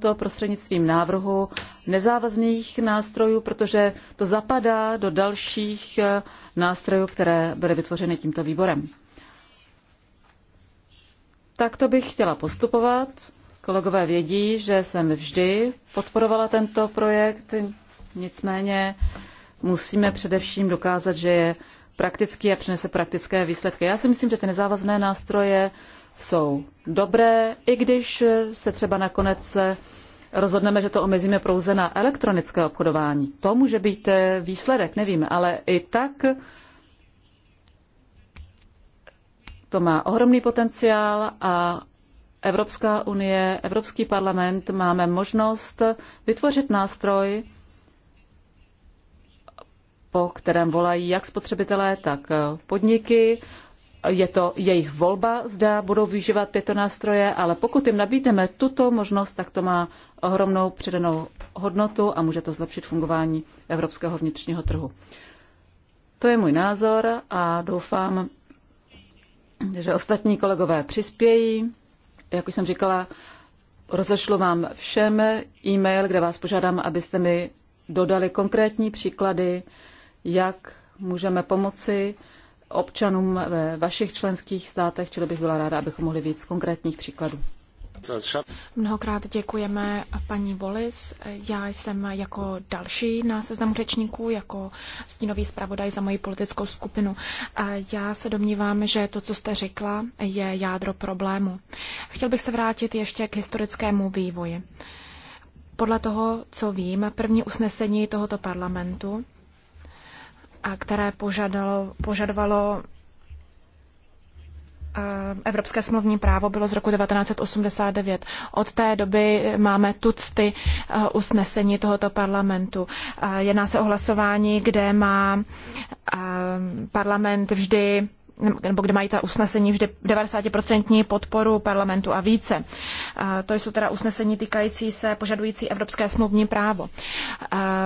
to prostřednictvím návrhu nezávazných nástrojů, protože to zapadá do dalších eh, nástrojů, které byly vytvořeny tímto výborem. Tak to bych chtěla postupovat. Kolegové vědí, že jsem vždy podporovala tento projekt, nicméně musíme především dokázat, že je praktický a přinese praktické výsledky. Já si myslím, že ty nezávazné nástroje jsou dobré, i když se třeba nakonec rozhodneme, že to omezíme pouze na elektronické obchodování. To může být výsledek, nevím, ale i tak to má ohromný potenciál a Evropská unie, Evropský parlament máme možnost vytvořit nástroj, po kterém volají jak spotřebitelé, tak podniky je to jejich volba, zda budou využívat tyto nástroje, ale pokud jim nabídneme tuto možnost, tak to má ohromnou předanou hodnotu a může to zlepšit fungování evropského vnitřního trhu. To je můj názor a doufám, že ostatní kolegové přispějí. Jak už jsem říkala, rozešlu vám všem e-mail, kde vás požádám, abyste mi dodali konkrétní příklady, jak můžeme pomoci občanům ve vašich členských státech, čili bych byla ráda, abychom mohli víc konkrétních příkladů. Mnohokrát děkujeme paní Volis. Já jsem jako další na seznamu řečníků, jako stínový zpravodaj za moji politickou skupinu. A já se domnívám, že to, co jste řekla, je jádro problému. Chtěl bych se vrátit ještě k historickému vývoji. Podle toho, co vím, první usnesení tohoto parlamentu a které požadalo, požadovalo eh, Evropské smluvní právo bylo z roku 1989. Od té doby máme tucty eh, usnesení tohoto parlamentu. Eh, jedná se o hlasování, kde má parlament vždy nebo kde mají ta usnesení vždy 90% podporu parlamentu a více. To jsou teda usnesení týkající se požadující evropské smluvní právo.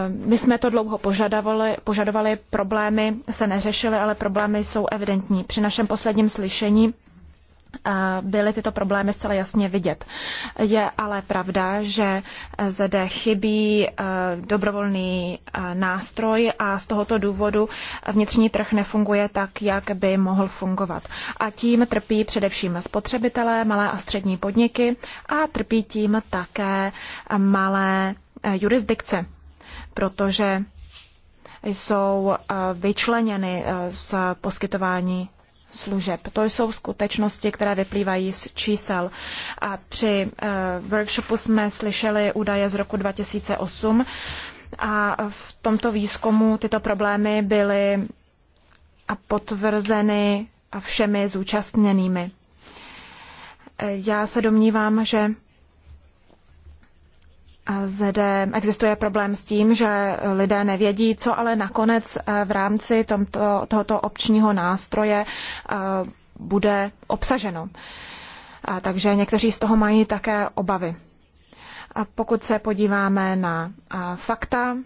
My jsme to dlouho požadovali, požadovali problémy se neřešily, ale problémy jsou evidentní. Při našem posledním slyšení byly tyto problémy zcela jasně vidět. Je ale pravda, že zde chybí eh, dobrovolný eh, nástroj a z tohoto důvodu vnitřní trh nefunguje tak, jak by mohl fungovat. A tím trpí především spotřebitelé, malé a střední podniky a trpí tím také malé eh, jurisdikce, protože jsou vyčleněny z poskytování služeb. To jsou skutečnosti, které vyplývají z čísel. A při uh, workshopu jsme slyšeli údaje z roku 2008 a v tomto výzkumu tyto problémy byly a potvrzeny všemi zúčastněnými. Eh, já se domnívám, že zde existuje problém s tím, že lidé nevědí, co ale nakonec eh, v rámci tomto, tohoto občního nástroje eh, bude obsaženo. A takže někteří z toho mají také obavy. A pokud se podíváme na eh, fakta,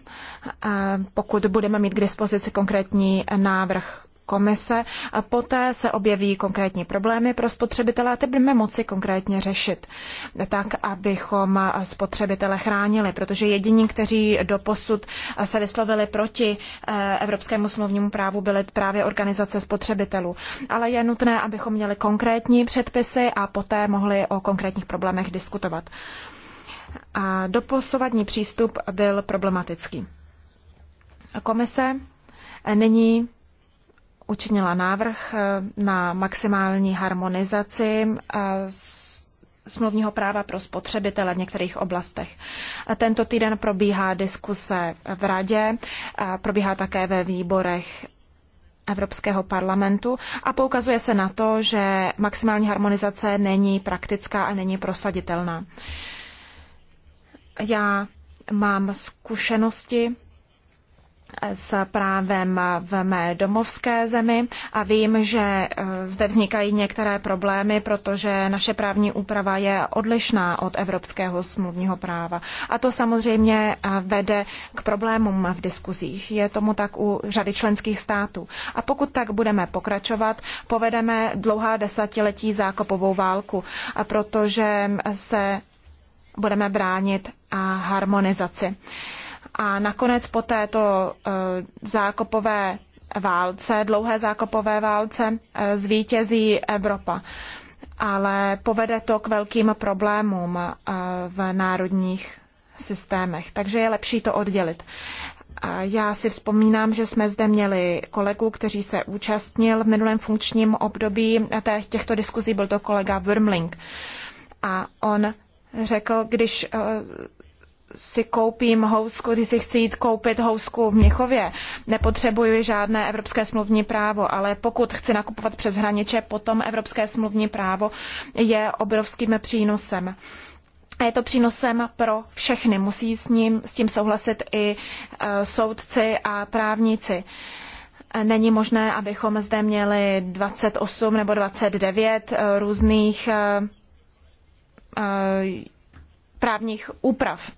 pokud budeme mít k dispozici konkrétní návrh komise. A poté se objeví konkrétní problémy pro spotřebitele a ty budeme moci konkrétně řešit, tak abychom spotřebitele chránili, protože jediní, kteří doposud se vyslovili proti eh, evropskému smluvnímu právu, byly právě organizace spotřebitelů. Ale je nutné, abychom měli konkrétní předpisy a poté mohli o konkrétních problémech diskutovat. A doposovadní přístup byl problematický. Komise nyní učinila návrh eh, na maximální harmonizaci eh, smluvního práva pro spotřebitele v některých oblastech. Tento týden probíhá diskuse v radě, probíhá také ve výborech Evropského parlamentu a poukazuje se na to, že maximální harmonizace není praktická a není prosaditelná. Já mám zkušenosti s právem v mé domovské zemi a vím, že e, zde vznikají některé problémy, protože naše právní úprava je odlišná od evropského smluvního práva. A to samozřejmě e, vede k problémům v diskuzích. Je tomu tak u řady členských států. A pokud tak budeme pokračovat, povedeme dlouhá desetiletí zákopovou válku, protože se budeme bránit a harmonizaci. A nakonec po této eh, zákopové válce, dlouhé zákopové válce, eh, zvítězí Evropa. Ale povede to k velkým problémům eh, v národních systémech, takže je lepší to oddělit. Já si vzpomínám, že jsme zde měli kolegu, kteří se účastnil v minulém funkčním období těchto diskuzí, byl to kolega Wurmling. A on řekl, když si koupím housku, když si chci jít koupit housku v Měchově, nepotřebuji žádné evropské smluvní právo, ale pokud chci nakupovat přes hraniče, potom evropské smluvní právo je obrovským přínosem. A je to přínosem pro všechny. Musí s, ním, s tím souhlasit i e, soudci a právníci. Není možné, abychom zde měli 28 nebo 29 e, různých e, e, právních úprav.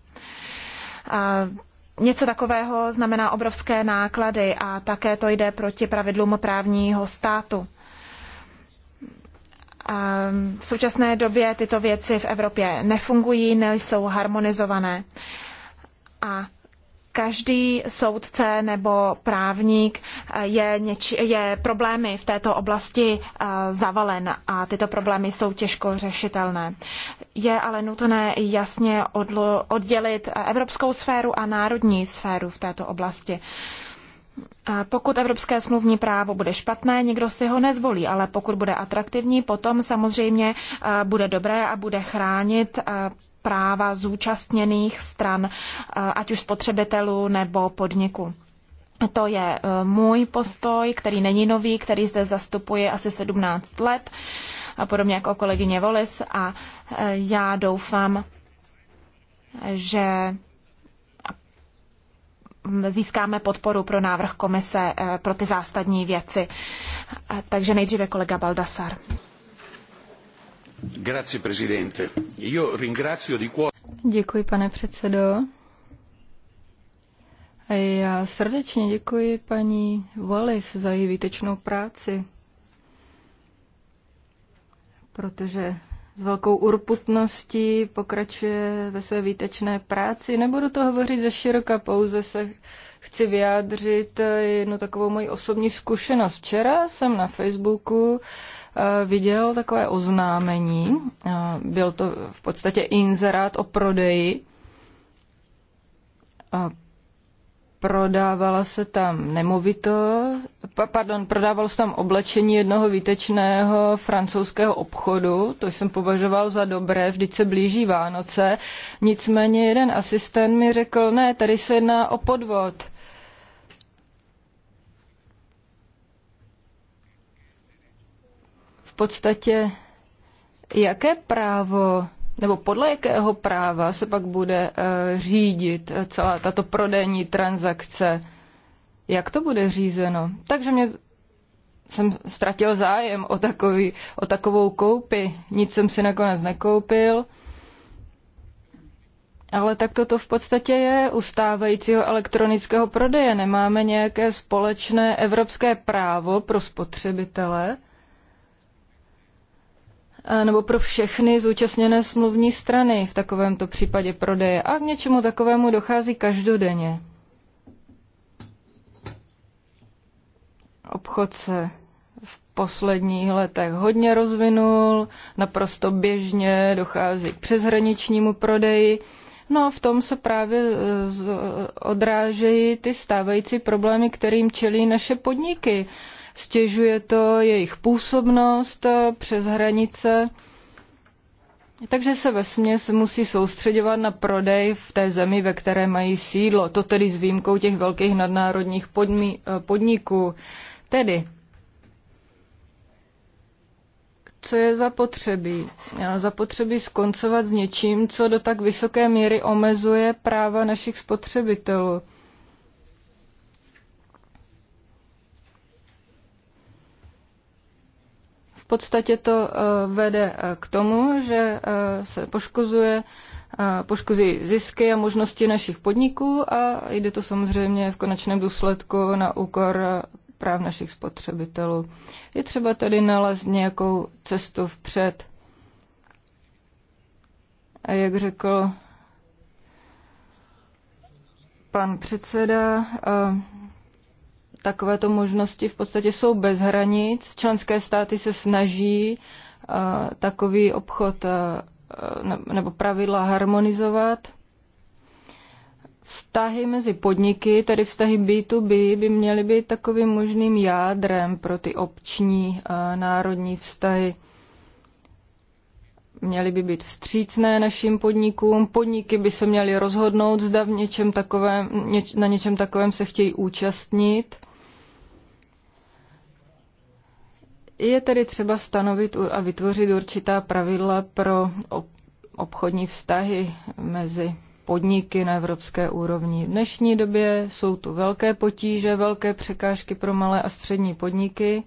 Něco takového znamená obrovské náklady a také to jde proti pravidlům právního státu. V současné době tyto věci v Evropě nefungují, nejsou harmonizované. A Každý soudce nebo právník eh, je, je problémy v této oblasti eh, zavalen a tyto problémy jsou těžko řešitelné. Je ale nutné jasně odlo, oddělit eh, evropskou sféru a národní sféru v této oblasti. Pokud evropské smluvní právo bude špatné, nikdo si ho nezvolí, ale pokud bude atraktivní, potom samozřejmě bude dobré a bude chránit práva zúčastněných stran, eh, ať už spotřebitelů nebo podniku. To je eh, můj postoj, který není nový, který zde zastupuje asi 17 let, a podobně jako kolegyně Volis. A eh, já doufám, že získáme podporu pro návrh komise pro ty zásadní věci. Takže nejdříve kolega Baldasar. Děkuji, pane předsedo. A já srdečně děkuji paní Wallis za její výtečnou práci, protože s velkou urputností pokračuje ve své výtečné práci. Nebudu to hovořit ze široka, pouze se chci vyjádřit jednu takovou moji osobní zkušenost. Včera jsem na Facebooku Eh, viděl takové oznámení, eh, byl to v podstatě inzerát o prodeji. Prodávala se tam nemovito, pardon, prodávalo se tam oblečení jednoho výtečného francouzského obchodu, to jsem považoval za dobré, vždyť se blíží Vánoce. Nicméně jeden asistent mi řekl, ne, tady se jedná o podvod podstatě jaké právo nebo podle jakého práva se pak bude eh, řídit eh, celá tato prodejní transakce? Jak to bude řízeno? Takže mě jsem ztratil zájem o, takový, o takovou koupi. Nic jsem si nakonec nekoupil. Ale tak toto v podstatě je u stávajícího elektronického prodeje. Nemáme nějaké společné evropské právo pro spotřebitele, Eh, nebo pro všechny zúčastněné smluvní strany v takovémto případě prodeje. A k něčemu takovému dochází každodenně. Obchod se v posledních letech hodně rozvinul, naprosto běžně dochází k přeshraničnímu prodeji. No a v tom se právě eh, odrážejí ty stávající problémy, kterým čelí naše podniky stěžuje to jejich působnost eh, přes hranice. Takže se ve směs musí soustředovat na prodej v té zemi, ve které mají sídlo. To tedy s výjimkou těch velkých nadnárodních eh, podniků. Tedy, co je zapotřebí? Zapotřebí skoncovat s něčím, co do tak vysoké míry omezuje práva našich spotřebitelů. podstatě to eh, vede eh, k tomu, že eh, se poškozuje poškozují zisky a možnosti našich podniků a jde to samozřejmě v konečném důsledku na úkor práv našich spotřebitelů. Je třeba tady nalézt nějakou cestu vpřed. A jak řekl pan předseda, Takovéto možnosti v podstatě jsou bez hranic. Členské státy se snaží eh, takový obchod eh, eh, nebo pravidla harmonizovat. Vztahy mezi podniky, tedy vztahy B2B, by měly být takovým možným jádrem pro ty obční národní vztahy měly by být vstřícné našim podnikům, podniky by se měly rozhodnout, zda v něčem takovém, něč, na něčem takovém se chtějí účastnit. Je tedy třeba stanovit a vytvořit určitá pravidla pro obchodní vztahy mezi podniky na evropské úrovni. V dnešní době jsou tu velké potíže, velké překážky pro malé a střední podniky.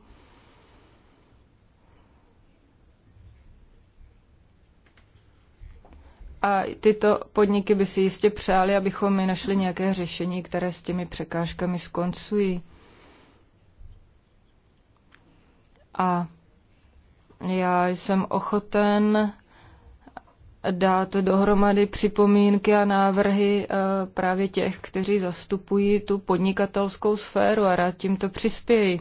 A tyto podniky by si jistě přáli, abychom my našli nějaké řešení, které s těmi překážkami skoncují. A já jsem ochoten dát dohromady připomínky a návrhy eh, právě těch, kteří zastupují tu podnikatelskou sféru a rád tímto to přispěji.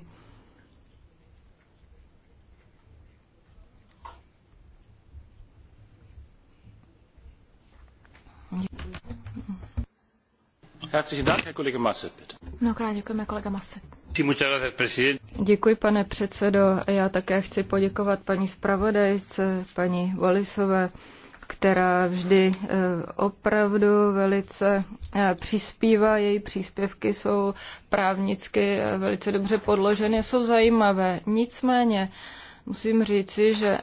Herzlichen Dank, Herr Kollege Masse, bitte. No, Mnohokrát Herr Kollege Masse. Děkuji, pane předsedo. Já také chci poděkovat paní zpravodajce, paní Valisové, která vždy eh, opravdu velice eh, přispívá. Její příspěvky jsou právnicky eh, velice dobře podloženy, jsou zajímavé. Nicméně musím říci, že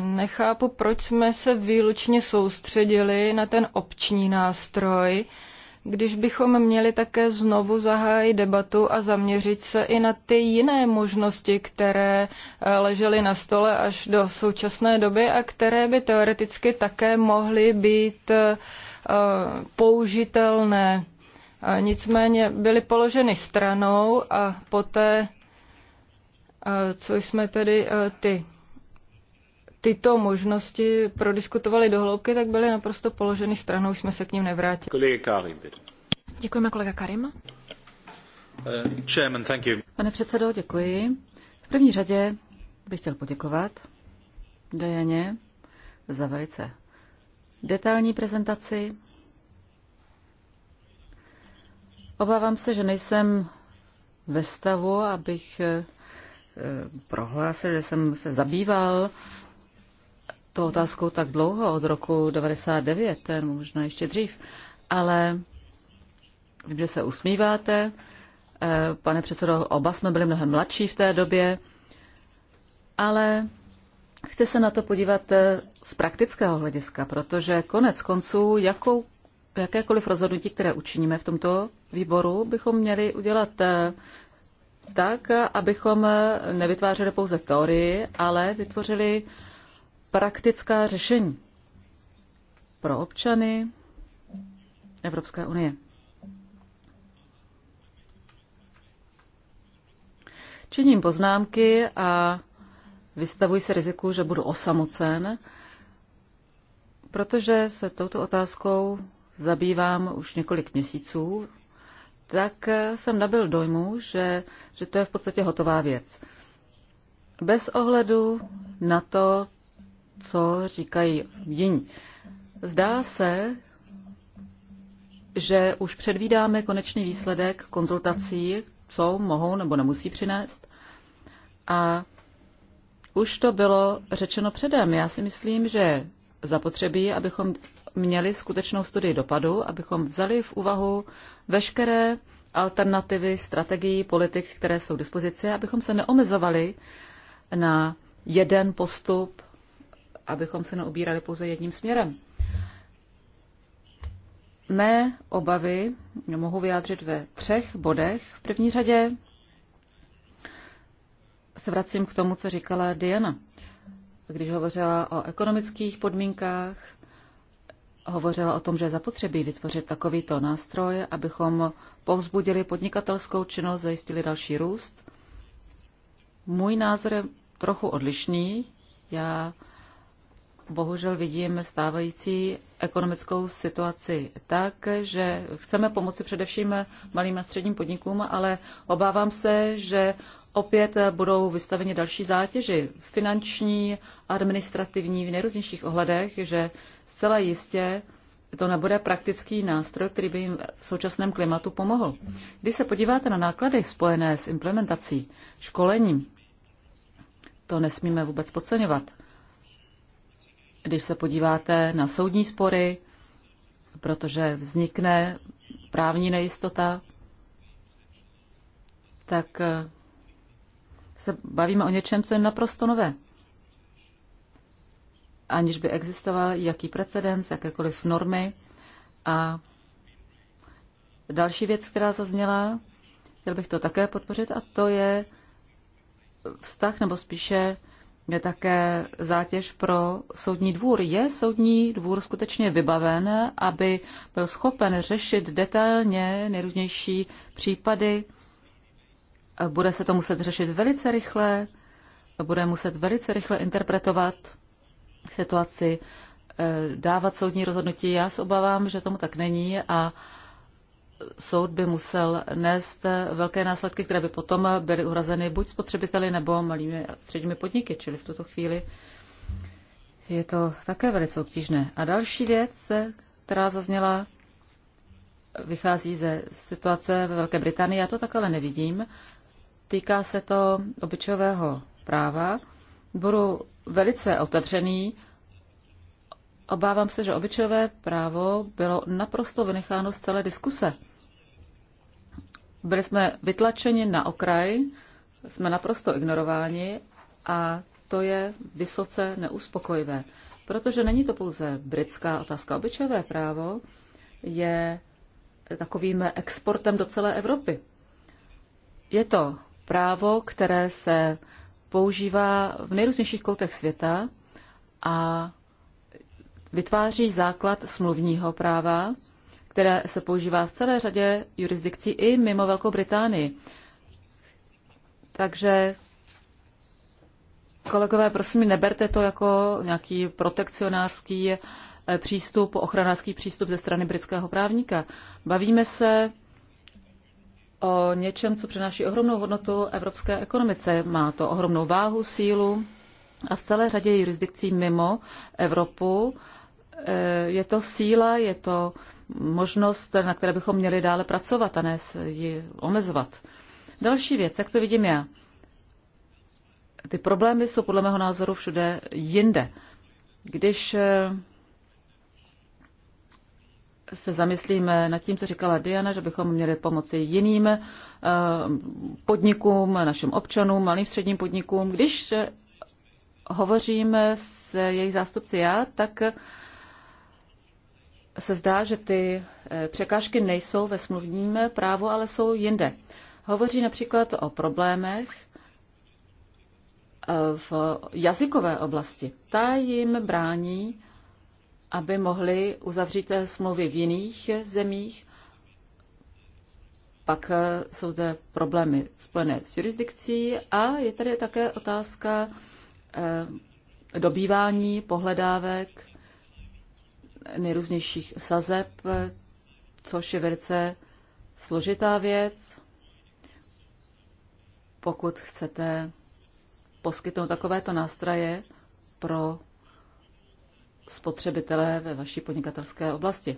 nechápu, proč jsme se výlučně soustředili na ten obční nástroj, když bychom měli také znovu zahájit debatu a zaměřit se i na ty jiné možnosti, které eh, ležely na stole až do současné doby a které by teoreticky také mohly být eh, použitelné. Nicméně byly položeny stranou a poté, eh, co jsme tedy ty tyto možnosti prodiskutovali do hloubky, tak byly naprosto položeny stranou, jsme se k ním nevrátili. Kolega Karim, Děkujeme, kolega Karim. Uh, chairman, thank you. Pane předsedo, děkuji. V první řadě bych chtěl poděkovat Dejaně za velice detailní prezentaci. Obávám se, že nejsem ve stavu, abych eh, prohlásil, že jsem se zabýval tou otázkou tak dlouho, od roku 99, ten možná ještě dřív, ale vím, že se usmíváte. Eh, pane předsedo, oba jsme byli mnohem mladší v té době, ale chci se na to podívat eh, z praktického hlediska, protože konec konců jakou, jakékoliv rozhodnutí, které učiníme v tomto výboru, bychom měli udělat eh, tak, abychom nevytvářeli pouze teorii, ale vytvořili praktická řešení pro občany Evropské unie. Činím poznámky a vystavuji se riziku, že budu osamocen, protože se touto otázkou zabývám už několik měsíců, tak jsem nabil dojmu, že, že to je v podstatě hotová věc. Bez ohledu na to, co říkají jiní. Zdá se, že už předvídáme konečný výsledek konzultací, co mohou nebo nemusí přinést. A už to bylo řečeno předem. Já si myslím, že zapotřebí, abychom měli skutečnou studii dopadu, abychom vzali v úvahu veškeré alternativy, strategií, politik, které jsou k dispozici, abychom se neomezovali na jeden postup abychom se neubírali pouze jedním směrem. Mé obavy mohu vyjádřit ve třech bodech. V první řadě se vracím k tomu, co říkala Diana. Když hovořila o ekonomických podmínkách, hovořila o tom, že je zapotřebí vytvořit takovýto nástroj, abychom povzbudili podnikatelskou činnost, zajistili další růst. Můj názor je trochu odlišný. Já bohužel vidím stávající ekonomickou situaci tak, že chceme pomoci především malým a středním podnikům, ale obávám se, že opět budou vystaveni další zátěži finanční, administrativní v nejrůznějších ohledech, že zcela jistě to nebude praktický nástroj, který by jim v současném klimatu pomohl. Když se podíváte na náklady spojené s implementací, školením, to nesmíme vůbec podceňovat když se podíváte na soudní spory, protože vznikne právní nejistota, tak eh, se bavíme o něčem, co je naprosto nové. Aniž by existoval jaký precedens, jakékoliv normy. A další věc, která zazněla, chtěl bych to také podpořit, a to je vztah nebo spíše je také zátěž pro soudní dvůr. Je soudní dvůr skutečně vybaven, aby byl schopen řešit detailně nejrůznější případy? Bude se to muset řešit velice rychle, bude muset velice rychle interpretovat situaci, eh, dávat soudní rozhodnutí. Já se obávám, že tomu tak není a soud by musel nést velké následky, které by potom byly uhrazeny buď spotřebiteli nebo malými a středními podniky, čili v tuto chvíli je to také velice obtížné. A další věc, která zazněla, vychází ze situace ve Velké Británii, já to tak ale nevidím. Týká se to obyčejového práva. Budu velice otevřený. Obávám se, že obyčejové právo bylo naprosto vynecháno z celé diskuse. Byli jsme vytlačeni na okraj, jsme naprosto ignorováni a to je vysoce neuspokojivé, protože není to pouze britská otázka. Obyčejové právo je takovým exportem do celé Evropy. Je to právo, které se používá v nejrůznějších koutech světa a vytváří základ smluvního práva, které se používá v celé řadě jurisdikcí i mimo Velkou Británii. Takže kolegové, prosím, neberte to jako nějaký protekcionářský eh, přístup, ochranářský přístup ze strany britského právníka. Bavíme se o něčem, co přináší ohromnou hodnotu evropské ekonomice. Má to ohromnou váhu, sílu a v celé řadě jurisdikcí mimo Evropu eh, je to síla, je to možnost, na které bychom měli dále pracovat a ne ji omezovat. Další věc, jak to vidím já. Ty problémy jsou podle mého názoru všude jinde. Když eh, se zamyslíme nad tím, co říkala Diana, že bychom měli pomoci jiným eh, podnikům, našim občanům, malým středním podnikům. Když eh, hovoříme s jejich zástupci já, tak se zdá, že ty eh, překážky nejsou ve smluvním právu, ale jsou jinde. Hovoří například o problémech eh, v jazykové oblasti. Ta jim brání, aby mohli uzavřít eh, smlouvy v jiných zemích. Pak jsou zde problémy spojené s jurisdikcí a je tady také otázka dobývání pohledávek nejrůznějších sazeb, což je velice složitá věc. Pokud chcete poskytnout takovéto nástroje pro spotřebitele ve vaší podnikatelské oblasti.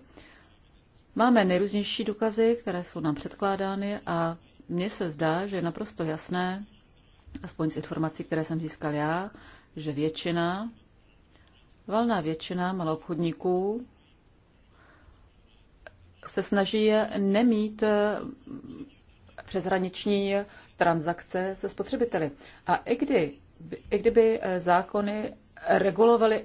Máme nejrůznější důkazy, které jsou nám předkládány a mně se zdá, že je naprosto jasné, aspoň z informací, které jsem získal já, že většina Valná většina maloobchodníků se snaží nemít eh, přeshraniční transakce se spotřebiteli. A i, kdy, i kdyby eh, zákony regulovaly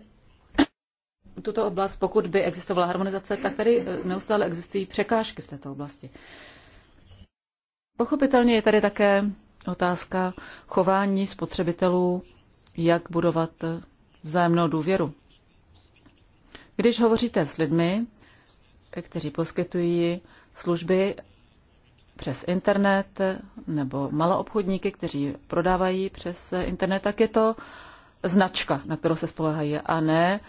tuto oblast, pokud by existovala harmonizace, tak tady eh, neustále existují překážky v této oblasti. Pochopitelně je tady také otázka chování spotřebitelů, jak budovat vzájemnou důvěru. Když hovoříte s lidmi, kteří poskytují služby přes internet nebo maloobchodníky, kteří prodávají přes internet, tak je to značka, na kterou se spolehají, a ne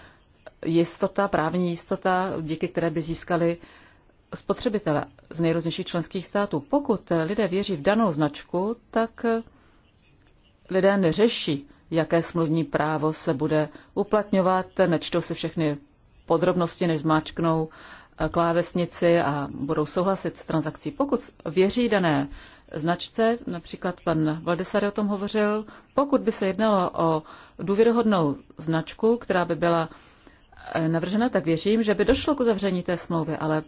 jistota, právní jistota, díky které by získali spotřebitele z nejrůznějších členských států. Pokud lidé věří v danou značku, tak lidé neřeší, jaké smluvní právo se bude uplatňovat, nečtou si všechny podrobnosti, než zmáčknou eh, klávesnici a budou souhlasit s transakcí. Pokud věří dané značce, například pan Valdesary o tom hovořil, pokud by se jednalo o důvěrohodnou značku, která by byla eh, navržena, tak věřím, že by došlo k uzavření té smlouvy, ale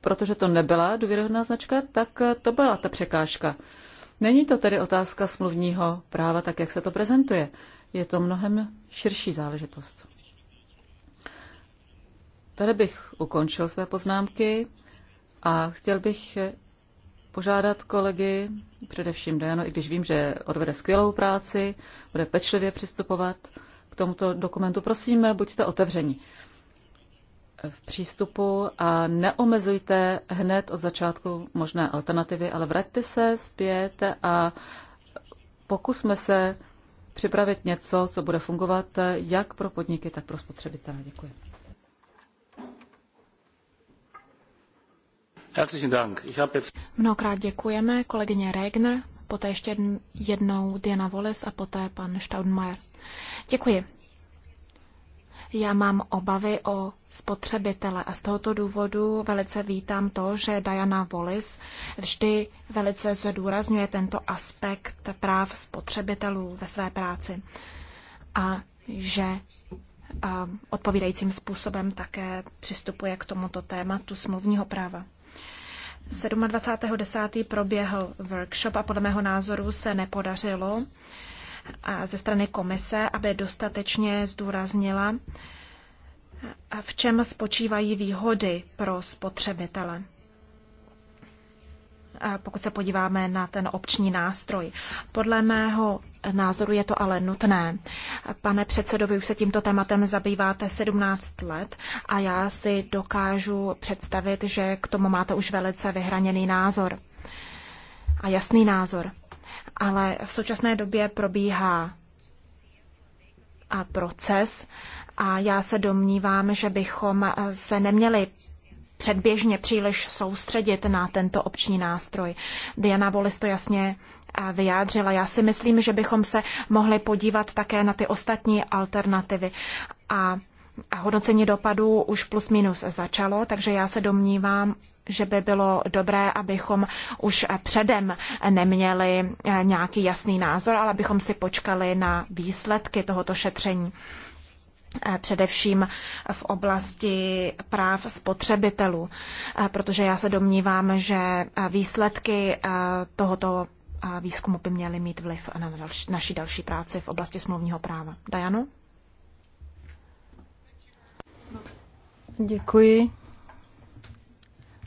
protože to nebyla důvěrohodná značka, tak eh, to byla ta překážka. Není to tedy otázka smluvního práva, tak jak se to prezentuje. Je to mnohem širší záležitost. Tady bych ukončil své poznámky a chtěl bych požádat kolegy, především Dejano, i když vím, že odvede skvělou práci, bude pečlivě přistupovat k tomuto dokumentu. Prosím, buďte otevření v přístupu a neomezujte hned od začátku možné alternativy, ale vraťte se zpět a pokusme se připravit něco, co bude fungovat jak pro podniky, tak pro spotřebitele. Děkuji. Mnohokrát děkujeme kolegyně Regner, poté ještě jednou Diana Voles a poté pan Staudenmayer. Děkuji. Já mám obavy o spotřebitele a z tohoto důvodu velice vítám to, že Diana Wallis vždy velice zdůrazňuje tento aspekt práv spotřebitelů ve své práci a že a eh, odpovídajícím způsobem také přistupuje k tomuto tématu smluvního práva. 27.10. proběhl workshop a podle mého názoru se nepodařilo ze strany komise, aby dostatečně zdůraznila, v čem spočívají výhody pro spotřebitele pokud se podíváme na ten obční nástroj. Podle mého názoru je to ale nutné. Pane předsedo, vy už se tímto tématem zabýváte 17 let a já si dokážu představit, že k tomu máte už velice vyhraněný názor a jasný názor. Ale v současné době probíhá a proces, a já se domnívám, že bychom se neměli předběžně příliš soustředit na tento obční nástroj. Diana Volis to jasně eh, vyjádřila. Já si myslím, že bychom se mohli podívat také na ty ostatní alternativy. A a hodnocení dopadů už plus minus začalo, takže já se domnívám, že by bylo dobré, abychom už eh, předem neměli eh, nějaký jasný názor, ale abychom si počkali na výsledky tohoto šetření. Eh, především v oblasti práv spotřebitelů, eh, protože já se domnívám, že eh, výsledky tohoto výzkumu by měly mít vliv na naši další práci v oblasti smluvního práva. Dajanu? Děkuji.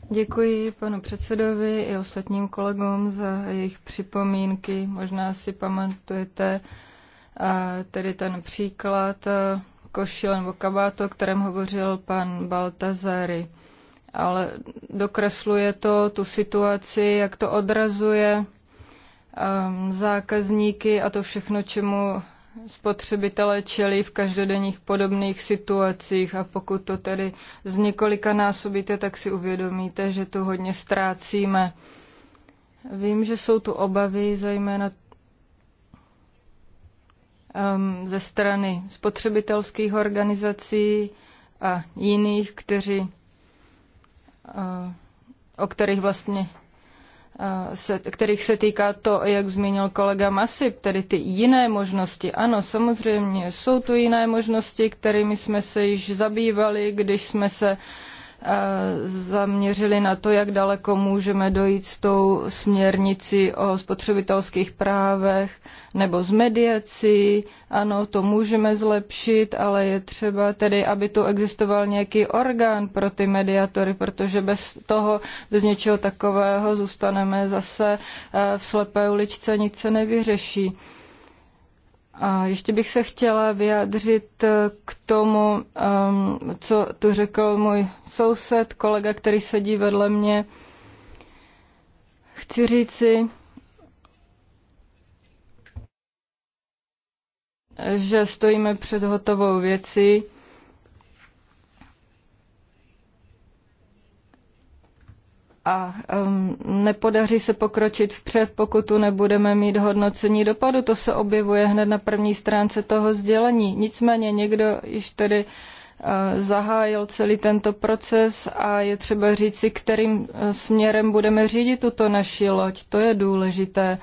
Děkuji panu předsedovi i ostatním kolegům za jejich připomínky. Možná si pamatujete tedy ten příklad košile nebo kabát, o kterém hovořil pan Baltazary. Ale dokresluje to tu situaci, jak to odrazuje um, zákazníky a to všechno, čemu spotřebitelé čelí v každodenních podobných situacích a pokud to tedy z několika násobíte, tak si uvědomíte, že tu hodně ztrácíme. Vím, že jsou tu obavy, zejména Um, ze strany spotřebitelských organizací a jiných, kteří, uh, o kterých vlastně uh, se, kterých se týká to, jak zmínil kolega Masip, tedy ty jiné možnosti. Ano, samozřejmě jsou tu jiné možnosti, kterými jsme se již zabývali, když jsme se uh, zaměřili na to, jak daleko můžeme dojít s tou směrnicí o spotřebitelských právech nebo s mediací. Ano, to můžeme zlepšit, ale je třeba tedy, aby tu existoval nějaký orgán pro ty mediatory, protože bez toho, bez něčeho takového zůstaneme zase v slepé uličce, nic se nevyřeší. A ještě bych se chtěla vyjádřit eh, k tomu, ehm, co tu řekl můj soused, kolega, který sedí vedle mě. Chci říci, že stojíme před hotovou věcí a um, nepodaří se pokročit vpřed, pokud tu nebudeme mít hodnocení dopadu. To se objevuje hned na první stránce toho sdělení. Nicméně někdo již tedy uh, zahájil celý tento proces a je třeba říci, kterým eh, směrem budeme řídit tuto naši loď. To je důležité.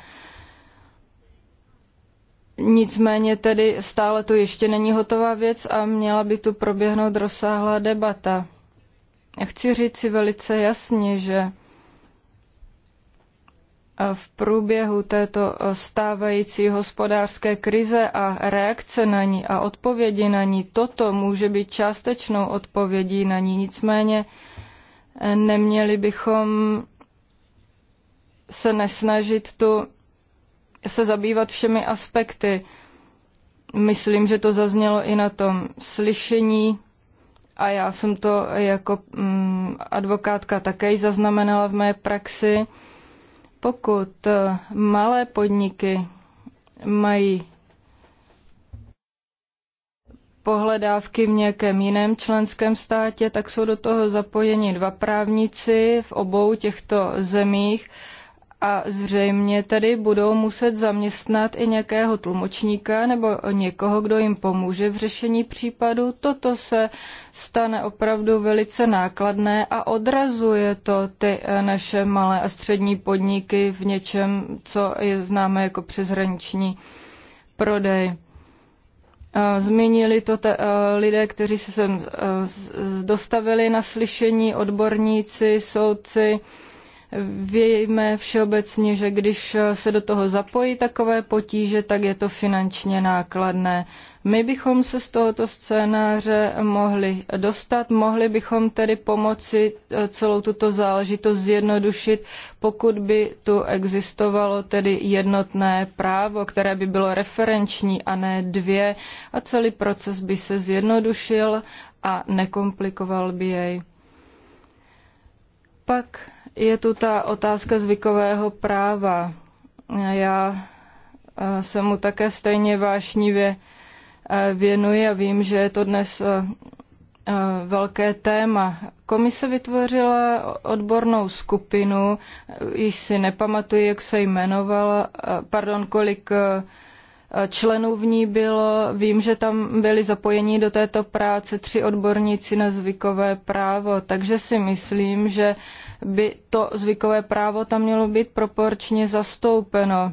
Nicméně tedy stále tu ještě není hotová věc a měla by tu proběhnout rozsáhlá debata chci říct si velice jasně, že eh, v průběhu této eh, stávající hospodářské krize a reakce na ní a odpovědi na ní, toto může být částečnou odpovědí na ní. Nicméně eh, neměli bychom se nesnažit tu se zabývat všemi aspekty. Myslím, že to zaznělo i na tom slyšení a já jsem to jako mm, advokátka také zaznamenala v mé praxi. Pokud eh, malé podniky mají pohledávky v nějakém jiném členském státě, tak jsou do toho zapojeni dva právníci v obou těchto zemích a zřejmě tedy budou muset zaměstnat i nějakého tlumočníka nebo někoho, kdo jim pomůže v řešení případu. Toto se stane opravdu velice nákladné a odrazuje to ty eh, naše malé a střední podniky v něčem, co je známe jako přeshraniční prodej. Eh, zmínili to te, eh, lidé, kteří se sem dostavili na slyšení, odborníci, soudci, Víme všeobecně, že když se do toho zapojí takové potíže, tak je to finančně nákladné. My bychom se z tohoto scénáře mohli dostat, mohli bychom tedy pomoci eh, celou tuto záležitost zjednodušit, pokud by tu existovalo tedy jednotné právo, které by bylo referenční a ne dvě a celý proces by se zjednodušil a nekomplikoval by jej. Pak je tu ta otázka zvykového práva. Já eh, se mu také stejně vášnivě eh, věnuji a vím, že je to dnes eh, velké téma. Komise vytvořila odbornou skupinu, již si nepamatuji, jak se jmenovala, pardon, kolik Eh, členů v ní bylo. Vím, že tam byli zapojeni do této práce tři odborníci na zvykové právo, takže si myslím, že by to zvykové právo tam mělo být proporčně zastoupeno.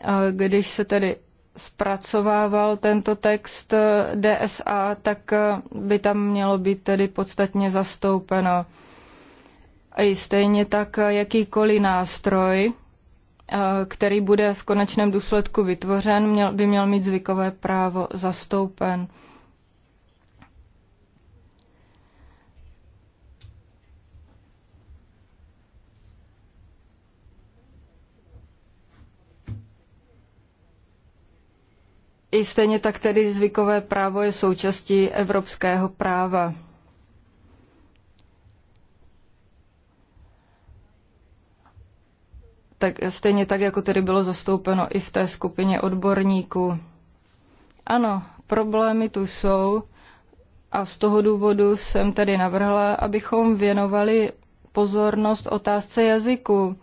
Eh, když se tedy zpracovával tento text eh, DSA, tak by tam mělo být tedy podstatně zastoupeno. I stejně tak jakýkoliv nástroj, Eh, který bude v konečném důsledku vytvořen, měl, by měl mít zvykové právo zastoupen. I stejně tak tedy zvykové právo je součástí evropského práva. tak, stejně tak, jako tedy bylo zastoupeno i v té skupině odborníků. Ano, problémy tu jsou a z toho důvodu jsem tedy navrhla, abychom věnovali pozornost otázce jazyku,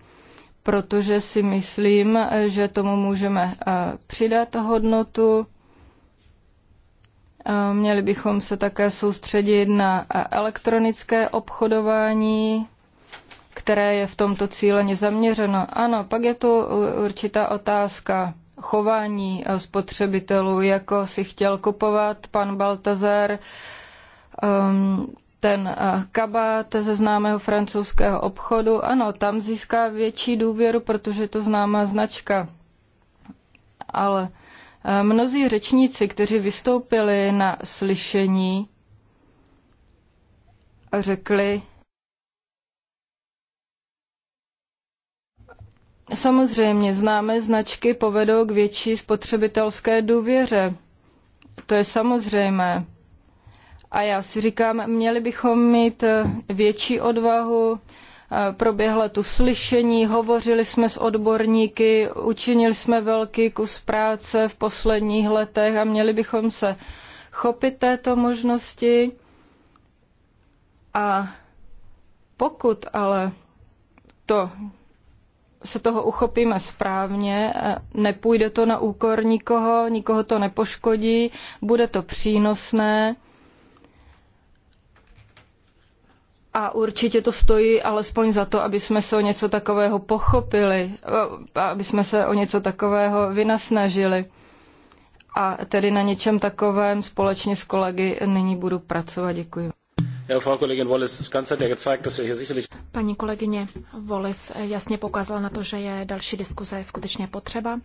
protože si myslím, že tomu můžeme eh, přidat hodnotu. Eh, měli bychom se také soustředit na eh, elektronické obchodování, které je v tomto cíleně zaměřeno. Ano, pak je tu určitá otázka chování eh, spotřebitelů, jako si chtěl kupovat pan Baltazar ehm, ten eh, kabát ze známého francouzského obchodu. Ano, tam získá větší důvěru, protože je to známá značka. Ale eh, mnozí řečníci, kteří vystoupili na slyšení, řekli, Samozřejmě známé značky povedou k větší spotřebitelské důvěře. To je samozřejmé. A já si říkám, měli bychom mít eh, větší odvahu, eh, proběhla tu slyšení, hovořili jsme s odborníky, učinili jsme velký kus práce v posledních letech a měli bychom se chopit této možnosti. A pokud ale to se toho uchopíme správně, nepůjde to na úkor nikoho, nikoho to nepoškodí, bude to přínosné a určitě to stojí alespoň za to, aby jsme se o něco takového pochopili, aby jsme se o něco takového vynasnažili. A tedy na něčem takovém společně s kolegy nyní budu pracovat. Děkuji. Paní kolegyně Wallis jasně pokázala na to, že je další diskuze skutečně potřeba.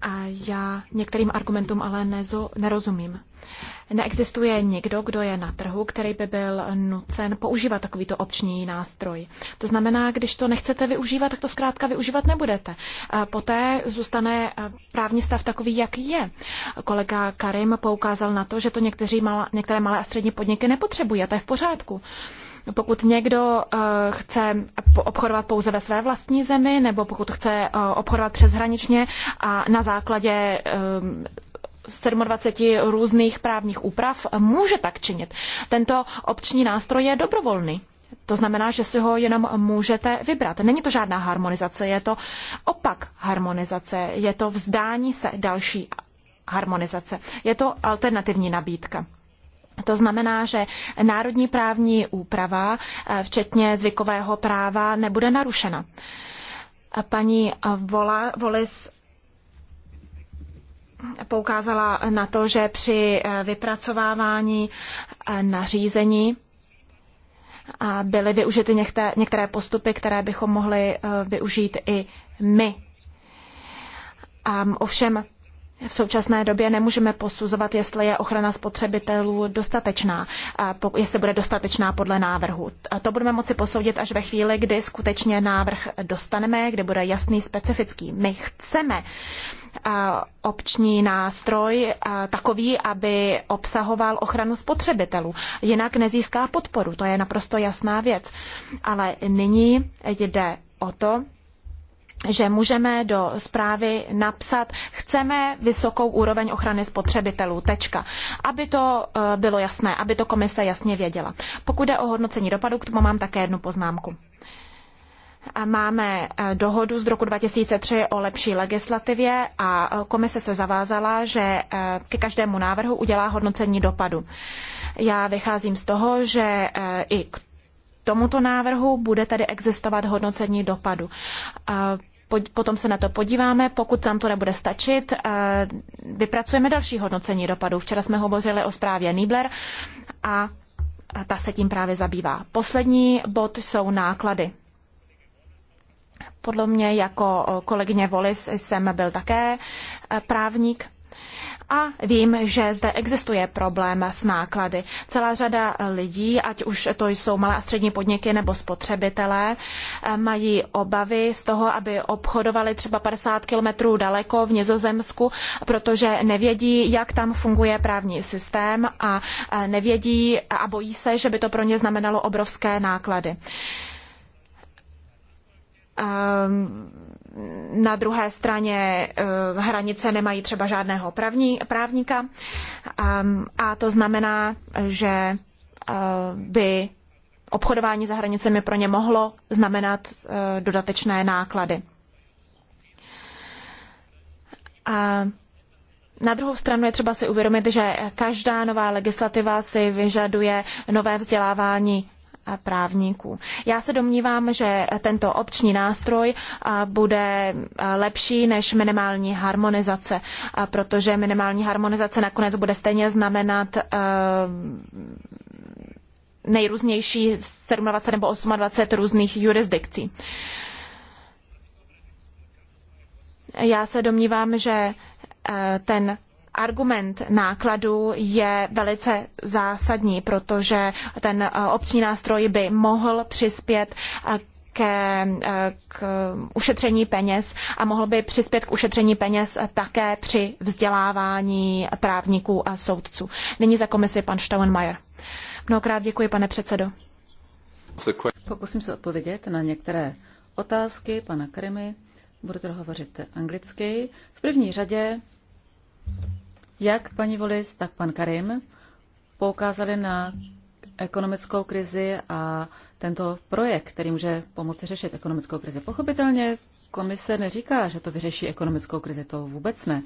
A já některým argumentům ale nezo, nerozumím. Neexistuje někdo, kdo je na trhu, který by byl nucen používat takovýto opční nástroj. To znamená, když to nechcete využívat, tak to zkrátka využívat nebudete. Poté zůstane e, právní stav takový, jaký je. Kolega Karim poukázal na to, že to někteří mal, některé malé a střední podniky nepotřebují a to je v pořádku pokud někdo e, chce obchodovat pouze ve své vlastní zemi, nebo pokud chce e, obchodovat přeshraničně a na základě 27 různých právních úprav, může tak činit. Tento opční nástroj je dobrovolný. To znamená, že si ho jenom můžete vybrat. Není to žádná harmonizace, je to opak harmonizace, je to vzdání se další harmonizace, je to alternativní nabídka. To znamená, že národní právní úprava, eh, včetně zvykového práva, nebude narušena. Paní Vola, Volis poukázala na to, že při eh, vypracovávání eh, nařízení eh, byly využity některé, postupy, které bychom mohli využít i my. Ehm, ovšem v současné době nemůžeme posuzovat, jestli je ochrana spotřebitelů dostatečná, jestli bude dostatečná podle návrhu. To budeme moci posoudit až ve chvíli, kdy skutečně návrh dostaneme, kdy bude jasný, specifický. My chceme opční nástroj takový, aby obsahoval ochranu spotřebitelů. Jinak nezíská podporu, to je naprosto jasná věc. Ale nyní jde o to, že můžeme do zprávy napsat, chceme vysokou úroveň ochrany spotřebitelů, tečka. Aby to e, bylo jasné, aby to komise jasně věděla. Pokud jde o hodnocení dopadu, k tomu mám také jednu poznámku. Máme eh, dohodu z roku 2003 o lepší legislativě a eh, komise se zavázala, že eh, ke každému návrhu udělá hodnocení dopadu. Já vycházím z toho, že i k tomuto návrhu bude tady existovat hodnocení dopadu. Potom se na to podíváme, pokud nám to nebude stačit, vypracujeme další hodnocení dopadu. Včera jsme hovořili o zprávě Niebler a ta se tím právě zabývá. Poslední bod jsou náklady. Podle mě jako kolegyně Volis jsem byl také e, právník a vím, že zde existuje problém s náklady. Celá řada lidí, ať už to jsou malé a střední podniky nebo spotřebitelé, e, mají obavy z toho, aby obchodovali třeba 50 kilometrů daleko v Nizozemsku, protože nevědí, jak tam funguje právní systém a e, nevědí a bojí se, že by to pro ně znamenalo obrovské náklady. Ehm, na druhé straně eh, hranice nemají třeba žádného právníka ehm, a to znamená, že eh, by obchodování za hranicemi pro ně mohlo znamenat eh, dodatečné náklady. A na druhou stranu je třeba si uvědomit, že každá nová legislativa si vyžaduje nové vzdělávání právníků. Já se domnívám, že tento opční nástroj bude lepší než minimální harmonizace, protože minimální harmonizace nakonec bude stejně znamenat nejrůznější 27 nebo 28 různých jurisdikcí. Já se domnívám, že ten argument nákladů je velice zásadní, protože ten eh, obční nástroj by mohl přispět eh, ke, eh, k ušetření peněz a mohl by přispět k ušetření peněz také při vzdělávání právníků a soudců. Nyní za komisi pan Stauenmayer. Mnohokrát děkuji, pane předsedo. Pokusím se odpovědět na některé otázky pana Krymy. Budu to hovořit anglicky. V první řadě jak paní Volis, tak pan Karim poukázali na ekonomickou krizi a tento projekt, který může pomoci řešit ekonomickou krizi. Pochopitelně komise neříká, že to vyřeší ekonomickou krizi, to vůbec ne.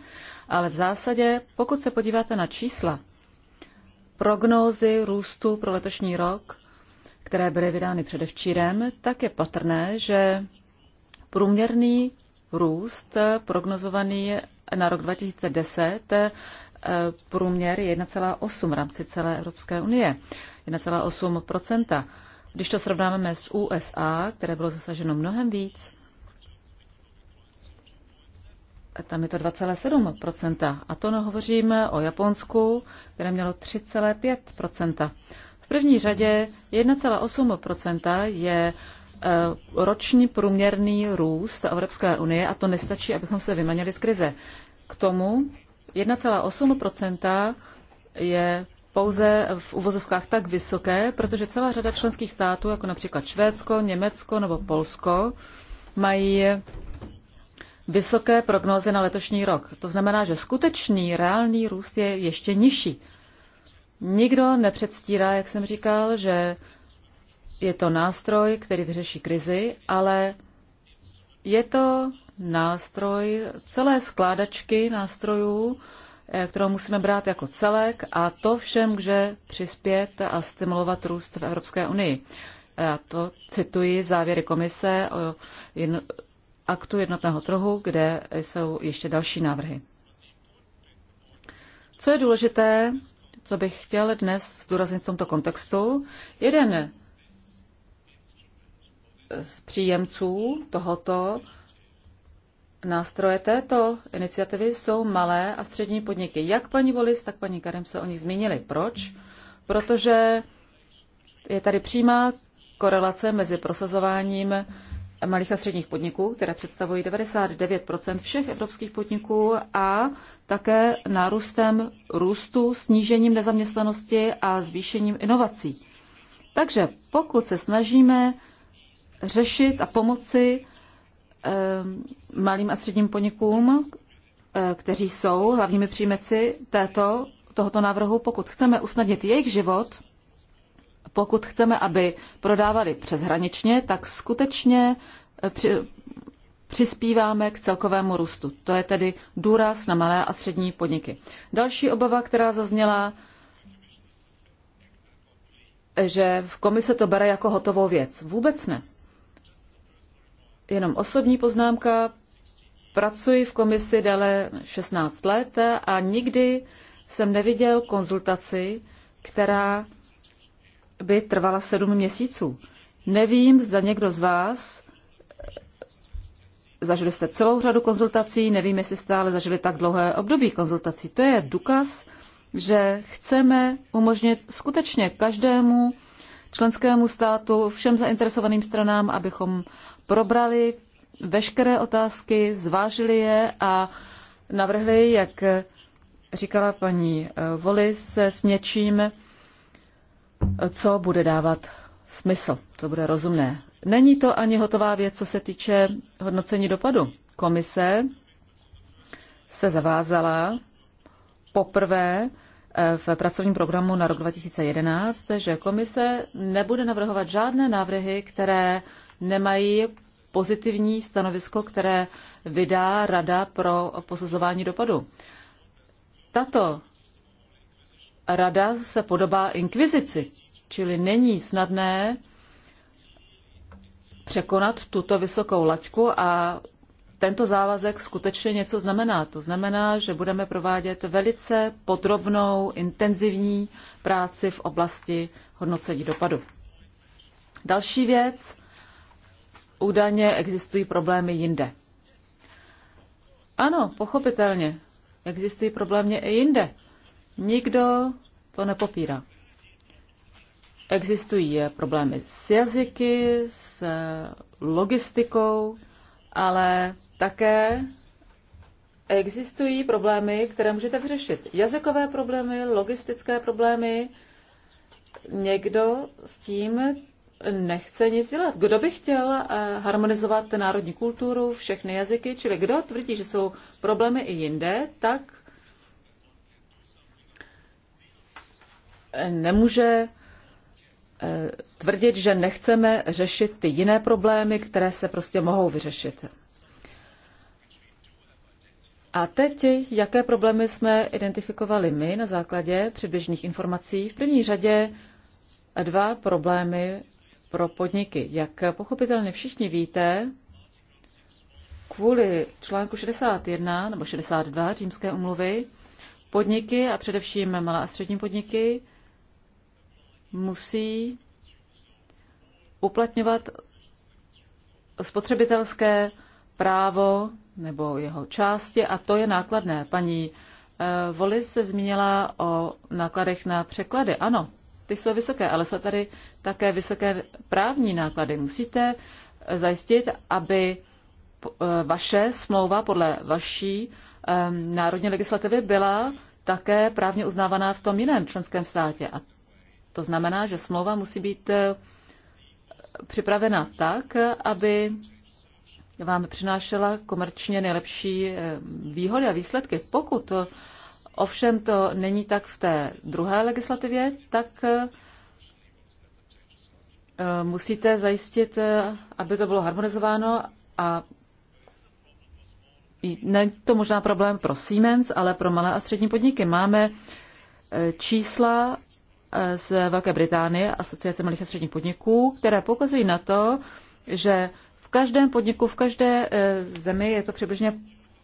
Ale v zásadě, pokud se podíváte na čísla, prognózy růstu pro letošní rok, které byly vydány předevčírem, tak je patrné, že průměrný růst prognozovaný na rok 2010 Eh, průměr je 1,8 v rámci celé Evropské unie. 1,8 Když to srovnáme s USA, které bylo zasaženo mnohem víc, tam je to 2,7 A to no, hovoříme o Japonsku, které mělo 3,5 V první řadě 1,8 je eh, roční průměrný růst Evropské unie a to nestačí, abychom se vymanili z krize. K tomu 1,8 je pouze v uvozovkách tak vysoké, protože celá řada členských států, jako například Švédsko, Německo nebo Polsko, mají vysoké prognózy na letošní rok. To znamená, že skutečný reálný růst je ještě nižší. Nikdo nepředstírá, jak jsem říkal, že je to nástroj, který vyřeší krizi, ale je to nástroj celé skládačky nástrojů, eh, kterou musíme brát jako celek a to všem může přispět a stimulovat růst v Evropské unii. Já eh, to cituji závěry komise o aktu jednotného trhu, kde jsou ještě další návrhy. Co je důležité, co bych chtěl dnes zdůraznit v tomto kontextu, jeden z příjemců tohoto Nástroje této iniciativy jsou malé a střední podniky. Jak paní Volis, tak paní Karem se o nich zmínili. Proč? Protože je tady přímá korelace mezi prosazováním malých a středních podniků, které představují 99 všech evropských podniků a také nárůstem růstu, snížením nezaměstnanosti a zvýšením inovací. Takže pokud se snažíme řešit a pomoci Eh, malým a středním podnikům, eh, kteří jsou hlavními příjmeci této, tohoto návrhu, pokud chceme usnadnit jejich život, pokud chceme, aby prodávali přeshraničně, tak skutečně eh, při, přispíváme k celkovému růstu. To je tedy důraz na malé a střední podniky. Další obava, která zazněla, že v komise to bere jako hotovou věc. Vůbec ne jenom osobní poznámka. Pracuji v komisi déle 16 let a nikdy jsem neviděl konzultaci, která by trvala 7 měsíců. Nevím, zda někdo z vás zažili jste celou řadu konzultací, nevím, jestli jste ale zažili tak dlouhé období konzultací. To je důkaz, že chceme umožnit skutečně každému členskému státu, všem zainteresovaným stranám, abychom probrali veškeré otázky, zvážili je a navrhli, jak říkala paní eh, se s něčím, co bude dávat smysl, co bude rozumné. Není to ani hotová věc, co se týče hodnocení dopadu. Komise se zavázala poprvé v pracovním programu na rok 2011, že komise nebude navrhovat žádné návrhy, které nemají pozitivní stanovisko, které vydá Rada pro posuzování dopadu. Tato rada se podobá inkvizici, čili není snadné překonat tuto vysokou laťku a tento závazek skutečně něco znamená. To znamená, že budeme provádět velice podrobnou, intenzivní práci v oblasti hodnocení dopadu. Další věc, údajně existují problémy jinde. Ano, pochopitelně, existují problémy i jinde. Nikdo to nepopírá. Existují problémy s jazyky, s logistikou, ale také existují problémy, které můžete vyřešit. Jazykové problémy, logistické problémy. Někdo s tím nechce nic dělat. Kdo by chtěl eh, harmonizovat národní kulturu, všechny jazyky, čili kdo tvrdí, že jsou problémy i jinde, tak nemůže tvrdit, že nechceme řešit ty jiné problémy, které se prostě mohou vyřešit. A teď, jaké problémy jsme identifikovali my na základě předběžných informací? V první řadě dva problémy pro podniky. Jak pochopitelně všichni víte, kvůli článku 61 nebo 62 římské umluvy podniky a především malé a střední podniky musí uplatňovat spotřebitelské právo nebo jeho části a to je nákladné. Paní Volis eh, se zmínila o nákladech na překlady. Ano, ty jsou vysoké, ale jsou tady také vysoké právní náklady. Musíte zajistit, aby eh, vaše smlouva podle vaší eh, národní legislativy byla také právně uznávaná v tom jiném členském státě. A to znamená, že smlouva musí být eh, připravena tak, aby vám přinášela komerčně nejlepší eh, výhody a výsledky. Pokud to, ovšem to není tak v té druhé legislativě, tak eh, musíte zajistit, aby to bylo harmonizováno a není to možná problém pro Siemens, ale pro malé a střední podniky. Máme čísla z Velké Británie, Asociace malých a středních podniků, které poukazují na to, že v každém podniku, v každé e, zemi je to přibližně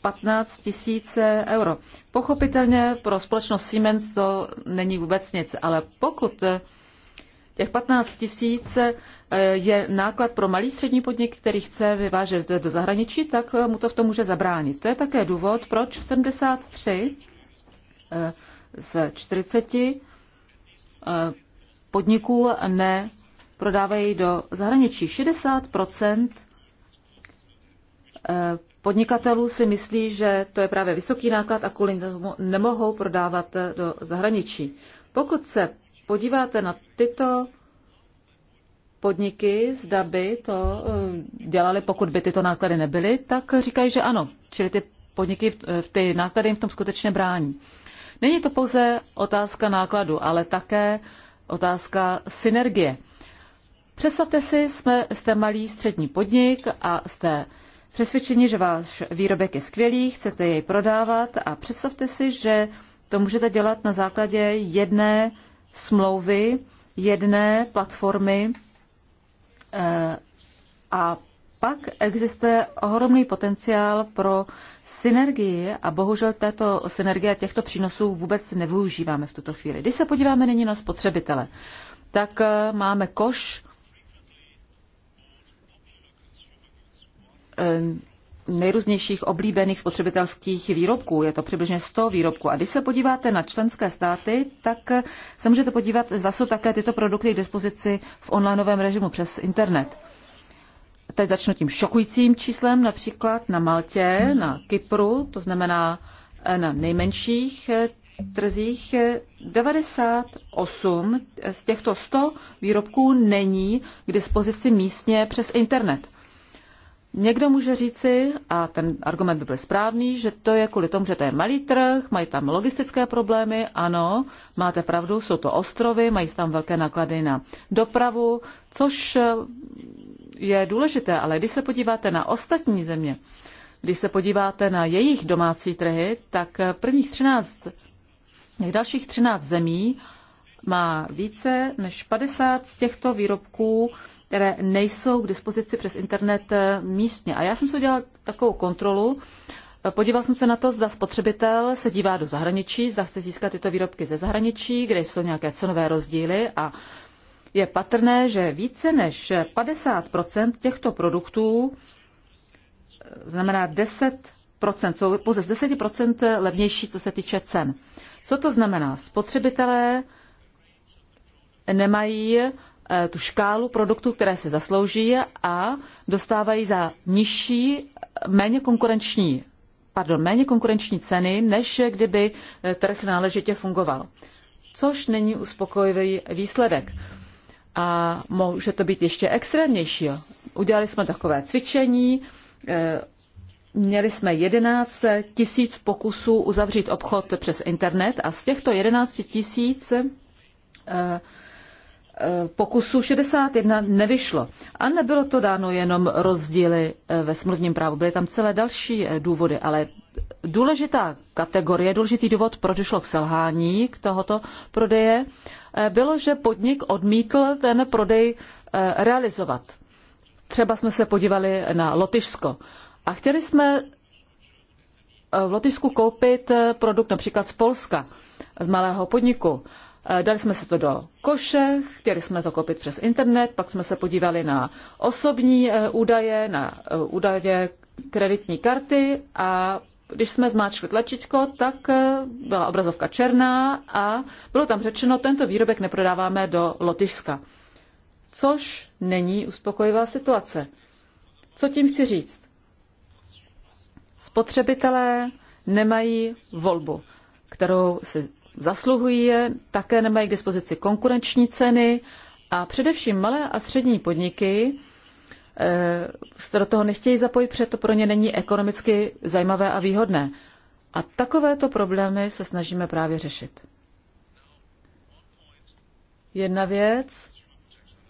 15 tisíc euro. Pochopitelně pro společnost Siemens to není vůbec nic, ale pokud těch 15 tisíc e, je náklad pro malý střední podnik, který chce vyvážet do zahraničí, tak e, mu to v tom může zabránit. To je také důvod, proč 73 z 40 Eh, podniků neprodávají do zahraničí. 60 eh, podnikatelů si myslí, že to je právě vysoký náklad a kvůli tomu nemohou prodávat eh, do zahraničí. Pokud se podíváte na tyto podniky, zda by to dělali, pokud by tyto náklady nebyly, tak říkají, že ano. Čili ty podniky v ty náklady jim v tom skutečně brání. Není to pouze otázka nákladu, ale také otázka synergie. Představte si, jsme, jste malý střední podnik a jste přesvědčeni, že váš výrobek je skvělý, chcete jej prodávat a představte si, že to můžete dělat na základě jedné smlouvy, jedné platformy eh, a pak existuje ohromný potenciál pro synergii a bohužel této synergie a těchto přínosů vůbec nevyužíváme v tuto chvíli. Když se podíváme nyní na spotřebitele, tak eh, máme koš eh, nejrůznějších oblíbených spotřebitelských výrobků. Je to přibližně 100 výrobků. A když se podíváte na členské státy, tak eh, se můžete podívat, zda jsou také tyto produkty k dispozici v onlineovém režimu přes internet. Teď začnu tím šokujícím číslem, například na Maltě, na Kypru, to znamená eh, na nejmenších eh, trzích 98 eh, z těchto 100 výrobků není k dispozici místně přes internet. Někdo může říci, a ten argument by byl správný, že to je kvůli tomu, že to je malý trh, mají tam logistické problémy, ano, máte pravdu, jsou to ostrovy, mají tam velké náklady na dopravu, což je důležité, ale když se podíváte na ostatní země, když se podíváte na jejich domácí trhy, tak prvních 13, dalších 13 zemí má více než 50 z těchto výrobků, které nejsou k dispozici přes internet eh, místně. A já jsem si udělal takovou kontrolu. Podíval jsem se na to, zda spotřebitel se dívá do zahraničí, zda chce získat tyto výrobky ze zahraničí, kde jsou nějaké cenové rozdíly a je patrné, že více než 50 těchto produktů, eh, znamená 10 jsou pouze z 10 levnější, co se týče cen. Co to znamená? Spotřebitelé nemají eh, tu škálu produktů, které se zaslouží a dostávají za nižší, eh, méně konkurenční, pardon, méně konkurenční ceny, než kdyby trh náležitě fungoval. Což není uspokojivý výsledek a může to být ještě extrémnější. Udělali jsme takové cvičení, eh, měli jsme 11 tisíc pokusů uzavřít obchod přes internet a z těchto 11 tisíc eh, eh, pokusů 61 nevyšlo. A nebylo to dáno jenom rozdíly ve smluvním právu, byly tam celé další důvody, ale důležitá kategorie, důležitý důvod, proč došlo k selhání k tohoto prodeje, eh, bylo, že podnik odmítl ten prodej eh, realizovat. Třeba jsme se podívali na Lotyšsko a chtěli jsme eh, v Lotyšsku koupit produkt například z Polska, z malého podniku. Dali jsme se to do koše, chtěli jsme to koupit přes internet, pak jsme se podívali na osobní údaje, na údaje kreditní karty a když jsme zmáčkli tlačítko, tak eh, byla obrazovka černá a bylo tam řečeno, tento výrobek neprodáváme do Lotyšska. Což není uspokojivá situace. Co tím chci říct? Spotřebitelé nemají volbu, kterou si zasluhují, také nemají k dispozici konkurenční ceny a především malé a střední podniky Eh, se do toho nechtějí zapojit, protože to pro ně není ekonomicky zajímavé a výhodné. A takovéto problémy se snažíme právě řešit. Jedna věc,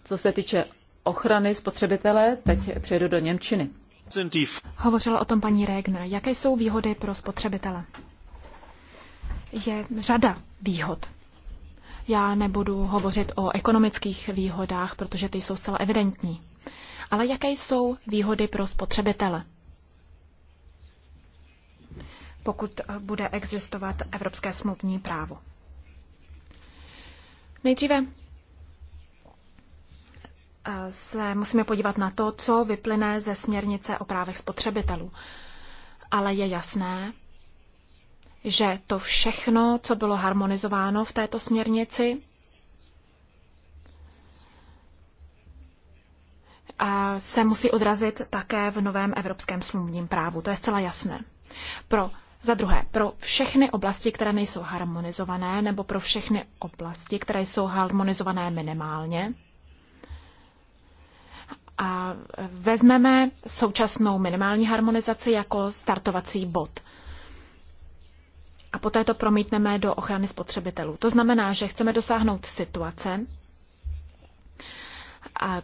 co se týče ochrany spotřebitele, teď přejdu do Němčiny. Hovořila o tom paní Regner. Jaké jsou výhody pro spotřebitele? Je řada výhod. Já nebudu hovořit o ekonomických výhodách, protože ty jsou zcela evidentní. Ale jaké jsou výhody pro spotřebitele? pokud eh, bude existovat evropské smluvní právo. Nejdříve eh, se musíme podívat na to, co vyplyne ze směrnice o právech spotřebitelů. Ale je jasné, že to všechno, co bylo harmonizováno v této směrnici, se musí odrazit také v novém evropském smluvním právu. To je zcela jasné. Pro za druhé, pro všechny oblasti, které nejsou harmonizované, nebo pro všechny oblasti, které jsou harmonizované minimálně, a vezmeme současnou minimální harmonizaci jako startovací bod. A poté to promítneme do ochrany spotřebitelů. To znamená, že chceme dosáhnout situace,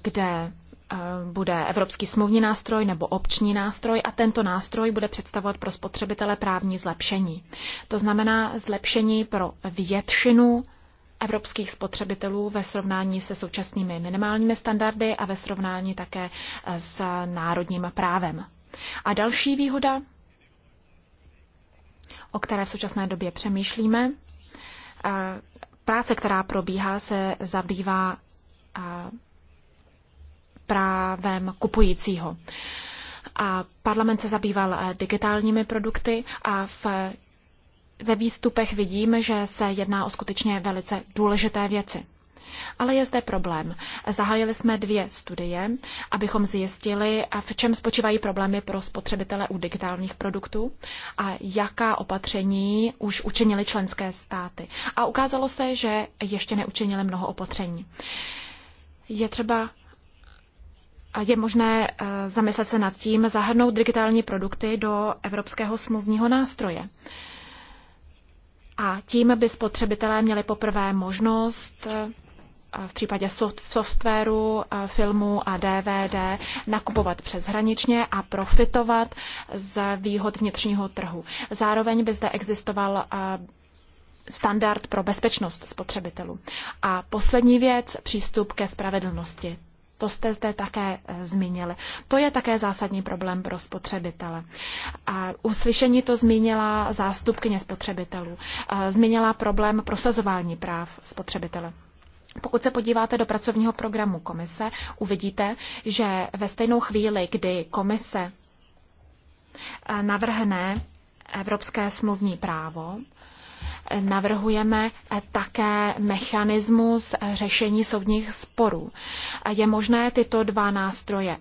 kde Eh, bude evropský smluvní nástroj nebo obční nástroj a tento nástroj bude představovat pro spotřebitele právní zlepšení. To znamená zlepšení pro většinu evropských spotřebitelů ve srovnání se současnými minimálními standardy a ve srovnání také s národním právem. A další výhoda, o které v současné době přemýšlíme, eh, práce, která probíhá, se zabývá eh, právem kupujícího. A parlament se zabýval eh, digitálními produkty a v ve výstupech vidím, že se jedná o skutečně velice důležité věci. Ale je zde problém. Zahájili jsme dvě studie, abychom zjistili, v čem spočívají problémy pro spotřebitele u digitálních produktů a jaká opatření už učinili členské státy. A ukázalo se, že ještě neučinili mnoho opatření. Je třeba je možné eh, zamyslet se nad tím, zahrnout digitální produkty do evropského smluvního nástroje. A tím by spotřebitelé měli poprvé možnost eh, v případě soft, softwaru, eh, filmu a DVD nakupovat přeshraničně a profitovat z výhod vnitřního trhu. Zároveň by zde existoval standard pro bezpečnost spotřebitelů. A poslední věc, přístup ke spravedlnosti. To jste zde také eh, zmínili. To je také zásadní problém pro spotřebitele. A uslyšení to zmínila zástupkyně spotřebitelů. Eh, zmínila problém prosazování práv spotřebitele. Pokud se podíváte do pracovního programu komise, uvidíte, že ve stejnou chvíli, kdy komise eh, navrhne evropské smluvní právo, navrhujeme také mechanismus řešení soudních sporů. Je možné tyto dva nástroje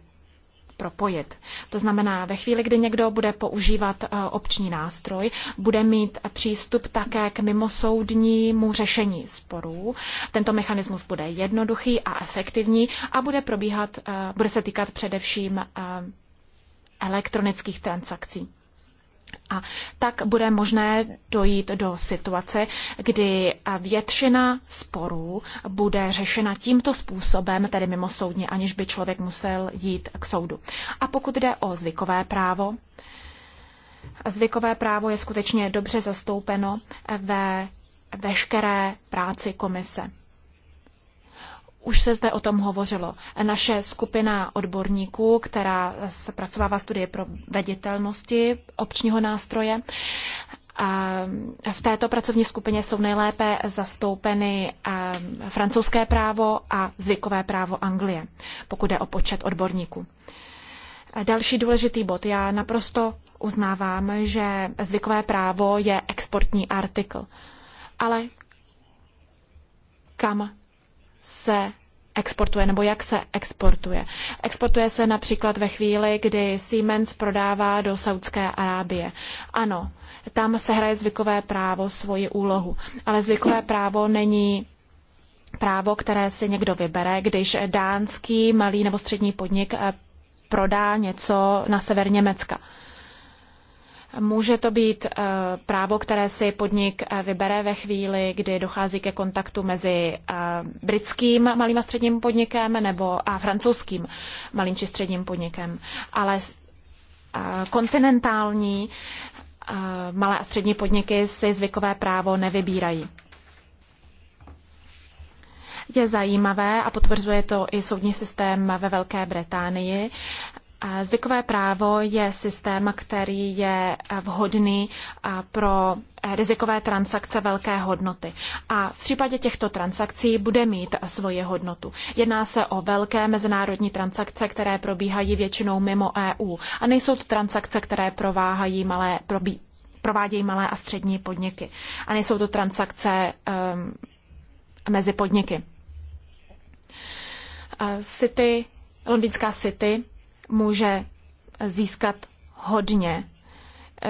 propojit. To znamená, ve chvíli, kdy někdo bude používat e, obční nástroj, bude mít přístup také k mimosoudnímu řešení sporů. Tento mechanismus bude jednoduchý a efektivní a bude, probíhat, e, bude se týkat především e, elektronických transakcí. A tak bude možné dojít do situace, kdy většina sporů bude řešena tímto způsobem, tedy mimo soudně, aniž by člověk musel jít k soudu. A pokud jde o zvykové právo, zvykové právo je skutečně dobře zastoupeno ve veškeré práci komise. Už se zde o tom hovořilo. Naše skupina odborníků, která zpracovává studie pro veditelnosti občního nástroje, v této pracovní skupině jsou nejlépe zastoupeny francouzské právo a zvykové právo Anglie, pokud jde o počet odborníků. Další důležitý bod. Já naprosto uznávám, že zvykové právo je exportní artikl. Ale kam se exportuje nebo jak se exportuje. Exportuje se například ve chvíli, kdy Siemens prodává do Saudské Arábie. Ano, tam se hraje zvykové právo svoji úlohu, ale zvykové právo není právo, které si někdo vybere, když dánský malý nebo střední podnik eh, prodá něco na sever Německa. Může to být eh, právo, které si podnik eh, vybere ve chvíli, kdy dochází ke kontaktu mezi eh, britským malým a středním podnikem nebo a francouzským malým či středním podnikem. Ale kontinentální malé a střední podniky si zvykové právo nevybírají. Je zajímavé a potvrzuje to i soudní systém ve Velké Británii, Zvykové právo je systém, který je vhodný pro eh, rizikové transakce velké hodnoty. A v případě těchto transakcí bude mít svoji hodnotu. Jedná se o velké mezinárodní transakce, které probíhají většinou mimo EU. A nejsou to transakce, které prováhají malé, probí, provádějí malé a střední podniky. A nejsou to transakce um, mezi podniky. Eh, City, Londýnská City může získat hodně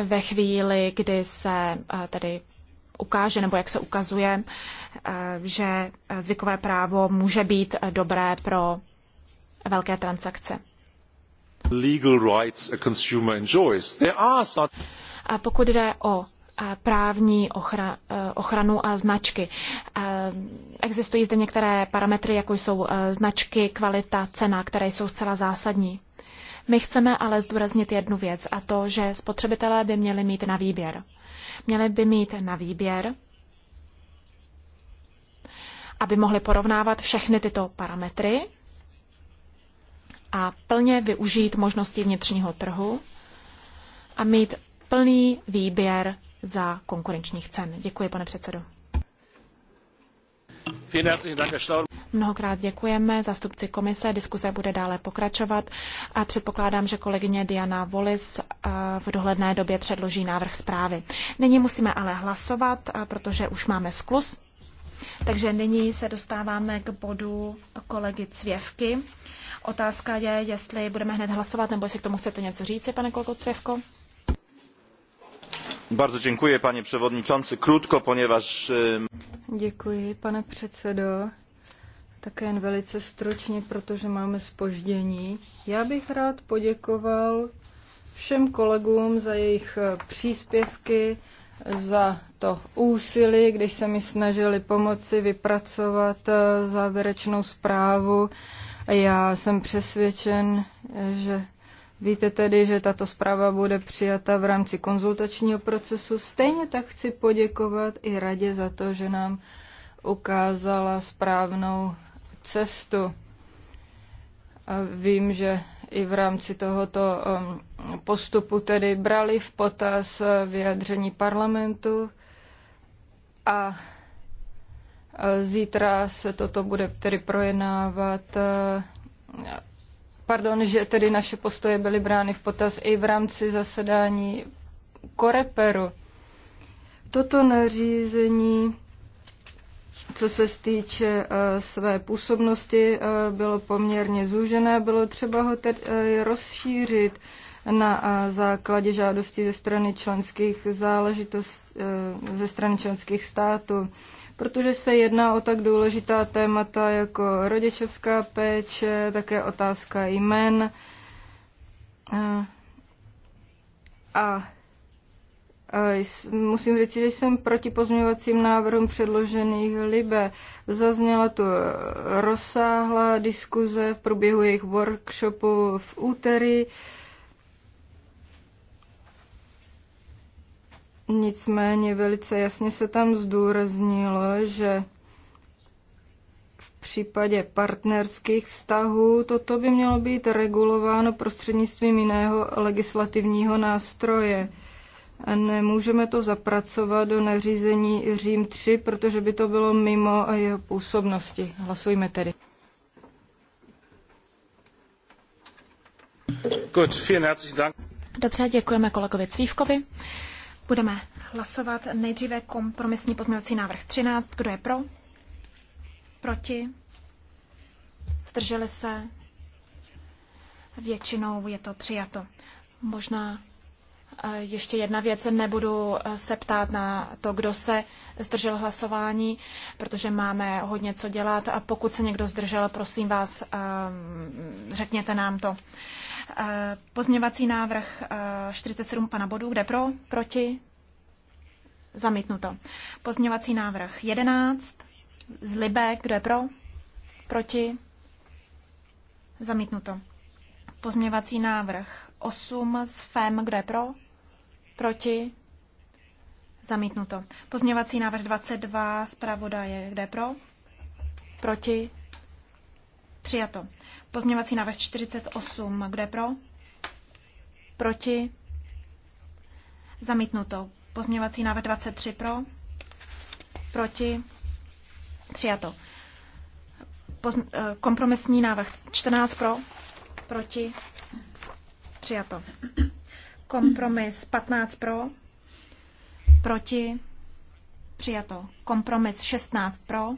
ve chvíli, kdy se eh, tedy ukáže, nebo jak se ukazuje, eh, že zvykové právo může být dobré pro velké transakce. Legal rights a consumer enjoys. There are some... A pokud jde o eh, právní ochra, ochranu a značky. Existují zde některé parametry, jako jsou značky, kvalita, cena, které jsou zcela zásadní. My chceme ale zdůraznit jednu věc a to, že spotřebitelé by měli mít na výběr. Měli by mít na výběr, aby mohli porovnávat všechny tyto parametry a plně využít možnosti vnitřního trhu a mít plný výběr za konkurenčních cen. Děkuji, pane předsedo. Mnohokrát děkujeme zastupci komise, diskuse bude dále pokračovat a předpokládám, že kolegyně Diana Volis eh, v dohledné době předloží návrh zprávy. Nyní musíme ale hlasovat, eh, protože už máme sklus. Takže nyní se dostáváme k bodu kolegy Cvěvky. Otázka je, jestli budeme hned hlasovat, nebo jestli k tomu chcete něco říct, pane kolego Cvěvko. Bardzo dziękuję, panie przewodniczący. Krótko, ponieważ... Děkuji, pane předsedo. Také jen velice stručně, protože máme spoždění. Já bych rád poděkoval všem kolegům za jejich příspěvky, za to úsilí, když se mi snažili pomoci vypracovat eh, závěrečnou zprávu. Já jsem přesvědčen, že víte tedy, že tato zpráva bude přijata v rámci konzultačního procesu. Stejně tak chci poděkovat i radě za to, že nám ukázala správnou cestu. Vím, že i v rámci tohoto um, postupu tedy brali v potaz uh, vyjadření parlamentu a uh, zítra se toto bude tedy projednávat. Uh, pardon, že tedy naše postoje byly brány v potaz i v rámci zasedání Koreperu. Toto nařízení co se stýče eh, své působnosti, eh, bylo poměrně zúžené, bylo třeba ho tedy eh, rozšířit na základě žádosti ze strany členských záležitost, ze strany členských států. Protože se jedná o tak důležitá témata jako rodičovská péče, také otázka jmen a Musím říct, že jsem proti pozměňovacím návrhům předložených Libe. Zazněla tu rozsáhlá diskuze v průběhu jejich workshopu v úterý. Nicméně velice jasně se tam zdůraznilo, že v případě partnerských vztahů toto by mělo být regulováno prostřednictvím jiného legislativního nástroje. Nemůžeme to zapracovat do nařízení Řím 3, protože by to bylo mimo jeho působnosti. Hlasujme tedy. Gut, vielen herzlichen Dank. Dobře, děkujeme kolegovi Cvívkovi. Budeme hlasovat nejdříve kompromisní pozměňovací návrh 13. Kdo je pro? Proti? Zdrželi se? Většinou je to přijato. Možná Eh, ještě jedna věc, nebudu eh, se ptát na to, kdo se zdržel hlasování, protože máme hodně co dělat a pokud se někdo zdržel, prosím vás, ehm, řekněte nám to. Eh, pozměňovací návrh 47 pana bodů, kde pro, proti, zamítnuto. Pozměňovací návrh 11 zlibek, kdo je pro, proti, zamítnuto. Pozměvací návrh 8 s FEM, kdo je pro? Proti? Zamítnuto. Pozměvací návrh 22 zpravodaje, kdo je pro? Proti? Přijato. Pozměvací návrh 48, kde je pro? Proti? Zamítnuto. Pozměvací návrh 23 pro? Proti? Přijato. Pozm- eh, kompromisní návrh 14 pro? proti, přijato. Kompromis 15 pro, proti, přijato. Kompromis 16 pro,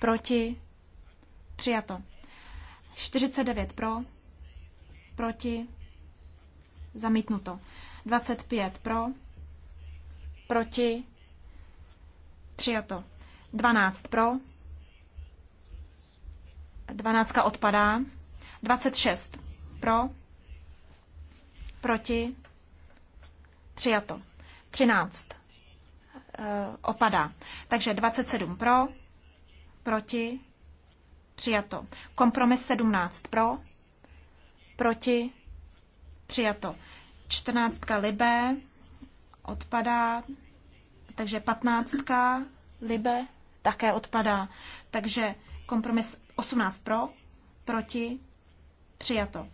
proti, přijato. 49 pro, proti, zamítnuto. 25 pro, proti, přijato. 12 pro, 12 odpadá. 26 pro, proti, přijato. 13 eh, opadá. Takže 27 pro, proti, přijato. Kompromis 17 pro, proti, přijato. 14 libe, odpadá, takže 15 libe také odpadá. Takže kompromis 18 pro, proti, Přijato.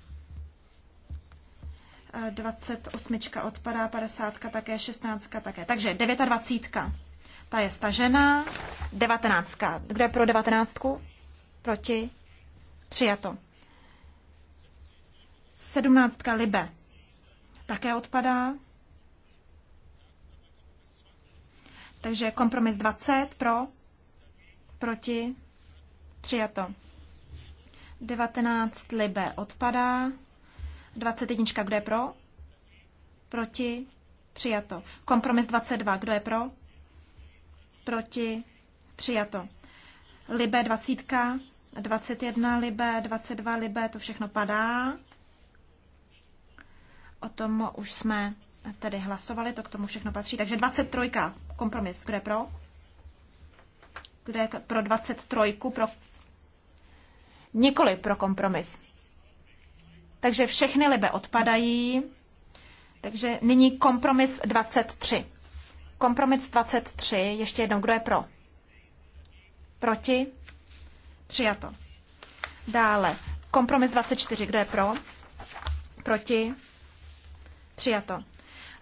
28 odpadá, 50 také, 16 také. Takže 29. Ta je stažená. 19. Kdo je pro 19? Proti? Přijato. 17. Libe. Také odpadá. Takže kompromis 20 pro, proti, přijato. 19 libe odpadá. 21, kdo je pro? Proti? Přijato. Kompromis 22, kdo je pro? Proti? Přijato. Libe 20, 21 libe, 22 libe, to všechno padá. O tom už jsme tedy hlasovali, to k tomu všechno patří. Takže 23, kompromis, kde pro? Kde pro 23, pro nikoli pro kompromis. Takže všechny libe odpadají, takže nyní kompromis 23. Kompromis 23, ještě jednou, kdo je pro? Proti? Přijato. Dále, kompromis 24, kdo je pro? Proti? Přijato.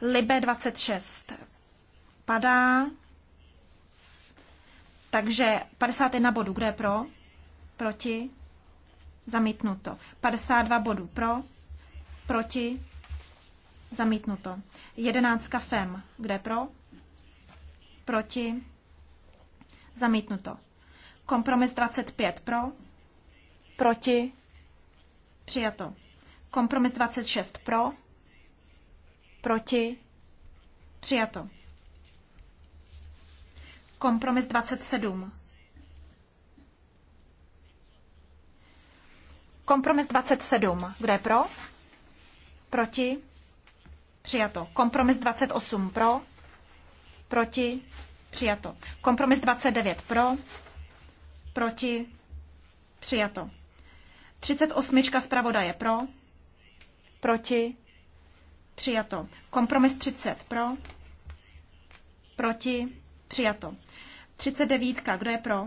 Libe 26 padá, takže 51 bodů, kdo je pro? Proti? Zamítnuto. 52 bodů pro, proti, zamítnuto. 11 FEM, kde pro, proti, zamítnuto. Kompromis 25 pro, proti, přijato. Kompromis 26 pro, proti, přijato. Kompromis 27 Kompromis 27. Kdo je pro? Proti? Přijato. Kompromis 28 pro? Proti? Přijato. Kompromis 29 pro? Proti? Přijato. 38. zpravodaje pro? Proti? Přijato. Kompromis 30 pro? Proti? Přijato. 39. Kdo je pro?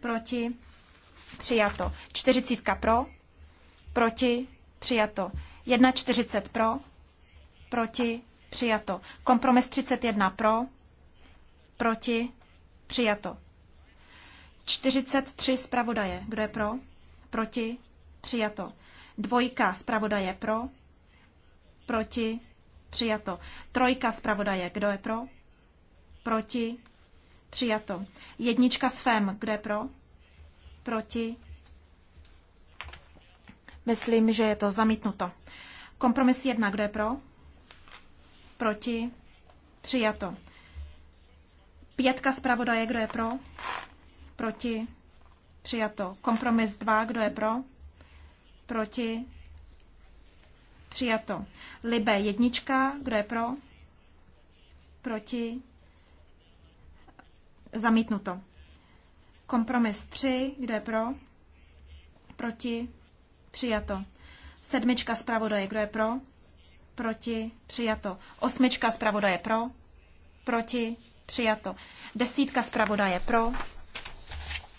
Proti? přijato. 40 pro, proti, přijato. 1,40 pro, proti, přijato. Kompromis 31 pro, proti, přijato. 43 zpravodaje, kdo je pro, proti, přijato. Dvojka zpravodaje pro, proti, přijato. Trojka zpravodaje, kdo je pro, proti, přijato. Jednička s FEM, kdo je pro, proti. Myslím, že je to zamítnuto. Kompromis jedna, kdo je pro? Proti? Přijato. Pětka zpravodaje, kdo je pro? Proti? Přijato. Kompromis dva, kdo je pro? Proti? Přijato. Libe jednička, kdo je pro? Proti? Zamítnuto. Kompromis 3, kdo je pro? Proti? Přijato. Sedmička zpravodaje, kdo je pro? Proti? Přijato. Osmička zpravodaje pro? Proti? Přijato. Desítka zpravodaje pro?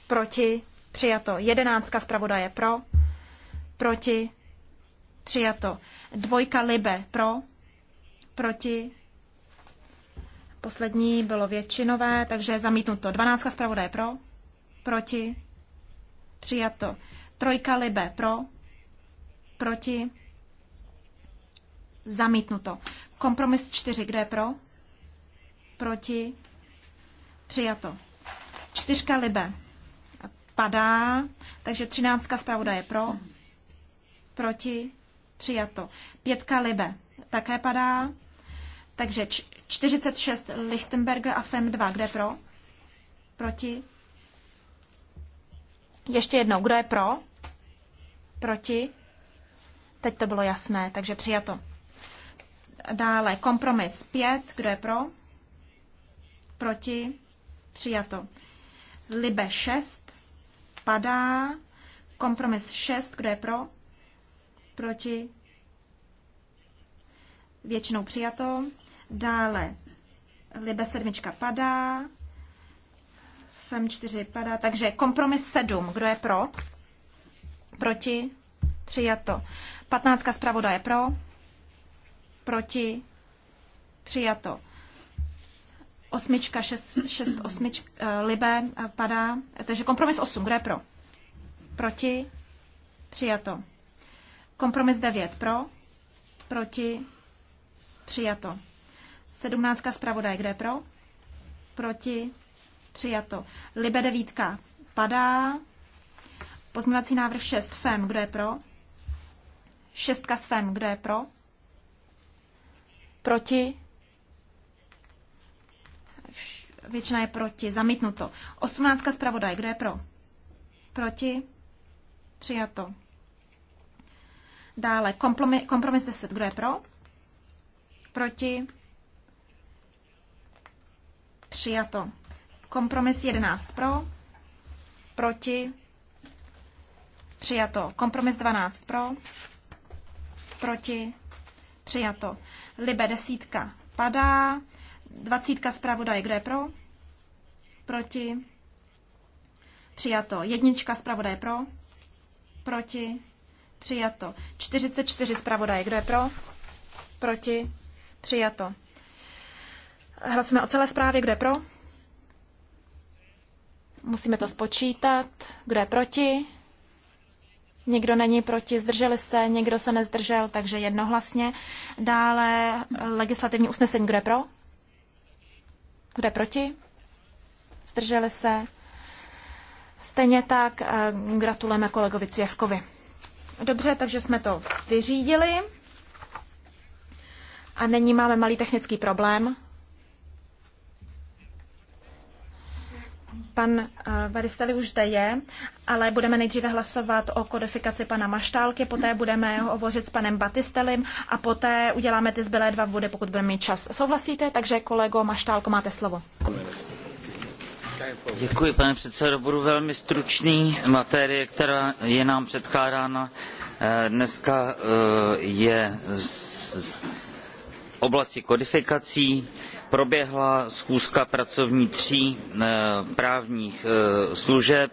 Proti? Přijato. Jedenáctka zpravodaje pro? Proti? Přijato. Dvojka libe pro? Proti? Poslední bylo většinové, takže zamítnuto. Dvanáctka zpravodaje pro? proti, přijato. Trojka libe pro, proti, zamítnuto. Kompromis 4, kde je pro, proti, přijato. Čtyřka libe padá, takže třináctka je pro, proti, přijato. Pětka libe také padá, takže 46 Lichtenberger a FEM 2, kde pro, proti, ještě jednou, kdo je pro? Proti? Teď to bylo jasné, takže přijato. Dále kompromis 5, kdo je pro? Proti? Přijato. Libe 6 padá. Kompromis 6, kdo je pro? Proti? Většinou přijato. Dále Libe 7 padá. FEM 4 padá, takže kompromis 7. Kdo je pro? Proti? Přijato. 15. je pro? Proti? Přijato. Osmička, šest, šest osmič, eh, libe eh, padá. Takže kompromis 8. Kdo je pro? Proti? Přijato. Kompromis 9 pro? Proti? Přijato. 17. je kde pro? Proti? Přijato. Libe devítka padá. Pozměňovací návrh 6 FEM, kdo je pro? Šestka s FEM, kdo je pro? Proti? Většina je proti, zamítnuto. Osmnáctka zpravodaj, kdo je pro? Proti? Přijato. Dále kompromis, kompromis 10, kdo je pro? Proti? Přijato. Kompromis 11 pro, proti, přijato. Kompromis 12 pro, proti, přijato. Libe desítka padá, dvacítka zpravodaje, kdo je pro, proti, přijato. Jednička zpravodaje pro, proti, přijato. 44 zpravodaje, kdo je pro, proti, přijato. Hlasujeme o celé zprávě, kdo je pro, Musíme to spočítat. Kdo je proti? Někdo není proti, zdrželi se, někdo se nezdržel, takže jednohlasně. Dále eh, legislativní usnesení, kdo je pro? Kdo je proti? Zdrželi se. Stejně tak eh, gratulujeme kolegovi Cvěvkovi. Dobře, takže jsme to vyřídili. A nyní máme malý technický problém. Pan Baristali eh, už zde je, ale budeme nejdříve hlasovat o kodifikaci pana Maštálky, poté budeme hovořit s panem Batistelem a poté uděláme ty zbylé dva vody, pokud budeme mít čas. Souhlasíte? Takže kolego Maštálko, máte slovo. Děkuji, pane předsedo. Budu velmi stručný. Materie, která je nám předkládána eh, dneska, eh, je z oblasti kodifikací proběhla schůzka pracovní tří eh, právních eh, služeb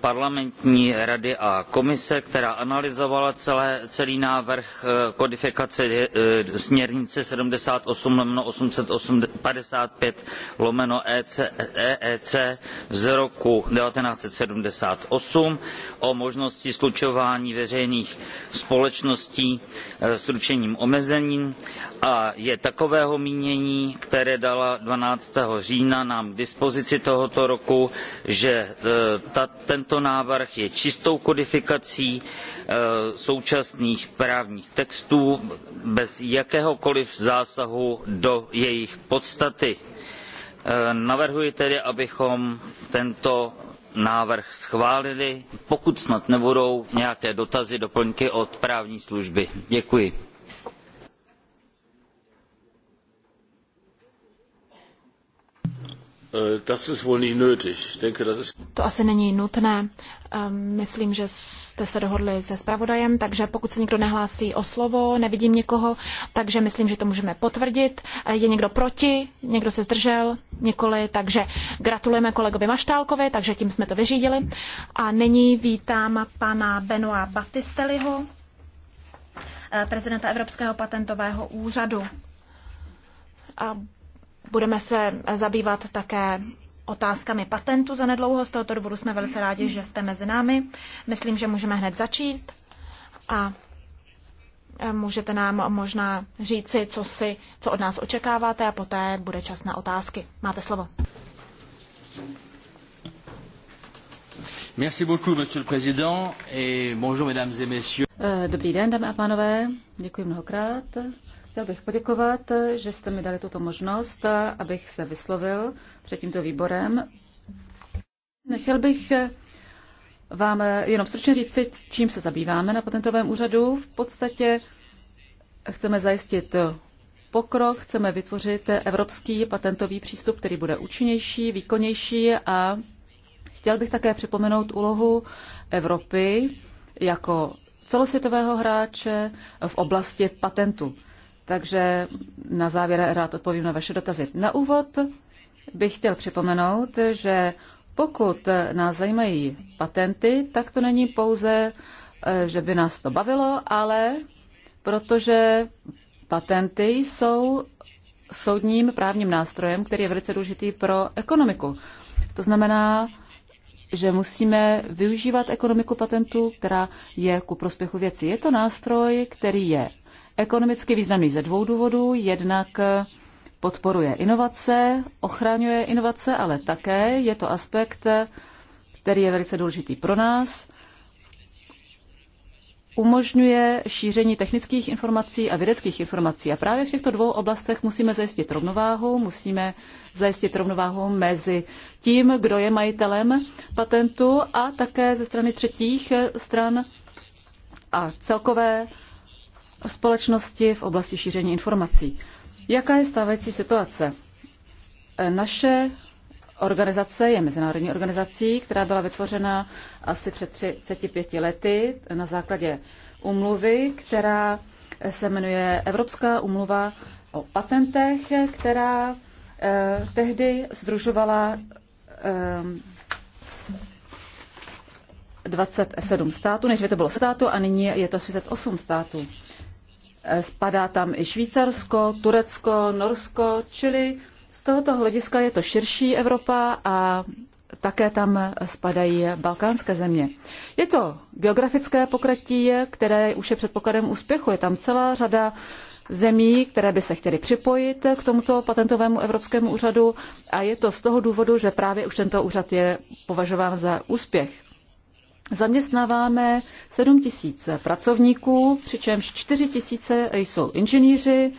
parlamentní rady a komise která analyzovala celé, celý návrh eh, kodifikace eh, směrnice seventy eight eight hundred and fifty five eec z roku one thousand nine hundred and seventy eight o možnosti slučování veřejných společností eh, s ručením omezeným a je takového mínění které dala 12. října nám k dispozici tohoto roku že ta, tento tento návrh je čistou kodifikací eh, současných právních textů bez jakéhokoliv zásahu do jejich podstaty. Eh, navrhuji tedy abychom tento návrh schválili pokud snad nebudou nějaké dotazy doplňky od právní služby. děkuji. Äh, to asi není nutné. Ehm, myslím, že jste se dohodli se zpravodajem, takže pokud se někdo nehlásí o slovo, nevidím někoho, takže myslím, že to můžeme potvrdit. Eh, je někdo proti, někdo se zdržel, nikoli, takže gratulujeme kolegovi Maštálkovi, takže tím jsme to vyřídili. A nyní vítám pana Benoa Batisteliho, eh, prezidenta Evropského patentového úřadu. A Budeme se zabývat také otázkami patentu za nedlouho. Z tohoto důvodu jsme velice rádi, že jste mezi námi. Myslím, že můžeme hned začít a e, můžete nám možná říci, co, si, co od nás očekáváte a poté bude čas na otázky. Máte slovo. Merci beaucoup, monsieur le président, et bonjour, mesdames et messieurs. E, dobrý den, dámy a pánové, děkuji mnohokrát. Chtěl bych poděkovat, že jste mi dali tuto možnost, abych se vyslovil před tímto výborem. Chtěl bych vám jenom stručně říci, čím se zabýváme na patentovém úřadu. V podstatě chceme zajistit pokrok, chceme vytvořit evropský patentový přístup, který bude účinnější, výkonnější a chtěl bych také připomenout úlohu Evropy jako celosvětového hráče v oblasti patentu takže na závěr rád odpovím na vaše dotazy. Na úvod bych chtěl připomenout, že pokud nás zajímají patenty, tak to není pouze, eh, že by nás to bavilo, ale protože patenty jsou soudním právním nástrojem, který je velice důležitý pro ekonomiku. To znamená, že musíme využívat ekonomiku patentů, která je ku prospěchu věci. Je to nástroj, který je ekonomicky významný ze dvou důvodů. Jednak podporuje inovace, ochraňuje inovace, ale také je to aspekt, který je velice důležitý pro nás. Umožňuje šíření technických informací a vědeckých informací. A právě v těchto dvou oblastech musíme zajistit rovnováhu. Musíme zajistit rovnováhu mezi tím, kdo je majitelem patentu a také ze strany třetích stran a celkové společnosti v oblasti šíření informací. Jaká je stávající situace? E, naše organizace je mezinárodní organizací, která byla vytvořena asi před 35 lety na základě umluvy, která se jmenuje Evropská umluva o patentech, která eh, tehdy združovala eh, 27 států, než by to bylo států a nyní je to 38 států. Eh, spadá tam i Švýcarsko, Turecko, Norsko, čili z tohoto hlediska je to širší Evropa a také tam spadají balkánské země. Je to geografické pokratí, které už je předpokladem úspěchu. Je tam celá řada zemí, které by se chtěly připojit k tomuto patentovému evropskému úřadu a je to z toho důvodu, že právě už tento úřad je považován za úspěch. Zaměstnáváme 7 tisíc pracovníků, přičemž 4 tisíce jsou inženýři,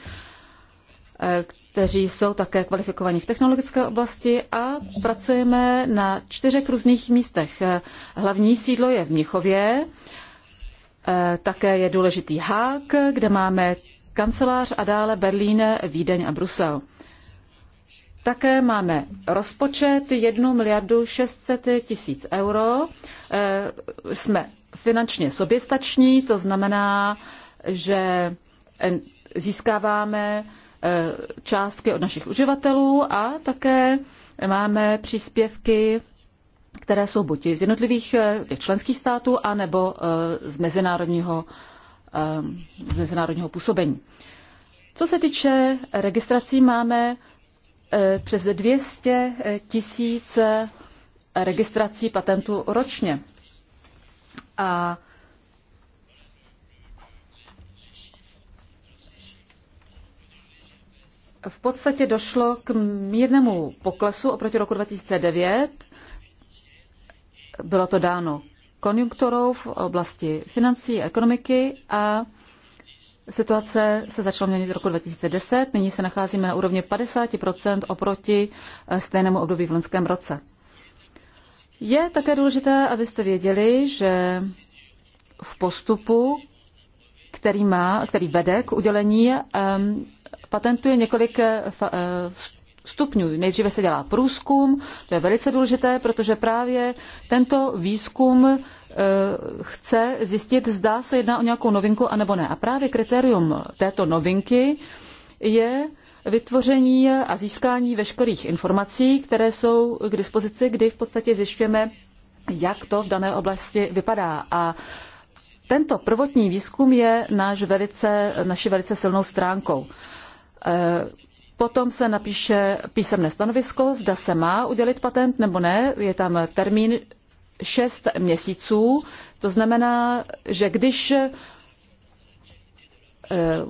eh, kteří jsou také kvalifikovaní v technologické oblasti a pracujeme na čtyřech různých místech. Eh, hlavní sídlo je v Mnichově, eh, také je důležitý Hák, kde máme kancelář a dále Berlín, Vídeň a Brusel. Také máme rozpočet 1 miliardu 600 tisíc euro. Eh, jsme finančně soběstační, to znamená, že eh, získáváme eh, částky od našich uživatelů a také máme příspěvky, které jsou buď z jednotlivých těch členských států, anebo z mezinárodního, z mezinárodního působení. Co se týče registrací, máme Eh, přes 200 eh, tisíc registrací patentů ročně. A v podstatě došlo k mírnému poklesu oproti roku 2009. Bylo to dáno konjunkturou v oblasti financí a ekonomiky a Situace se začala měnit v roku 2010, nyní se nacházíme na úrovni 50 oproti eh, stejnému období v loňském roce. Je také důležité, abyste věděli, že v postupu, který, má, který vede k udělení, eh, patentuje několik eh, Stupňují, Nejdříve se dělá průzkum, to je velice důležité, protože právě tento výzkum eh, chce zjistit, zda se jedná o nějakou novinku anebo ne. A právě kritérium této novinky je vytvoření a získání veškerých informací, které jsou k dispozici, kdy v podstatě zjišťujeme, jak to v dané oblasti vypadá. A tento prvotní výzkum je náš velice, naši velice silnou stránkou. Eh, Potom se napíše písemné stanovisko, zda se má udělit patent nebo ne. Je tam termín 6 měsíců. To znamená, že když eh,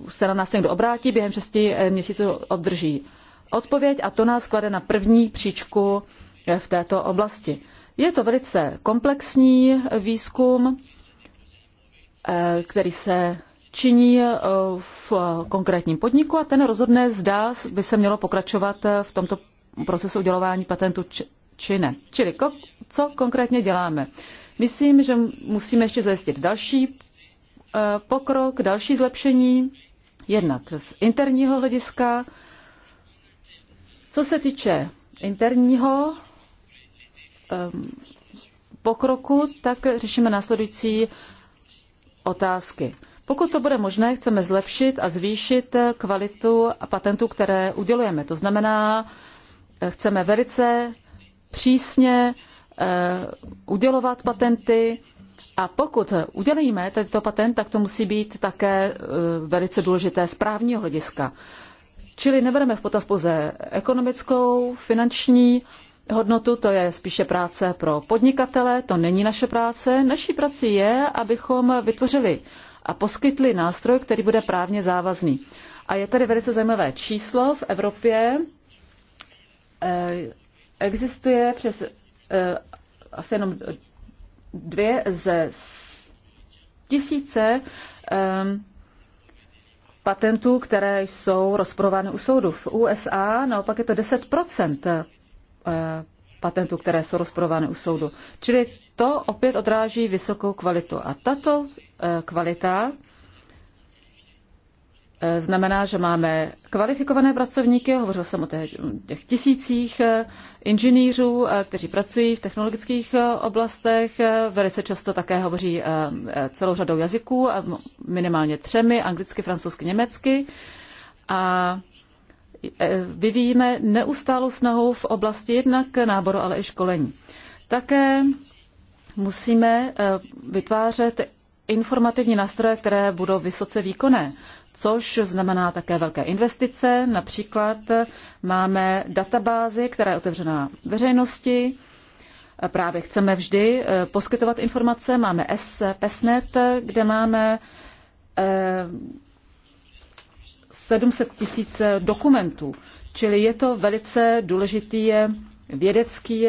se na nás někdo obrátí, během 6 eh, měsíců obdrží odpověď a to nás klade na první příčku eh, v této oblasti. Je to velice komplexní výzkum, který se činí eh, v konkrétním podniku a ten rozhodne, zda by se mělo pokračovat eh, v tomto procesu udělování patentu či ne. Čili co konkrétně děláme? Myslím, že musíme ještě zajistit další eh, pokrok, další zlepšení, jednak z interního hlediska. Co se týče interního ehm, pokroku, tak řešíme následující otázky. Pokud to bude možné, chceme zlepšit a zvýšit kvalitu patentů, které udělujeme. To znamená, chceme velice přísně eh, udělovat patenty a pokud udělíme tento patent, tak to musí být také eh, velice důležité z právního hlediska. Čili nebereme v potaz pouze ekonomickou, finanční hodnotu, to je spíše práce pro podnikatele, to není naše práce. Naší prací je, abychom vytvořili a poskytli nástroj, který bude právně závazný. A je tady velice zajímavé číslo v Evropě. Eh, existuje přes eh, asi jenom dvě ze tisíce eh, patentů, které jsou rozprovány u soudu. V USA naopak je to 10 patentů, které jsou rozprovány u soudu. Čili to opět odráží vysokou kvalitu. A tato eh, kvalita eh, znamená, že máme kvalifikované pracovníky, hovořil jsem o těch tisících eh, inženýrů, kteří pracují v technologických oblastech, velice často také hovoří celou řadou jazyků, minimálně třemi, anglicky, francouzsky, německy. A vyvíjíme neustálou snahu v oblasti jednak náboru, ale i školení. Také musíme eh, vytvářet informativní nástroje, které budou vysoce výkonné, což znamená také velké investice. Například eh, máme databázy, která je otevřená veřejnosti. Eh, právě chceme vždy poskytovat informace. Máme S, PESNET, kde máme 700 tisíc dokumentů, čili je to velice důležitý vědecký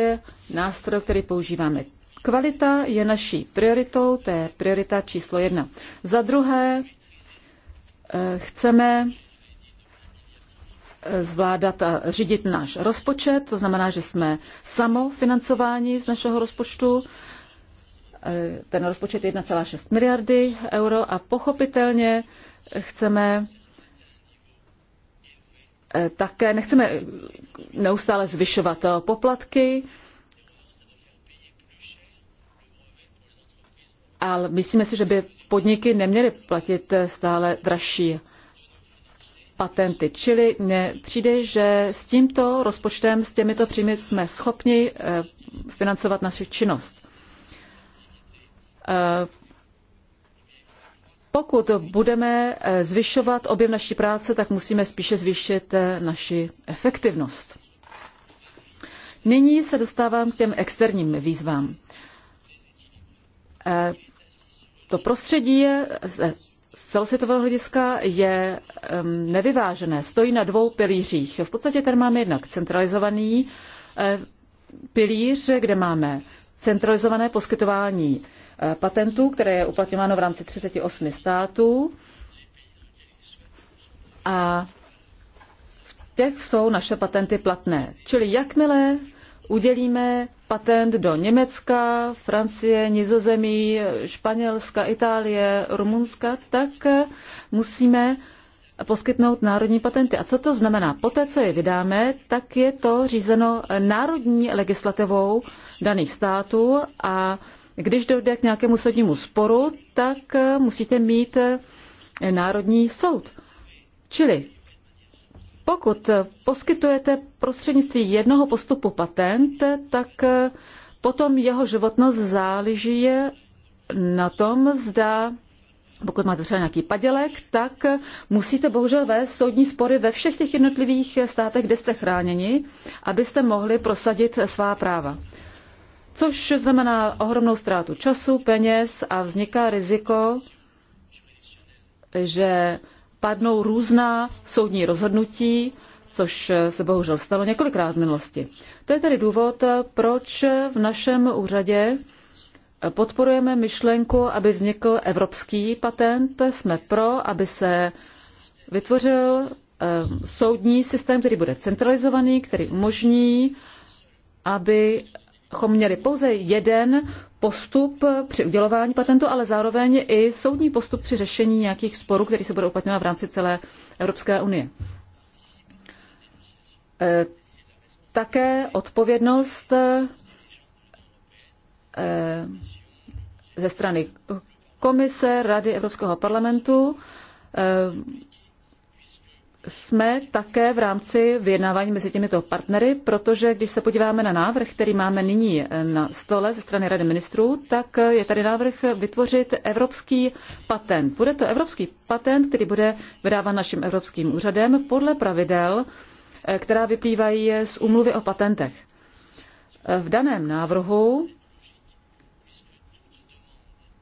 nástroj, který používáme. Kvalita je naší prioritou, to je priorita číslo jedna. Za druhé, eh, chceme eh, zvládat a řídit náš rozpočet, to znamená, že jsme samofinancováni z našeho rozpočtu. Eh, ten rozpočet je 1,6 miliardy euro a pochopitelně chceme Eh, také nechceme neustále zvyšovat eh, poplatky, ale myslíme si, že by podniky neměly platit eh, stále dražší patenty. Čili mně přijde, že s tímto rozpočtem, s těmito příjmy jsme schopni financovat naši činnost. Pokud budeme eh, zvyšovat objem naší práce, tak musíme spíše zvýšit eh, naši efektivnost. Nyní se dostávám k těm externím výzvám. Eh, to prostředí z celosvětového hlediska je nevyvážené, stojí na dvou pilířích. V podstatě tady máme jednak centralizovaný pilíř, kde máme centralizované poskytování Eh, patentů, které je uplatňováno v rámci 38 států. A v těch jsou naše patenty platné. Čili jakmile udělíme patent do Německa, Francie, Nizozemí, Španělska, Itálie, Rumunska, tak eh, musíme poskytnout národní patenty. A co to znamená? Poté, co je vydáme, tak je to řízeno národní legislativou daných států a když dojde k nějakému soudnímu sporu, tak eh, musíte mít eh, národní soud. Čili pokud eh, poskytujete prostřednictví jednoho postupu patent, tak potom jeho životnost záleží na tom, zda pokud máte třeba nějaký padělek, tak musíte bohužel vést soudní spory ve všech těch jednotlivých státech, kde jste chráněni, abyste mohli prosadit svá práva což znamená ohromnou ztrátu času, peněz a vzniká riziko, že padnou různá soudní rozhodnutí, což se bohužel stalo několikrát v minulosti. To je tedy důvod, proč v našem úřadě podporujeme myšlenku, aby vznikl evropský patent. Jsme pro, aby se vytvořil eh, soudní systém, který bude centralizovaný, který umožní, aby měli pouze jeden postup při udělování patentu, ale zároveň i soudní postup při řešení nějakých sporů, který se bude uplatňovat v rámci celé Evropské unie. E, také odpovědnost e, ze strany Komise Rady Evropského parlamentu e, jsme také v rámci vyjednávání mezi těmito partnery, protože když se podíváme na návrh, který máme nyní eh, na stole ze strany Rady ministrů, tak eh, je tady návrh vytvořit evropský patent. Bude to evropský patent, který bude vydáván naším evropským úřadem podle pravidel, eh, která vyplývají z úmluvy o patentech. V daném návrhu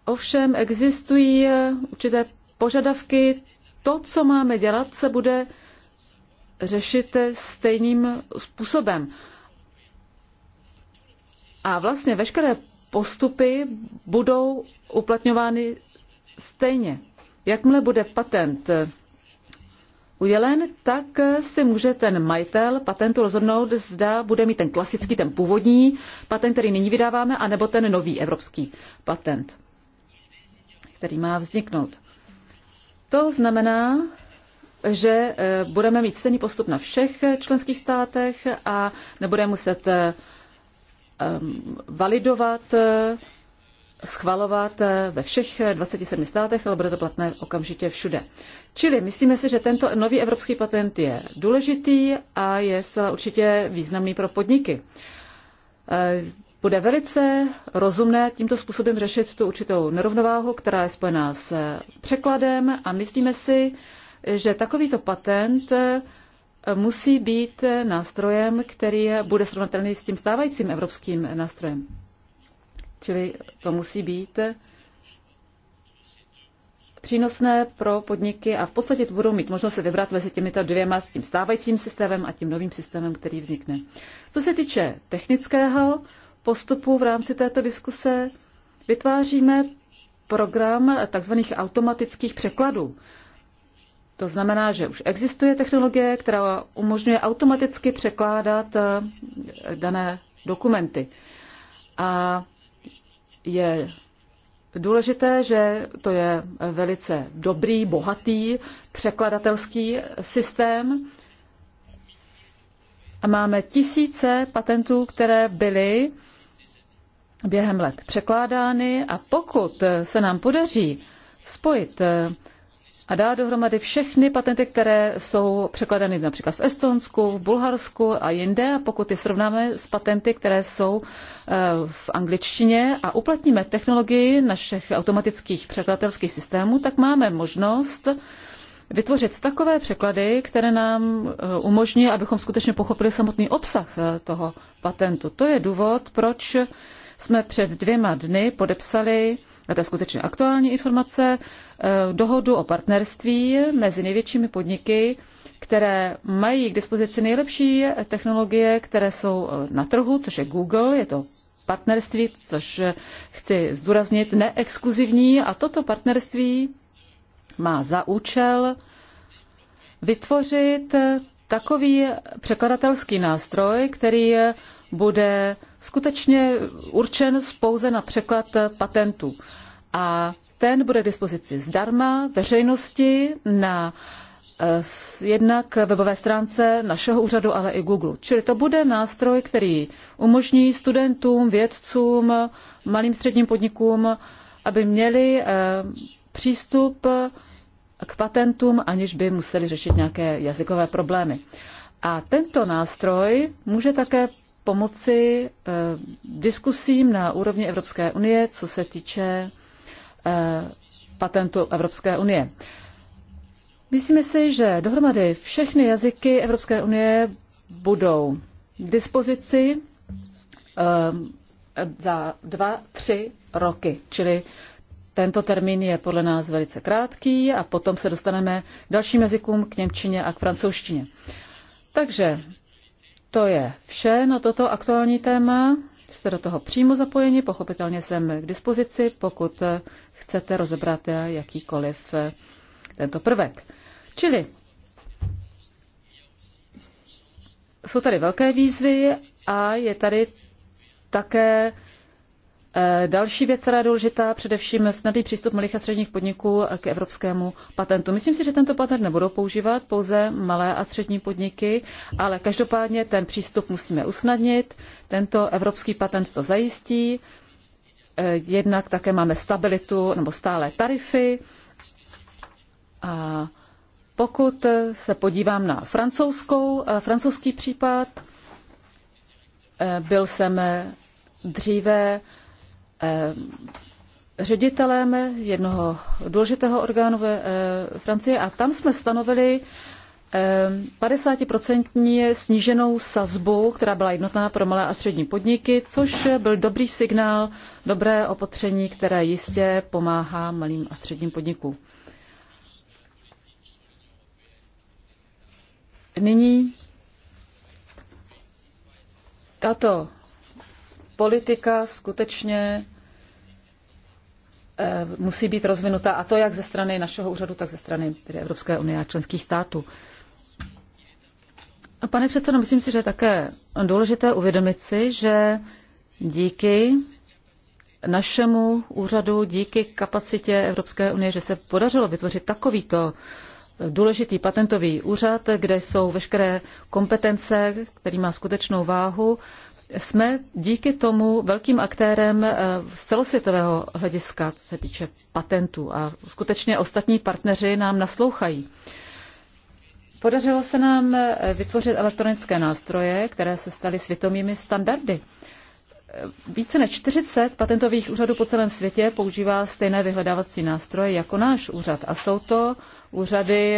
ovšem existují určité požadavky to, co máme dělat, se bude řešit stejným způsobem. A vlastně veškeré postupy budou uplatňovány stejně. Jakmile bude patent udělen, tak si může ten majitel patentu rozhodnout, zda bude mít ten klasický, ten původní patent, který nyní vydáváme, anebo ten nový evropský patent, který má vzniknout. To znamená, že eh, budeme mít stejný postup na všech členských státech a nebudeme muset eh, validovat, eh, schvalovat ve všech 27 státech, ale bude to platné okamžitě všude. Čili myslíme si, že tento nový evropský patent je důležitý a je zcela určitě významný pro podniky bude velice rozumné tímto způsobem řešit tu určitou nerovnováhu, která je spojená s překladem a myslíme si, že takovýto patent musí být nástrojem, který bude srovnatelný s tím stávajícím evropským nástrojem. Čili to musí být přínosné pro podniky a v podstatě to budou mít možnost se vybrat mezi těmito dvěma, s tím stávajícím systémem a tím novým systémem, který vznikne. Co se týče technického postupu v rámci této diskuse vytváříme program tzv. automatických překladů. To znamená, že už existuje technologie, která umožňuje automaticky překládat eh, dané dokumenty. A je důležité, že to je velice dobrý, bohatý překladatelský systém, a máme tisíce patentů, které byly během let překládány a pokud se nám podaří spojit eh, a dá dohromady všechny patenty, které jsou překládány, například v Estonsku, v Bulharsku a jinde. A pokud je srovnáme s patenty, které jsou eh, v angličtině a uplatníme technologii našich automatických překladatelských systémů, tak máme možnost vytvořit takové překlady, které nám eh, umožní, abychom skutečně pochopili samotný obsah eh, toho patentu. To je důvod, proč jsme před dvěma dny podepsali, a to je skutečně aktuální informace, eh, dohodu o partnerství mezi největšími podniky, které mají k dispozici nejlepší technologie, které jsou na trhu, což je Google, je to partnerství, což chci zdůraznit, neexkluzivní a toto partnerství má za účel vytvořit takový překladatelský nástroj, který bude skutečně určen pouze na překlad patentů. A ten bude k dispozici zdarma veřejnosti na eh, jednak webové stránce našeho úřadu, ale i Google. Čili to bude nástroj, který umožní studentům, vědcům, malým středním podnikům, aby měli eh, přístup k patentům, aniž by museli řešit nějaké jazykové problémy. A tento nástroj může také pomoci eh, diskusím na úrovni Evropské unie, co se týče eh, patentu Evropské unie. Myslíme si, že dohromady všechny jazyky Evropské unie budou k dispozici eh, za dva, tři roky, čili tento termín je podle nás velice krátký a potom se dostaneme k dalším jazykům, k Němčině a k francouzštině. Takže to je vše na toto aktuální téma. Jste do toho přímo zapojeni, pochopitelně jsem k dispozici, pokud chcete rozebrat jakýkoliv eh, tento prvek. Čili jsou tady velké výzvy a je tady také Eh, další věc, která je důležitá, především snadný přístup malých a středních podniků k evropskému patentu. Myslím si, že tento patent nebudou používat pouze malé a střední podniky, ale každopádně ten přístup musíme usnadnit. Tento evropský patent to zajistí. Eh, jednak také máme stabilitu nebo stále tarify. A pokud se podívám na francouzskou, eh, francouzský případ, byl jsem dříve Eh, ředitelem jednoho důležitého orgánu ve eh, Francii a tam jsme stanovili 50% eh, sníženou sazbu, která byla jednotná pro malé a střední podniky, což byl dobrý signál, dobré opatření, které jistě pomáhá malým a středním podnikům. Nyní tato politika skutečně eh, musí být rozvinuta, a to jak ze strany našeho úřadu, tak ze strany Evropské unie a členských států. A pane předsedo, myslím si, že je také důležité uvědomit si, že díky našemu úřadu, díky kapacitě Evropské unie, že se podařilo vytvořit takovýto důležitý patentový úřad, kde jsou veškeré kompetence, který má skutečnou váhu jsme díky tomu velkým aktérem eh, z celosvětového hlediska, co se týče patentů. A skutečně ostatní partneři nám naslouchají. Podařilo se nám eh, vytvořit elektronické nástroje, které se staly světovými standardy. Eh, více než 40 patentových úřadů po celém světě používá stejné vyhledávací nástroje jako náš úřad. A jsou to úřady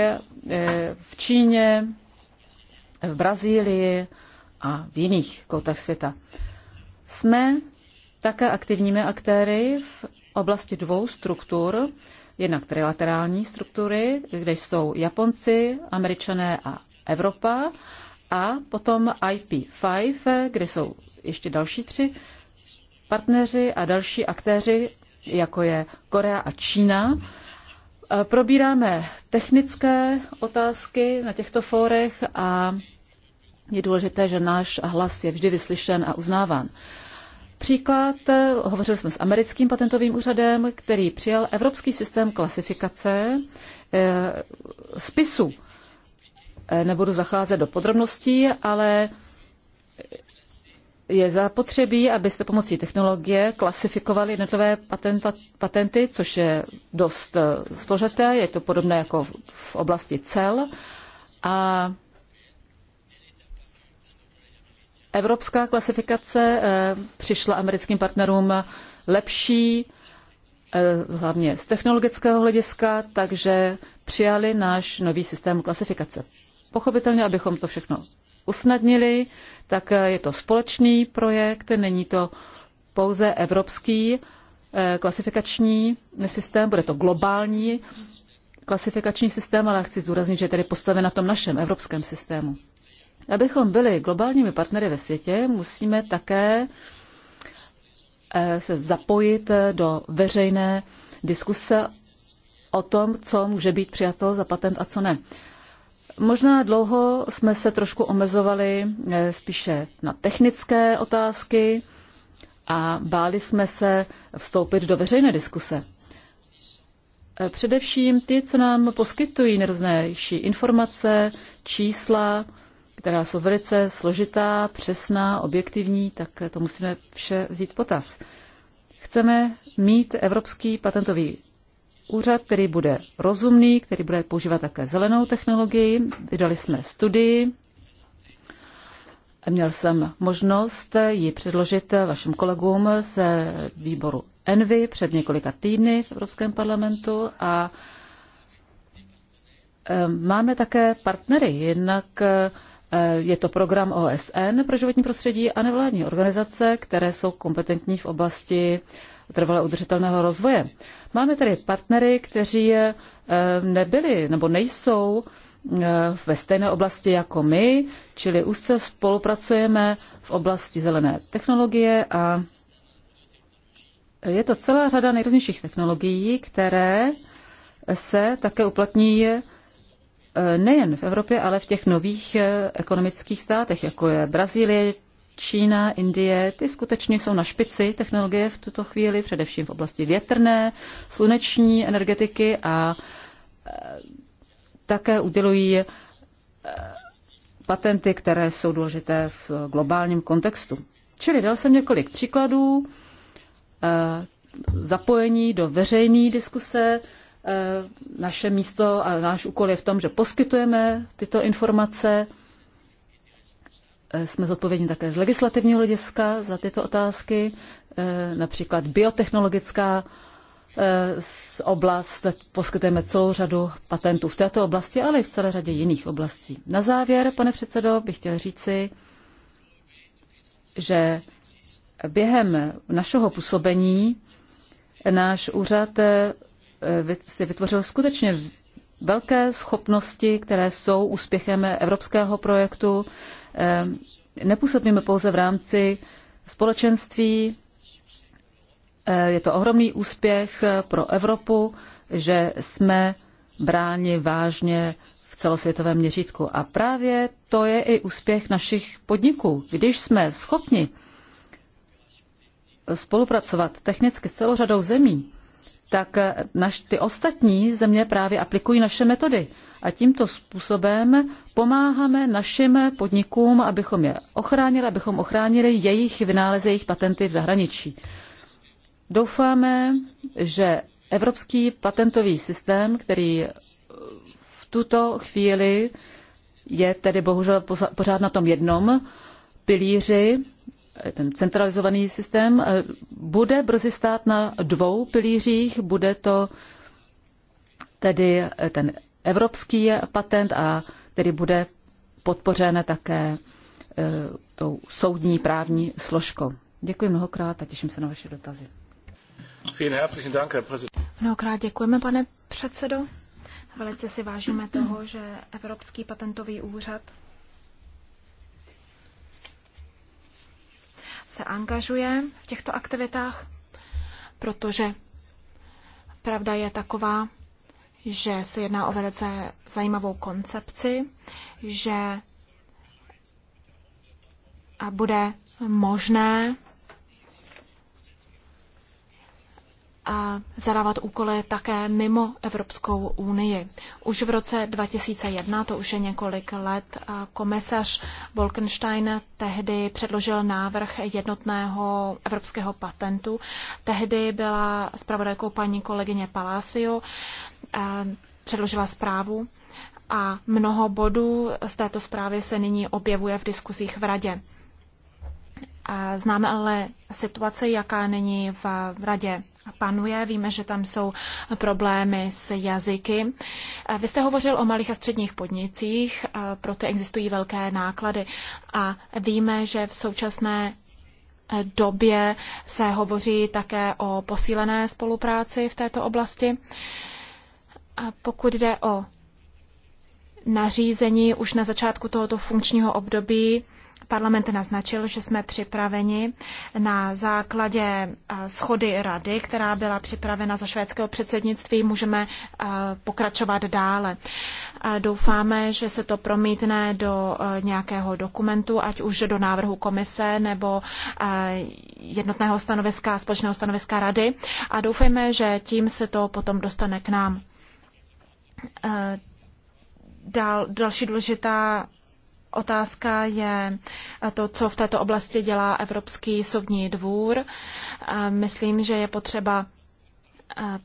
v Číně, v Brazílii, a v jiných koutech světa. Jsme také aktivními aktéry v oblasti dvou struktur, jednak trilaterální struktury, kde jsou Japonci, Američané a Evropa, a potom IP5, kde jsou ještě další tři partneři a další aktéři, jako je Korea a Čína. Probíráme technické otázky na těchto fórech a je důležité, že náš hlas je vždy vyslyšen a uznáván. Příklad, hovořili jsme s americkým patentovým úřadem, který přijal evropský systém klasifikace e, spisu. E, nebudu zacházet do podrobností, ale je zapotřebí, abyste pomocí technologie klasifikovali jednotlivé patenta, patenty, což je dost eh, složité, je to podobné jako v oblasti cel. A Evropská klasifikace eh, přišla americkým partnerům lepší, eh, hlavně z technologického hlediska, takže přijali náš nový systém klasifikace. Pochopitelně, abychom to všechno usnadnili, tak eh, je to společný projekt, není to pouze evropský klasifikační systém, bude to globální klasifikační systém, ale chci zdůraznit, že je tedy postaven na tom našem evropském systému. Abychom byli globálními partnery ve světě, musíme také eh, se zapojit eh, do veřejné diskuse o tom, co může být přijato za patent a co ne. Možná dlouho jsme se trošku omezovali eh, spíše na technické otázky a báli jsme se vstoupit do veřejné diskuse. Především ty, co nám poskytují nejrůznější informace, čísla, která jsou velice složitá, přesná, objektivní, tak to musíme vše vzít potaz. Chceme mít Evropský patentový úřad, který bude rozumný, který bude používat také zelenou technologii. Vydali jsme studii, Měl jsem možnost ji předložit vašim kolegům z výboru Envy před několika týdny v Evropském parlamentu a eh, máme také partnery, jednak Eh, je to program OSN pro životní prostředí a nevládní organizace, které jsou kompetentní v oblasti trvale udržitelného rozvoje. Máme tady partnery, kteří eh, nebyli nebo nejsou eh, ve stejné oblasti jako my, čili úzce spolupracujeme v oblasti zelené technologie a je to celá řada nejrůznějších technologií, které se také uplatní Eh, nejen v Evropě, ale v těch nových eh, ekonomických státech, jako je Brazílie, Čína, Indie, ty skutečně jsou na špici technologie v tuto chvíli, především v oblasti větrné, sluneční energetiky a eh, také udělují patenty, které jsou důležité v globálním kontextu. Čili dal jsem několik příkladů zapojení do veřejné diskuse, Eh, naše místo a náš úkol je v tom, že poskytujeme tyto informace. Eh, jsme zodpovědní také z legislativního hlediska za tyto otázky, eh, například biotechnologická oblast, poskytujeme celou řadu patentů v této oblasti, ale i v celé řadě jiných oblastí. Na závěr, pane předsedo, bych chtěl říci, že během našeho působení náš úřad Eh, si vytvořil skutečně velké schopnosti, které jsou úspěchem evropského projektu. Eh, nepůsobíme pouze v rámci společenství. Eh, je to ohromný úspěch pro Evropu, že jsme bráni vážně v celosvětovém měřítku. A právě to je i úspěch našich podniků. Když jsme schopni spolupracovat technicky s celou řadou zemí, tak eh, naš, ty ostatní země právě aplikují naše metody. A tímto způsobem pomáháme našim podnikům, abychom je ochránili, abychom ochránili jejich vynálezy, jejich patenty v zahraničí. Doufáme, že evropský patentový systém, který eh, v tuto chvíli je tedy bohužel pořád na tom jednom pilíři, ten centralizovaný systém eh, bude brzy stát na dvou pilířích. Bude to tedy eh, ten evropský patent, a který bude podpořen také eh, tou soudní právní složkou. Děkuji mnohokrát a těším se na vaše dotazy. Mnohokrát děkujeme, pane předsedo. Velice si vážíme toho, že Evropský patentový úřad se angažuje v těchto aktivitách, protože pravda je taková, že se jedná o velice zajímavou koncepci, že bude možné zadávat úkoly také mimo Evropskou unii. Už v roce 2001, to už je několik let, komisař Bolkenstein tehdy předložil návrh jednotného evropského patentu. Tehdy byla zpravodajkou paní kolegyně Palacio, předložila zprávu a mnoho bodů z této zprávy se nyní objevuje v diskuzích v radě. Známe ale situaci, jaká není v radě panuje. Víme, že tam jsou problémy s jazyky. Vy jste hovořil o malých a středních podnicích, proto existují velké náklady a víme, že v současné e, době se hovoří také o posílené spolupráci v této oblasti. A pokud jde o nařízení, už na začátku tohoto funkčního období Parlament naznačil, že jsme připraveni na základě eh, schody rady, která byla připravena za švédského předsednictví, můžeme eh, pokračovat dále. Eh, doufáme, že se to promítne do nějakého dokumentu, ať už do návrhu komise nebo jednotného stanoviska, společného stanoviska rady a doufejme, že tím se to potom dostane k nám. Dal, další důležitá Otázka je to, co v této oblasti dělá Evropský soudní dvůr. Myslím, že je potřeba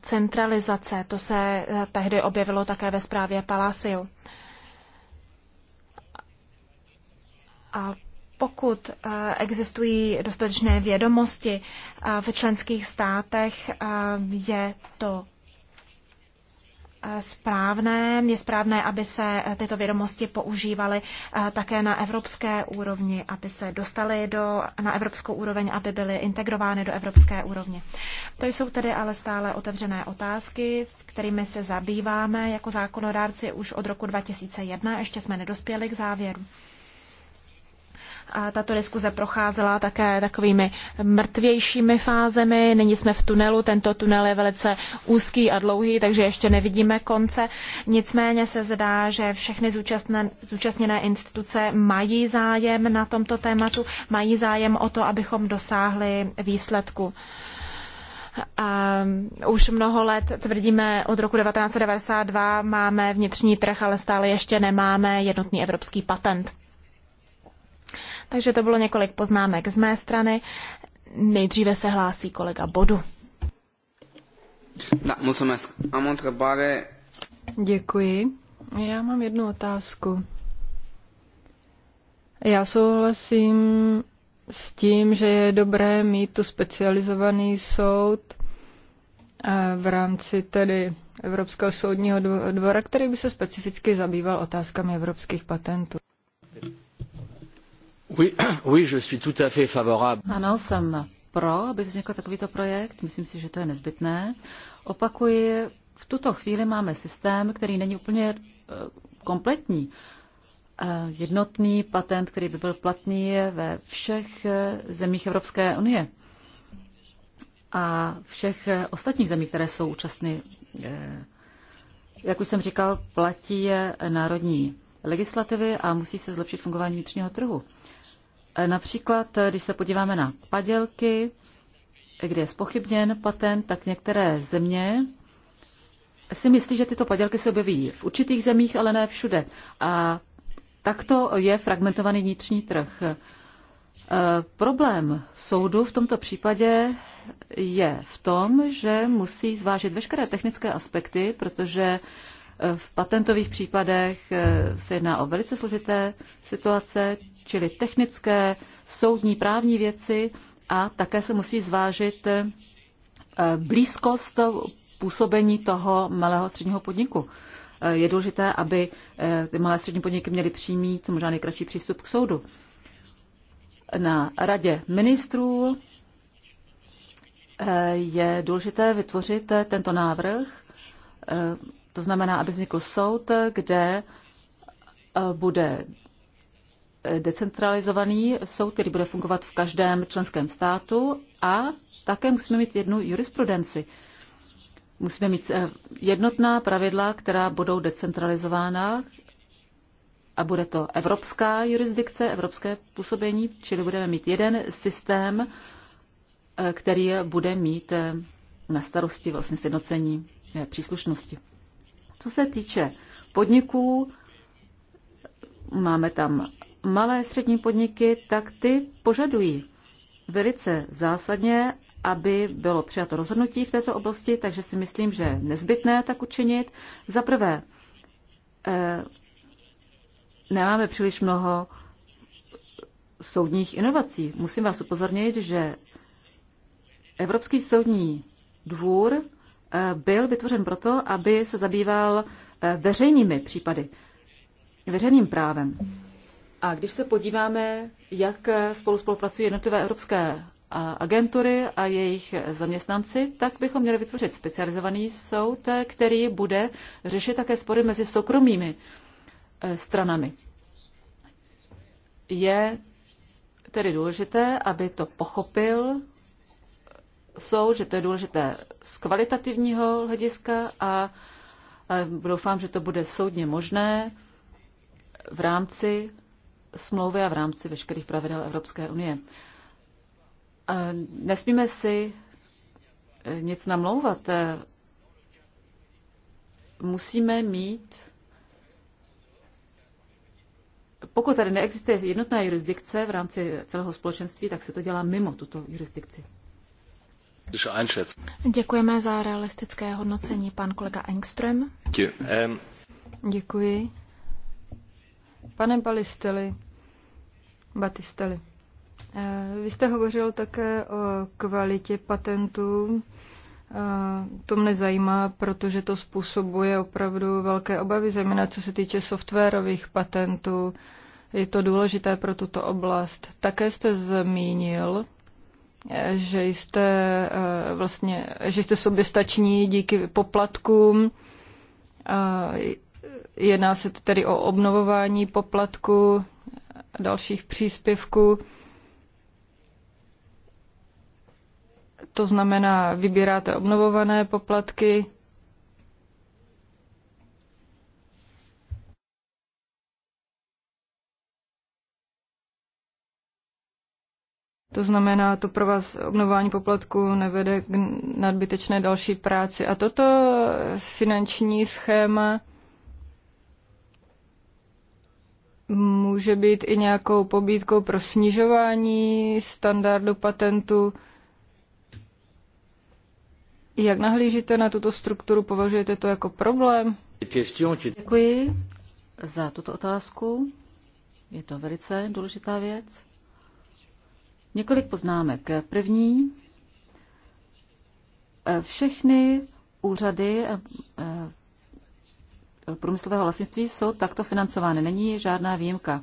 centralizace. To se tehdy objevilo také ve zprávě Palaciu. A pokud existují dostatečné vědomosti v členských státech, je to Eh, správné. Je správné, aby se eh, tyto vědomosti používaly eh, také na evropské úrovni, aby se dostaly do, na evropskou úroveň, aby byly integrovány do evropské úrovně. To jsou tedy ale stále otevřené otázky, kterými se zabýváme jako zákonodárci už od roku 2001. Ještě jsme nedospěli k závěru. Tato diskuze procházela také takovými mrtvějšími fázemi. Nyní jsme v tunelu. Tento tunel je velice úzký a dlouhý, takže ještě nevidíme konce. Nicméně se zdá, že všechny zúčastněné instituce mají zájem na tomto tématu, mají zájem o to, abychom dosáhli výsledku. A um, už mnoho let tvrdíme, od roku 1992 máme vnitřní trh, ale stále ještě nemáme jednotný evropský patent. Takže to bylo několik poznámek z mé strany. Nejdříve se hlásí kolega Bodu. Děkuji. Já mám jednu otázku. Já souhlasím s tím, že je dobré mít tu specializovaný soud eh, v rámci tedy Evropského soudního dvora, který by se specificky zabýval otázkami evropských patentů. Ano, jsem pro, aby vznikl takovýto projekt. Myslím si, že to je nezbytné. Opakuji, v tuto chvíli máme systém, který není úplně eh, kompletní. Eh, jednotný patent, který by byl platný ve všech eh, zemích Evropské unie a všech ostatních zemí, které jsou účastny. Jak už jsem říkal, platí národní legislativy a musí se zlepšit fungování vnitřního trhu. Například, když se podíváme na padělky, kde je spochybněn patent, tak některé země si myslí, že tyto padělky se objeví v určitých zemích, ale ne všude. A takto je fragmentovaný vnitřní trh. E, problém soudu v tomto případě je v tom, že musí zvážit veškeré technické aspekty, protože v patentových případech e, se jedná o velice složité situace čili technické, soudní, právní věci a také se musí zvážit eh, blízkost působení toho malého středního podniku. Eh, je důležité, aby eh, ty malé střední podniky měly přímý, co možná nejkratší přístup k soudu. Na radě ministrů je důležité vytvořit tento návrh, to znamená, aby vznikl soud, kde bude decentralizovaný soud, který bude fungovat v každém členském státu a také musíme mít jednu jurisprudenci. Musíme mít eh, jednotná pravidla, která budou decentralizována a bude to evropská jurisdikce, evropské působení, čili budeme mít jeden systém, eh, který bude mít eh, na starosti vlastně sjednocení příslušnosti. Co se týče podniků, máme tam malé střední podniky, tak ty požadují velice zásadně, aby bylo přijato rozhodnutí v této oblasti, takže si myslím, že je nezbytné tak učinit. Za prvé, eh, nemáme příliš mnoho soudních inovací. Musím vás upozornit, že Evropský soudní dvůr eh, byl vytvořen proto, aby se zabýval eh, veřejnými případy, veřejným právem. A když se podíváme, jak spolu spolupracují jednotlivé evropské agentury a jejich zaměstnanci, tak bychom měli vytvořit specializovaný soud, který bude řešit také spory mezi soukromými eh, stranami. Je tedy důležité, aby to pochopil soud, že to je důležité z kvalitativního hlediska a eh, doufám, že to bude soudně možné v rámci smlouvy a v rámci veškerých pravidel Evropské unie. Nesmíme si e, nic namlouvat. E, musíme mít, pokud tady neexistuje jednotná jurisdikce v rámci celého společenství, tak se to dělá mimo tuto jurisdikci. Děkujeme za realistické hodnocení, pan kolega Engström. Děkuji. Pane Balisteli, Batisteli. Eh, vy jste hovořil také o kvalitě patentů. Eh, to mne zajímá, protože to způsobuje opravdu velké obavy, zejména co se týče softwarových patentů. Je to důležité pro tuto oblast. Také jste zmínil, eh, že jste vlastně, že jste soběstační díky poplatkům. Jedná se tedy o obnovování poplatku dalších příspěvků. To znamená, vybíráte obnovované poplatky, To znamená, to pro vás obnovování poplatku nevede k nadbytečné další práci. A toto finanční schéma může být i nějakou pobídkou pro snižování standardu patentu. Jak nahlížíte na tuto strukturu? Považujete to jako problém? Děkuji za tuto otázku. Je to velice důležitá věc. Několik poznámek. První, eh, všechny úřady eh, průmyslového vlastnictví jsou takto financovány. Není žádná výjimka.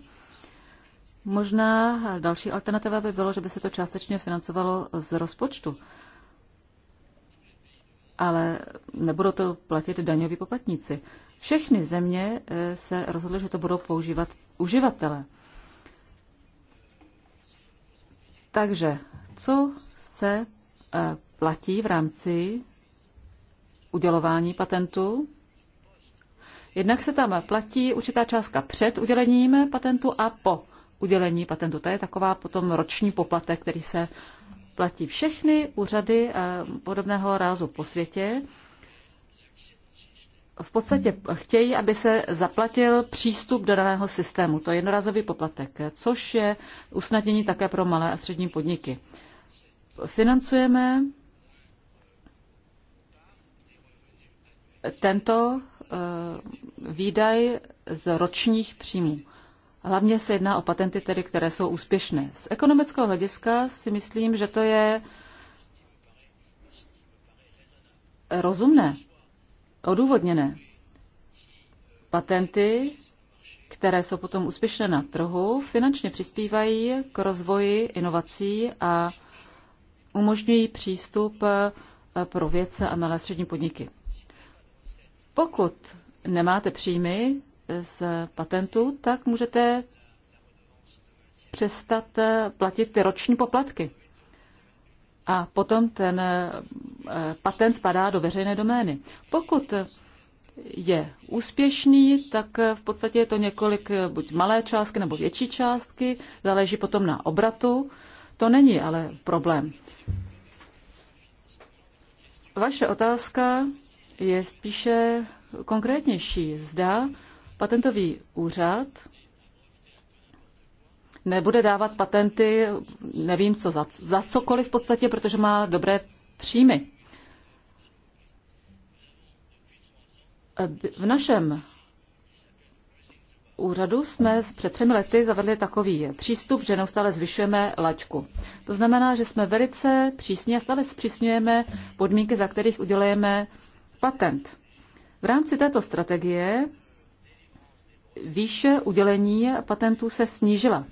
Možná další alternativa by bylo, že by se to částečně financovalo z rozpočtu. Ale nebudou to platit daňoví poplatníci. Všechny země eh, se rozhodly, že to budou používat uživatele. Takže, co se eh, platí v rámci udělování patentu? Jednak se tam platí určitá částka před udělením patentu a po udělení patentu. To je taková potom roční poplatek, který se platí všechny úřady eh, podobného rázu po světě. V podstatě chtějí, aby se zaplatil přístup do daného systému. To je jednorázový poplatek, což je usnadnění také pro malé a střední podniky. Financujeme tento Eh, výdaj z ročních příjmů. Hlavně se jedná o patenty, tedy, které jsou úspěšné. Z ekonomického hlediska si myslím, že to je rozumné, odůvodněné. Patenty, které jsou potom úspěšné na trhu, finančně přispívají k rozvoji inovací a umožňují přístup eh, pro vědce a malé střední podniky. Pokud nemáte příjmy z patentu, tak můžete přestat eh, platit ty roční poplatky. A potom ten eh, patent spadá do veřejné domény. Pokud je úspěšný, tak eh, v podstatě je to několik buď malé částky nebo větší částky, záleží potom na obratu. To není ale problém. Vaše otázka je spíše konkrétnější. Zda patentový úřad nebude dávat patenty, nevím co, za, za cokoliv v podstatě, protože má dobré příjmy. V našem úřadu jsme před třemi lety zavedli takový přístup, že neustále zvyšujeme laťku. To znamená, že jsme velice přísně a stále zpřísňujeme podmínky, za kterých udělujeme patent. V rámci této strategie výše udělení patentů se snížila.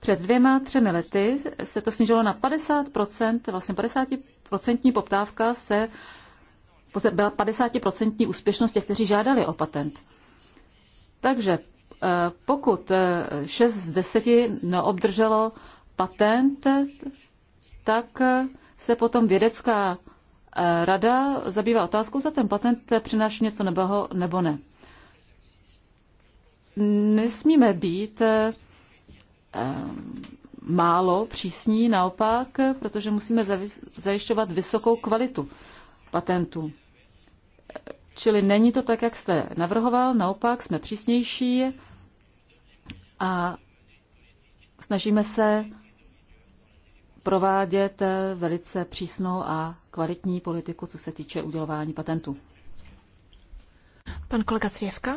Před dvěma, třemi lety se to snížilo na 50%, vlastně 50% poptávka se byla 50% úspěšnost těch, kteří žádali o patent. Takže eh, pokud 6 eh, z 10 neobdrželo patent, tak eh, se potom vědecká rada zabývá otázkou, za ten patent přináší něco nebo, nebo ne. Nesmíme být eh, málo přísní, naopak, protože musíme zajišťovat vysokou kvalitu patentů. Čili není to tak, jak jste navrhoval, naopak jsme přísnější a snažíme se provádět eh, velice přísnou a kvalitní politiku, co se týče udělování patentů. Pan kolega Cvěvka.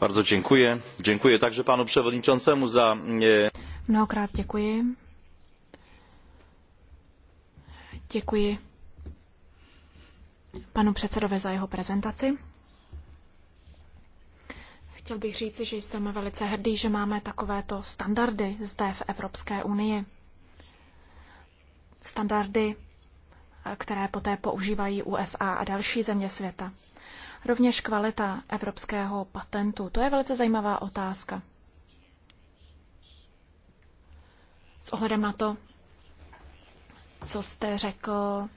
Bardzo dziękuję. Dziękuję także panu przewodniczącemu za... E, Mnohokrát děkuji. Děkuji panu předsedovi za jeho prezentaci. Chtěl bych říci, že jsem velice hrdý, že máme takovéto standardy zde v Evropské unii. Standardy které poté používají USA a další země světa. Rovněž kvalita evropského patentu. To je velice zajímavá otázka. S ohledem na to, co jste řekl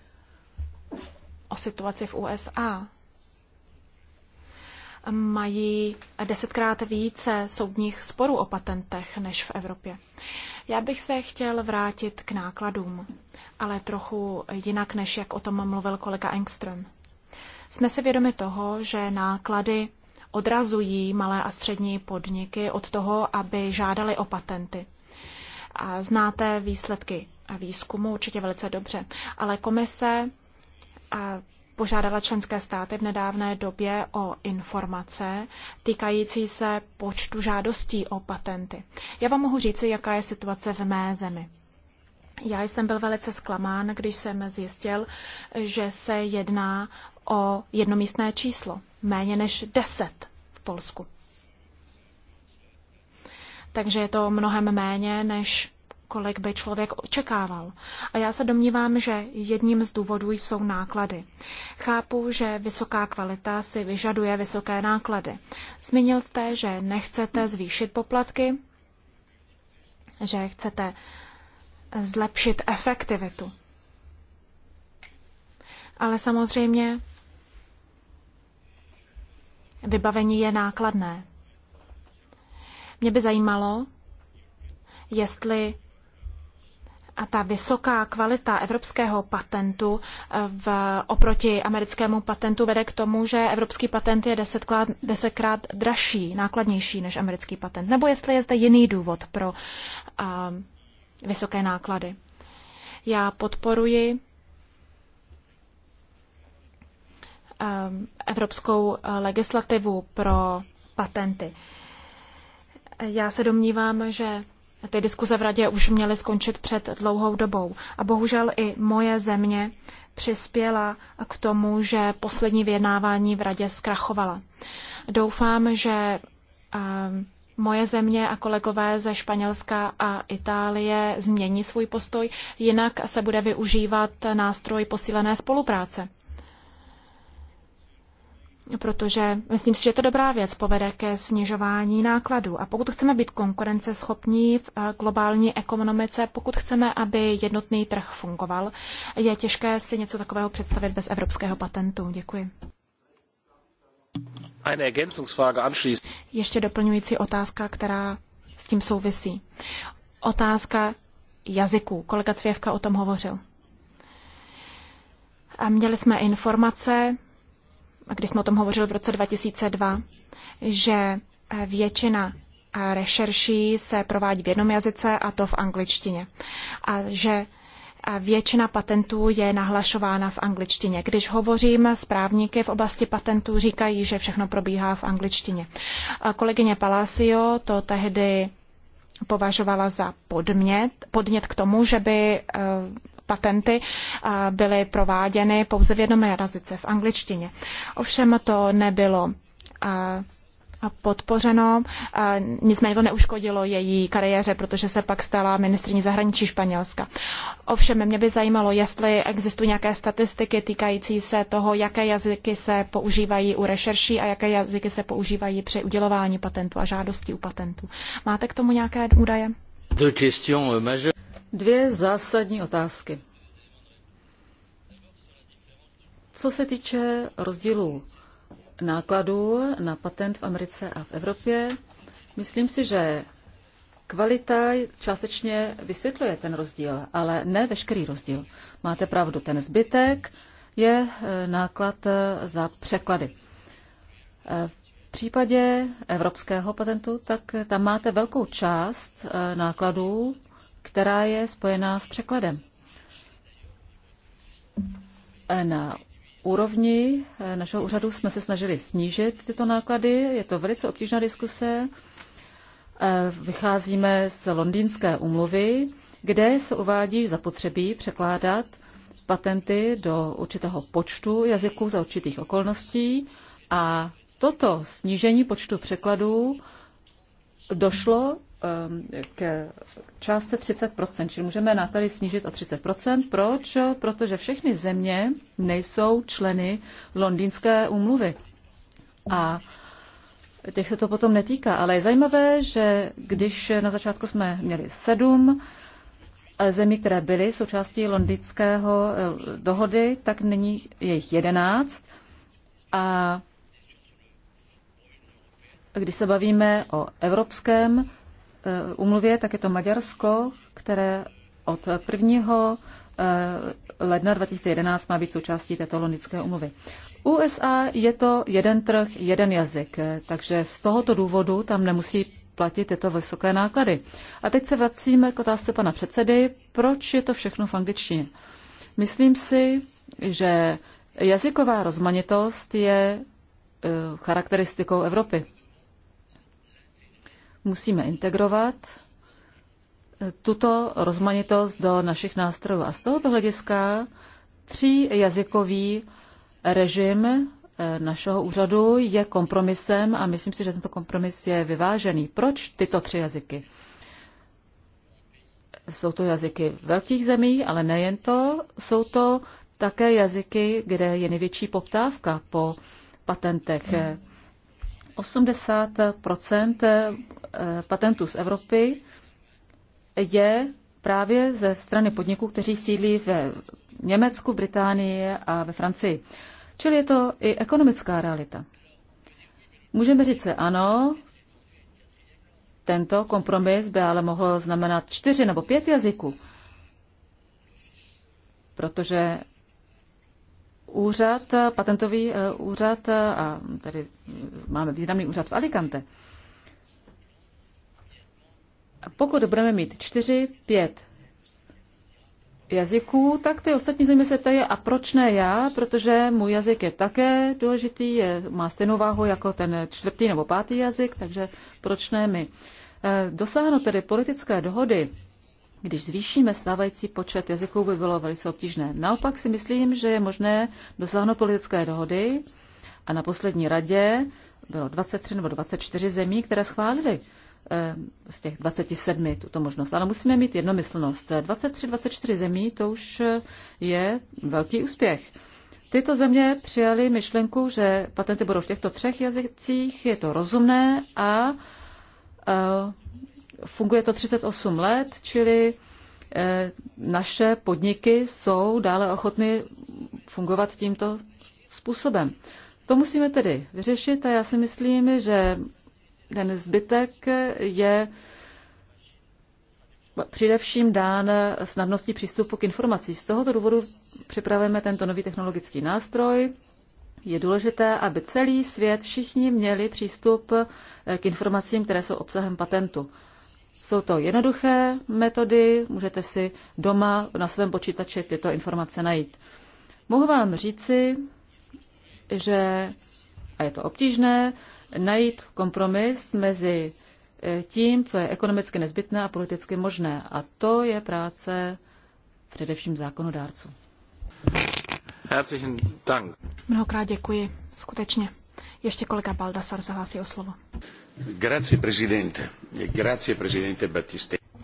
o situaci v USA, mají desetkrát více soudních sporů o patentech než v Evropě. Já bych se chtěl vrátit k nákladům, ale trochu jinak, než jak o tom mluvil kolega Engström. Jsme se vědomi toho, že náklady odrazují malé a střední podniky od toho, aby žádali o patenty. A znáte výsledky výzkumu určitě velice dobře, ale komise požádala členské státy v nedávné době o informace týkající se počtu žádostí o patenty. Já vám mohu říci, jaká je situace v mé zemi. Já jsem byl velice zklamán, když jsem zjistil, že se jedná o jednomístné číslo, méně než 10 v Polsku. Takže je to mnohem méně než kolik by člověk očekával. A já se domnívám, že jedním z důvodů jsou náklady. Chápu, že vysoká kvalita si vyžaduje vysoké náklady. Zmínil jste, že nechcete zvýšit poplatky, že chcete zlepšit efektivitu. Ale samozřejmě vybavení je nákladné. Mě by zajímalo, jestli a ta vysoká kvalita evropského patentu v, oproti americkému patentu vede k tomu, že evropský patent je desetkrát, desetkrát dražší, nákladnější než americký patent. Nebo jestli je zde jiný důvod pro a, vysoké náklady. Já podporuji a, evropskou legislativu pro patenty. Já se domnívám, že ty diskuze v radě už měly skončit před dlouhou dobou. A bohužel i moje země přispěla k tomu, že poslední vyjednávání v radě zkrachovala. Doufám, že moje země a kolegové ze Španělska a Itálie změní svůj postoj, jinak se bude využívat nástroj posílené spolupráce protože myslím si, že je to dobrá věc, povede ke snižování nákladů. A pokud chceme být konkurenceschopní v eh, globální ekonomice, pokud chceme, aby jednotný trh fungoval, je těžké si něco takového představit bez evropského patentu. Děkuji. Ještě doplňující otázka, která s tím souvisí. Otázka jazyků. Kolega Cvěvka o tom hovořil. A měli jsme informace, když jsme o tom hovořili v roce 2002, že eh, většina eh, rešerší se provádí v jednom jazyce a to v angličtině. A že eh, většina patentů je nahlašována v angličtině. Když hovořím s právníky v oblasti patentů, říkají, že všechno probíhá v angličtině. A kolegyně Palacio to tehdy považovala za podmět, podnět k tomu, že by patenty eh, byly prováděny pouze v jednom jazyce, v angličtině. Ovšem to nebylo eh, podpořeno, eh, nicméně to neuškodilo její kariéře, protože se pak stala ministrní zahraničí Španělska. Ovšem mě by zajímalo, jestli existují nějaké statistiky týkající se toho, jaké jazyky se používají u rešerší a jaké jazyky se používají při udělování patentu a žádosti u patentu. Máte k tomu nějaké údaje? dvě zásadní otázky. Co se týče rozdílů nákladů na patent v Americe a v Evropě, myslím si, že kvalita částečně vysvětluje ten rozdíl, ale ne veškerý rozdíl. Máte pravdu, ten zbytek je eh, náklad eh, za překlady. Eh, v případě evropského patentu, tak tam máte velkou část nákladů která je spojená s překladem. Na úrovni eh, našeho úřadu jsme se snažili snížit tyto náklady. Je to velice obtížná diskuse. Eh, vycházíme z londýnské umluvy, kde se uvádí zapotřebí překládat patenty do určitého počtu jazyků za určitých okolností a toto snížení počtu překladů došlo Um, k částce 30%, čili můžeme náklady snížit o 30%. Proč? Protože všechny země nejsou členy londýnské úmluvy. A těch se to potom netýká. Ale je zajímavé, že když na začátku jsme měli sedm eh, zemí, které byly součástí londýnského eh, dohody, tak nyní je jich jedenáct. A když se bavíme o evropském Eh, umluvě, tak je to Maďarsko, které od 1. Eh, ledna 2011 má být součástí této londýnské umluvy. USA je to jeden trh, jeden jazyk, eh, takže z tohoto důvodu tam nemusí platit tyto vysoké náklady. A teď se vracíme k otázce pana předsedy, proč je to všechno v angličtině. Myslím si, že jazyková rozmanitost je charakteristikou Evropy musíme integrovat tuto rozmanitost do našich nástrojů. A z tohoto hlediska jazykový režim eh, našeho úřadu je kompromisem a myslím si, že tento kompromis je vyvážený. Proč tyto tři jazyky? Jsou to jazyky velkých zemí, ale nejen to, jsou to také jazyky, kde je největší poptávka po patentech. Hmm. 80 eh, patentů z Evropy je právě ze strany podniků, kteří sídlí ve Německu, Británii a ve Francii. Čili je to i ekonomická realita. Můžeme říct se ano, tento kompromis by ale mohl znamenat čtyři nebo pět jazyků, protože úřad, patentový eh, úřad eh, a tady máme významný úřad v Alicante. Pokud budeme mít čtyři, pět jazyků, tak ty ostatní země se ptají, a proč ne já, protože můj jazyk je také důležitý, je, má stejnou váhu jako ten čtvrtý nebo pátý jazyk, takže proč ne my. Eh, dosáhnout tedy politické dohody když zvýšíme stávající počet jazyků, by bylo velice obtížné. Naopak si myslím, že je možné dosáhnout politické dohody a na poslední radě bylo 23 nebo 24 zemí, které schválily eh, z těch 27 tuto možnost. Ale musíme mít jednomyslnost. 23-24 zemí to už je velký úspěch. Tyto země přijaly myšlenku, že patenty budou v těchto třech jazycích, je to rozumné a eh, Funguje to 38 let, čili eh, naše podniky jsou dále ochotny fungovat tímto způsobem. To musíme tedy vyřešit a já si myslím, že ten zbytek je především dán snadností přístupu k informací. Z tohoto důvodu připravujeme tento nový technologický nástroj. Je důležité, aby celý svět všichni měli přístup eh, k informacím, které jsou obsahem patentu. Jsou to jednoduché metody, můžete si doma na svém počítači tyto informace najít. Mohu vám říci, že, a je to obtížné, najít kompromis mezi eh, tím, co je ekonomicky nezbytné a politicky možné. A to je práce především zákonodárců. Herzlichen Dank. Mnohokrát děkuji, skutečně. Ještě kolega Baldasar zahlásí o slovo.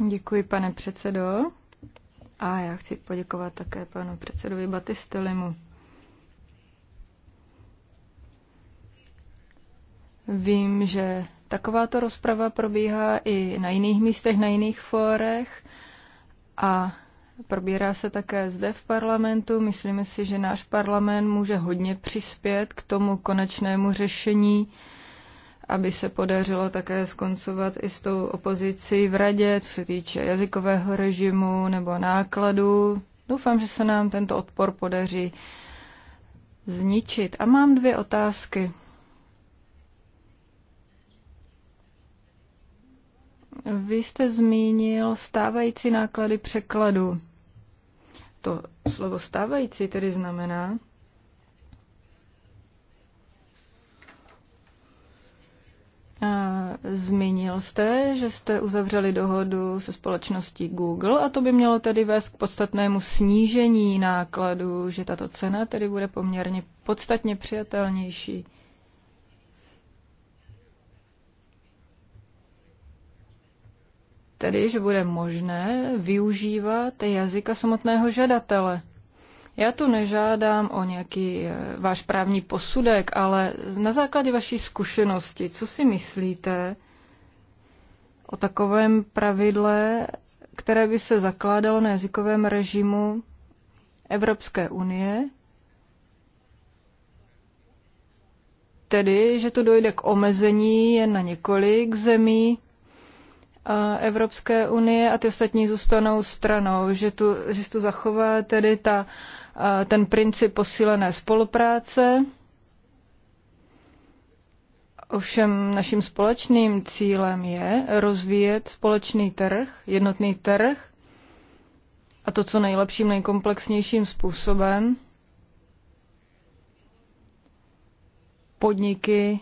Děkuji, pane předsedo. A já chci poděkovat také panu předsedovi Batistelimu. Vím, že takováto rozprava probíhá i na jiných místech, na jiných fórech a probírá se také zde v parlamentu. Myslíme si, že náš parlament může hodně přispět k tomu konečnému řešení aby se podařilo také skoncovat i s tou opozicí v radě, co se týče jazykového režimu nebo nákladu. Doufám, že se nám tento odpor podaří zničit. A mám dvě otázky. Vy jste zmínil stávající náklady překladu. To slovo stávající tedy znamená, Zmínil jste, že jste uzavřeli dohodu se společností Google a to by mělo tedy vést k podstatnému snížení nákladu, že tato cena tedy bude poměrně podstatně přijatelnější. Tedy, že bude možné využívat jazyka samotného žadatele. Já tu nežádám o nějaký eh, váš právní posudek, ale na základě vaší zkušenosti, co si myslíte o takovém pravidle, které by se zakládalo na jazykovém režimu Evropské unie, tedy, že tu dojde k omezení jen na několik zemí eh, Evropské unie a ty ostatní zůstanou stranou, že tu, že tu zachová tedy ta Eh, ten princip posílené spolupráce. Ovšem naším společným cílem je rozvíjet společný trh, jednotný trh a to co nejlepším, nejkomplexnějším způsobem. Podniky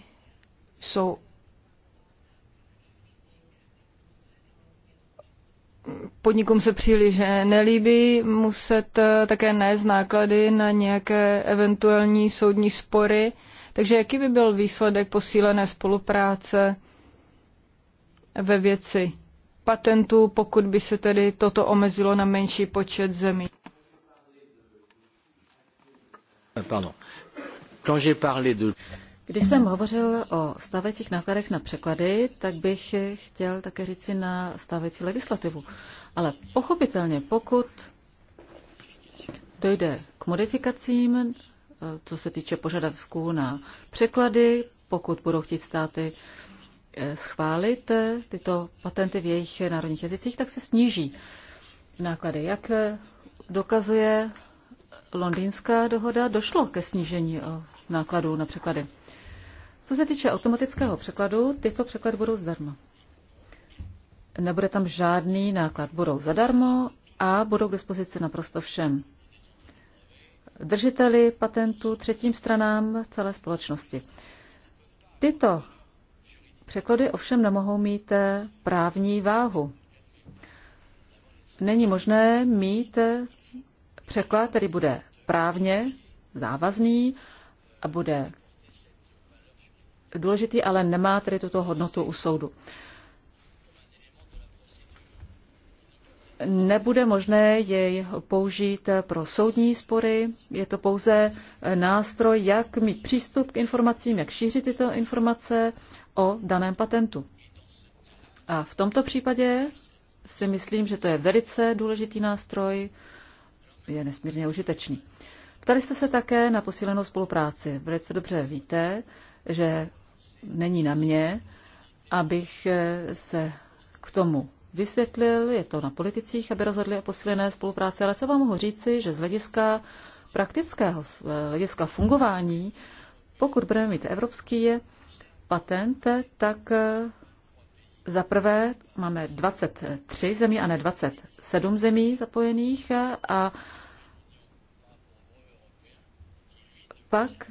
jsou podnikům se příliš nelíbí muset eh, také nést náklady na nějaké eventuální soudní spory. Takže jaký by byl výsledek posílené spolupráce ve věci patentů, pokud by se tedy toto omezilo na menší počet zemí? Eh, pardon. Quand j'ai parlé de když jsem hovořil o stávajících nákladech na překlady, tak bych chtěl také říci na stávající legislativu. Ale pochopitelně, pokud dojde k modifikacím, eh, co se týče požadavků na překlady, pokud budou chtít státy eh, schválit eh, tyto patenty v jejich národních jazycích, tak se sníží náklady. Jak dokazuje londýnská dohoda, došlo ke snížení nákladů na překlady. Co se týče automatického překladu, tyto překlady budou zdarma. Nebude tam žádný náklad, budou zadarmo a budou k dispozici naprosto všem. Držiteli patentu, třetím stranám celé společnosti. Tyto překlady ovšem nemohou mít eh, právní váhu. Není možné mít eh, překlad, který bude právně závazný a bude důležitý, ale nemá tedy tuto hodnotu u soudu. Nebude možné jej použít pro soudní spory, je to pouze nástroj, jak mít přístup k informacím, jak šířit tyto informace o daném patentu. A v tomto případě si myslím, že to je velice důležitý nástroj, je nesmírně užitečný. Ptali jste se také na posílenou spolupráci. Velice dobře víte, že není na mě, abych eh, se k tomu vysvětlil, je to na politicích, aby rozhodli o posílené spolupráci, ale co vám mohu říci, že z hlediska praktického, z eh, hlediska fungování, pokud budeme mít evropský patent, tak eh, za prvé máme 23 zemí a ne 27 zemí zapojených a pak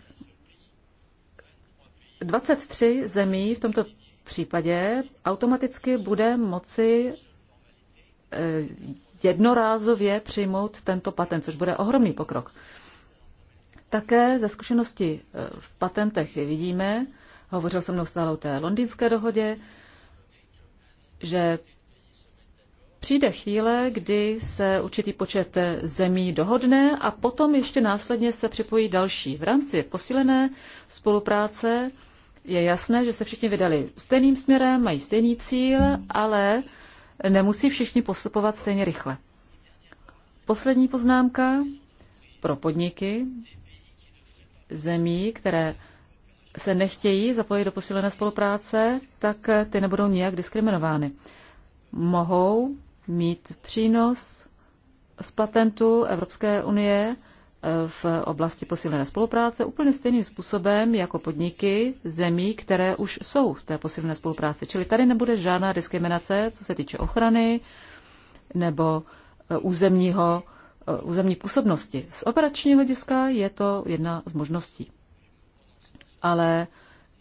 23 zemí v tomto případě automaticky bude moci eh, jednorázově přijmout tento patent, což bude ohromný pokrok. Také ze zkušenosti eh, v patentech vidíme, hovořil jsem stále o té londýnské dohodě, že přijde chvíle, kdy se určitý počet eh, zemí dohodne a potom ještě následně se připojí další. V rámci posílené spolupráce je jasné, že se všichni vydali stejným směrem, mají stejný cíl, ale nemusí všichni postupovat stejně rychle. Poslední poznámka pro podniky zemí, které se nechtějí zapojit do posílené spolupráce, tak ty nebudou nijak diskriminovány. Mohou mít přínos z patentu Evropské unie v oblasti posílené spolupráce úplně stejným způsobem jako podniky zemí, které už jsou v té posílené spolupráci. Čili tady nebude žádná diskriminace, co se týče ochrany nebo e, územního, e, územní působnosti. Z operačního hlediska je to jedna z možností. Ale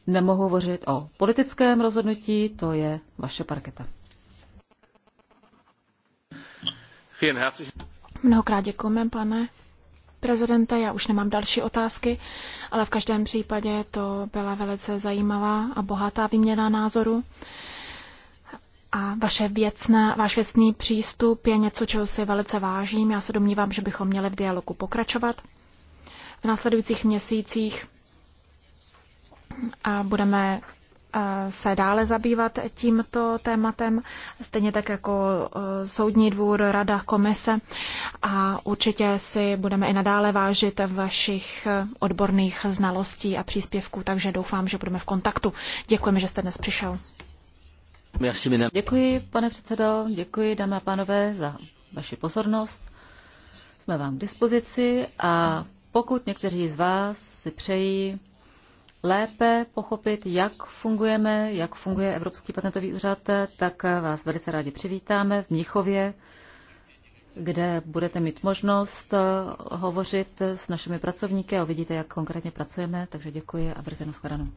nemohu hovořit o politickém rozhodnutí, to je vaše parketa. Mnohokrát děkujeme, pane prezidente, já už nemám další otázky, ale v každém případě to byla velice zajímavá a bohatá výměna názoru. A vaše věcná, váš věcný přístup je něco, čeho si velice vážím. Já se domnívám, že bychom měli v dialogu pokračovat. V následujících měsících a budeme se dále zabývat tímto tématem, stejně tak jako e, Soudní dvůr, Rada, Komise a určitě si budeme i nadále vážit vašich e, odborných znalostí a příspěvků, takže doufám, že budeme v kontaktu. Děkujeme, že jste dnes přišel. Děkuji, pane předsedo, děkuji, dámy a pánové, za vaši pozornost. Jsme vám k dispozici a pokud někteří z vás si přejí lépe pochopit, jak fungujeme, jak funguje Evropský patentový úřad, tak vás velice rádi přivítáme v Mnichově, kde budete mít možnost hovořit s našimi pracovníky a uvidíte, jak konkrétně pracujeme. Takže děkuji a brzy shledanou.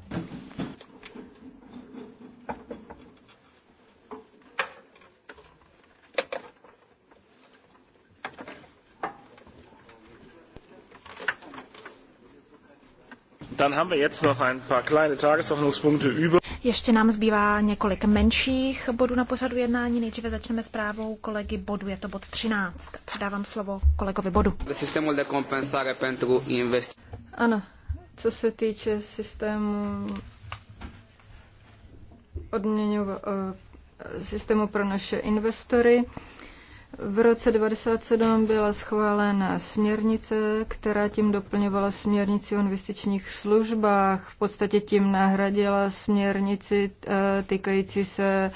Ještě nám zbývá několik menších bodů na pořadu jednání. Nejdříve začneme s právou kolegy Bodu, je to bod 13. Předávám slovo kolegovi Bodu. Ano, co se týče systému odměňov, eh, systému pro naše investory, v roce 1997 byla schválena směrnice, která tím doplňovala směrnici o investičních službách. V podstatě tím nahradila směrnici eh, týkající se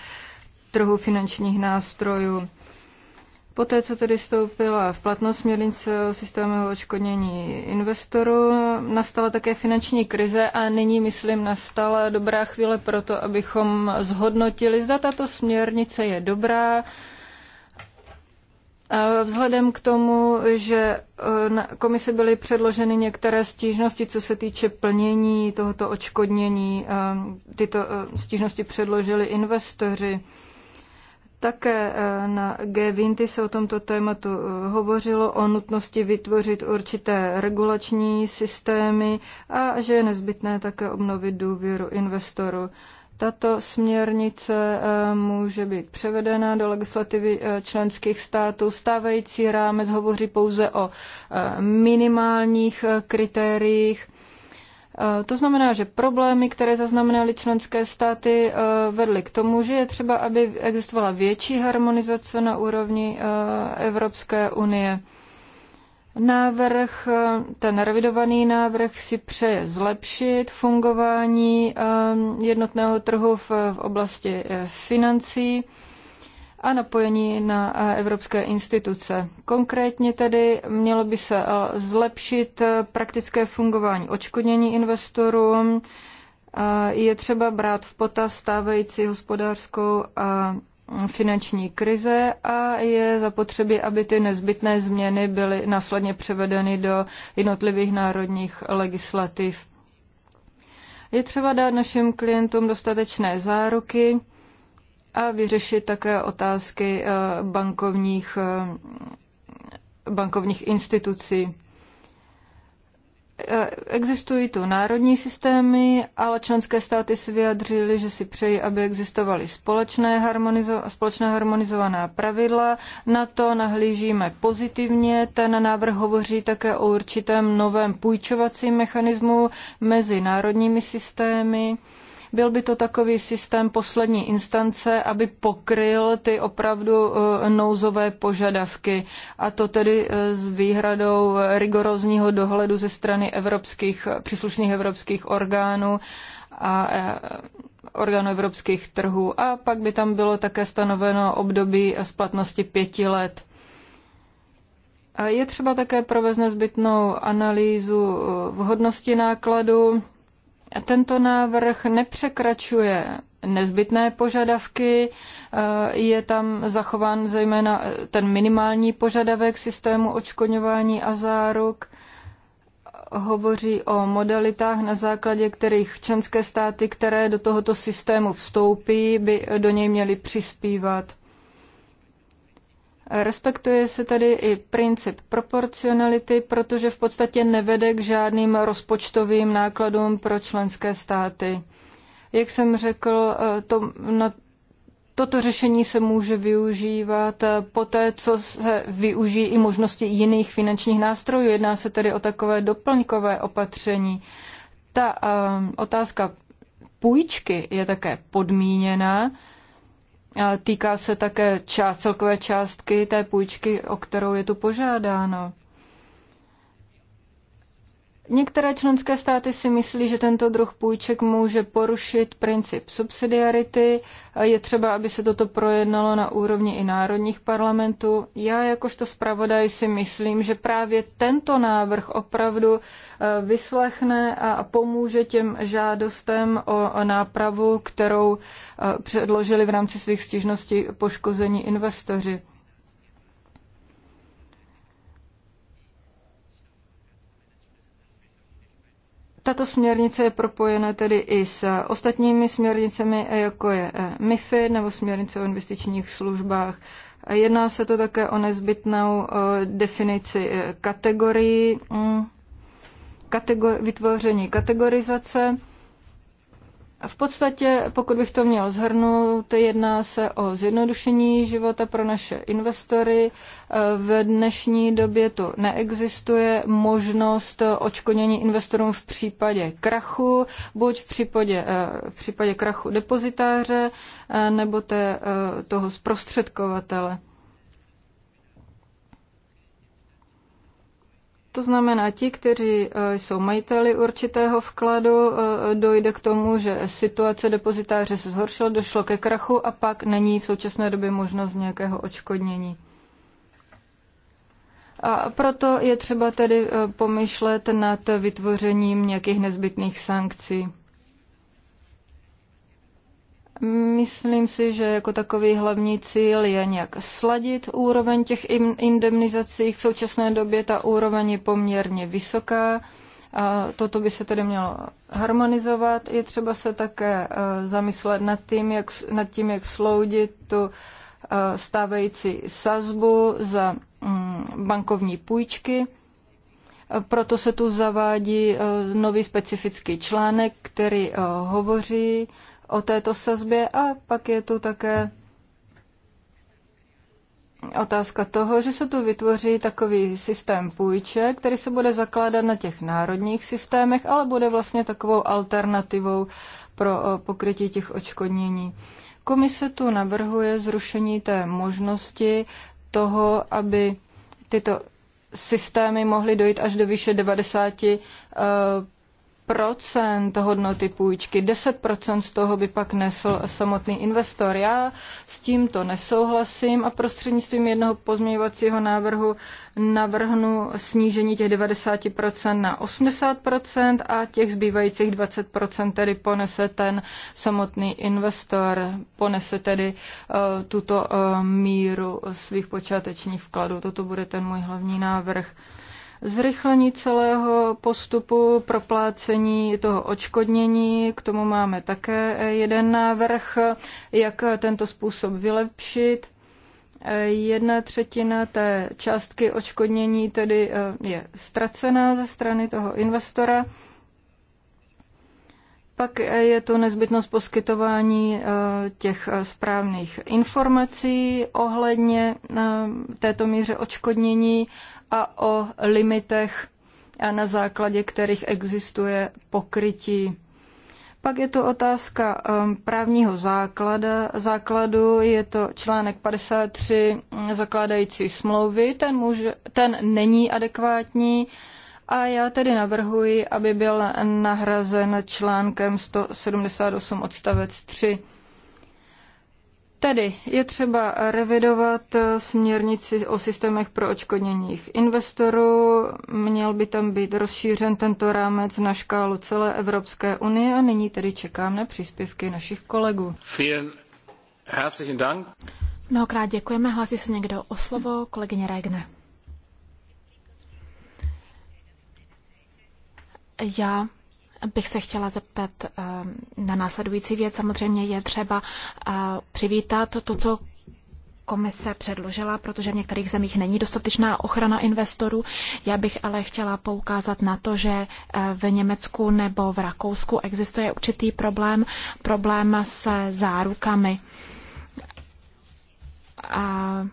trhu finančních nástrojů. Poté, co tedy stoupila v platnost směrnice o systému očkodnění investorů, nastala také finanční krize a nyní, myslím, nastala dobrá chvíle pro to, abychom zhodnotili, zda tato směrnice je dobrá, Vzhledem k tomu, že e, na komisi byly předloženy některé stížnosti, co se týče plnění tohoto očkodnění, e, tyto e, stížnosti předložili investoři. Také na G20 se o tomto tématu hovořilo, o nutnosti vytvořit určité regulační systémy a že je nezbytné také obnovit důvěru investorů. Tato směrnice eh, může být převedena do legislativy eh, členských států. Stávající rámec hovoří pouze o eh, minimálních kritériích. To znamená, že problémy, které zaznamenaly členské státy, vedly k tomu, že je třeba, aby existovala větší harmonizace na úrovni Evropské unie. Návrh, ten revidovaný návrh si přeje zlepšit fungování ehm, jednotného trhu v oblasti eh, financí a napojení na eh, evropské instituce. Konkrétně tedy mělo by se eh, zlepšit praktické fungování odškodnění investorům, je třeba brát v potaz stávající hospodářskou a finanční krize a je zapotřebí, aby ty nezbytné změny byly následně převedeny do jednotlivých národních legislativ. Je třeba dát našim klientům dostatečné záruky a vyřešit také otázky eh, bankovních, eh, bankovních institucí. Eh, existují tu národní systémy, ale členské státy si vyjadřily, že si přejí, aby existovaly společné, harmonizo- společné harmonizovaná pravidla. Na to nahlížíme pozitivně. Ten návrh hovoří také o určitém novém půjčovacím mechanismu mezi národními systémy byl by to takový systém poslední instance, aby pokryl ty opravdu eh, nouzové požadavky. A to tedy eh, s výhradou rigorózního dohledu ze strany evropských, příslušných evropských orgánů a eh, orgánů evropských trhů. A pak by tam bylo také stanoveno období splatnosti pěti let. Je třeba také provést nezbytnou analýzu vhodnosti nákladu tento návrh nepřekračuje nezbytné požadavky, e, je tam zachován zejména e, ten minimální požadavek systému očkodňování a záruk, hovoří o modalitách, na základě kterých členské státy, které do tohoto systému vstoupí, by do něj měly přispívat. Respektuje se tady i princip proporcionality, protože v podstatě nevede k žádným rozpočtovým nákladům pro členské státy. Jak jsem řekl, to, na, toto řešení se může využívat eh, poté, co se využijí i možnosti jiných finančních nástrojů. Jedná se tedy o takové doplňkové opatření. Ta uh, otázka půjčky je také podmíněná Týká se také část, celkové částky té půjčky, o kterou je tu požádáno. Některé členské státy si myslí, že tento druh půjček může porušit princip subsidiarity. Je třeba, aby se toto projednalo na úrovni i národních parlamentů. Já jakožto zpravodaj si myslím, že právě tento návrh opravdu eh, vyslechne a pomůže těm žádostem o nápravu, kterou eh, předložili v rámci svých stížností poškození investoři. Tato směrnice je propojena tedy i s ostatními směrnicemi, jako je eh, MIFID nebo směrnice o investičních službách. Jedná se to také o nezbytnou eh, definici eh, kategorii, mm, kategori- vytvoření kategorizace v podstatě, pokud bych to měl zhrnout, jedná se o zjednodušení života pro naše investory. V dnešní době tu neexistuje možnost očkonění investorům v případě krachu, buď v případě, eh, v případě krachu depozitáře eh, nebo té, eh, toho zprostředkovatele. To znamená, ti, kteří e, jsou majiteli určitého vkladu, e, dojde k tomu, že situace depozitáře se zhoršila, došlo ke krachu a pak není v současné době možnost nějakého očkodnění. A proto je třeba tedy e, pomyšlet nad vytvořením nějakých nezbytných sankcí. Myslím si, že jako takový hlavní cíl je nějak sladit úroveň těch indemnizací. V současné době ta úroveň je poměrně vysoká. A toto by se tedy mělo harmonizovat. Je třeba se také eh, zamyslet nad tím, jak, nad tím, jak sloudit tu eh, stávající sazbu za mm, bankovní půjčky. Proto se tu zavádí eh, nový specifický článek, který hovoří o této sazbě a pak je tu také otázka toho, že se tu vytvoří takový systém půjček, který se bude zakládat na těch národních systémech, ale bude vlastně takovou alternativou pro eh, pokrytí těch očkodnění. Komise tu navrhuje zrušení té možnosti toho, aby tyto systémy mohly dojít až do výše 90 eh, Procent hodnoty půjčky, 10 z toho by pak nesl samotný investor. Já s tímto nesouhlasím a prostřednictvím jednoho pozměňovacího návrhu navrhnu snížení těch 90 na 80 a těch zbývajících 20 tedy ponese ten samotný investor, ponese tedy uh, tuto uh, míru svých počátečních vkladů. Toto bude ten můj hlavní návrh. Zrychlení celého postupu proplácení toho očkodnění, k tomu máme také jeden návrh, jak tento způsob vylepšit. Jedna třetina té částky očkodnění tedy eh, je ztracená ze strany toho investora pak eh, je tu nezbytnost poskytování eh, těch eh, správných informací ohledně této míře očkodnění a o limitech, na základě kterých existuje pokrytí. Pak je to otázka právního základa. základu. Je to článek 53 mm, zakládající smlouvy. Ten, může, ten není adekvátní a já tedy navrhuji, aby byl nahrazen článkem 178 odstavec 3. Tedy je třeba revidovat směrnici o systémech pro očkodnění investorů. Měl by tam být rozšířen tento rámec na škálu celé Evropské unie a nyní tedy čekám na příspěvky našich kolegů. Vielen herzlichen Dank. Mnohokrát děkujeme. Hlásí se někdo o slovo? Kolegyně Regne. Já bych se chtěla zeptat eh, na následující věc. Samozřejmě je třeba eh, přivítat to, co komise předložila, protože v některých zemích není dostatečná ochrana investorů. Já bych ale chtěla poukázat na to, že eh, v Německu nebo v Rakousku existuje určitý problém, problém se zárukami. A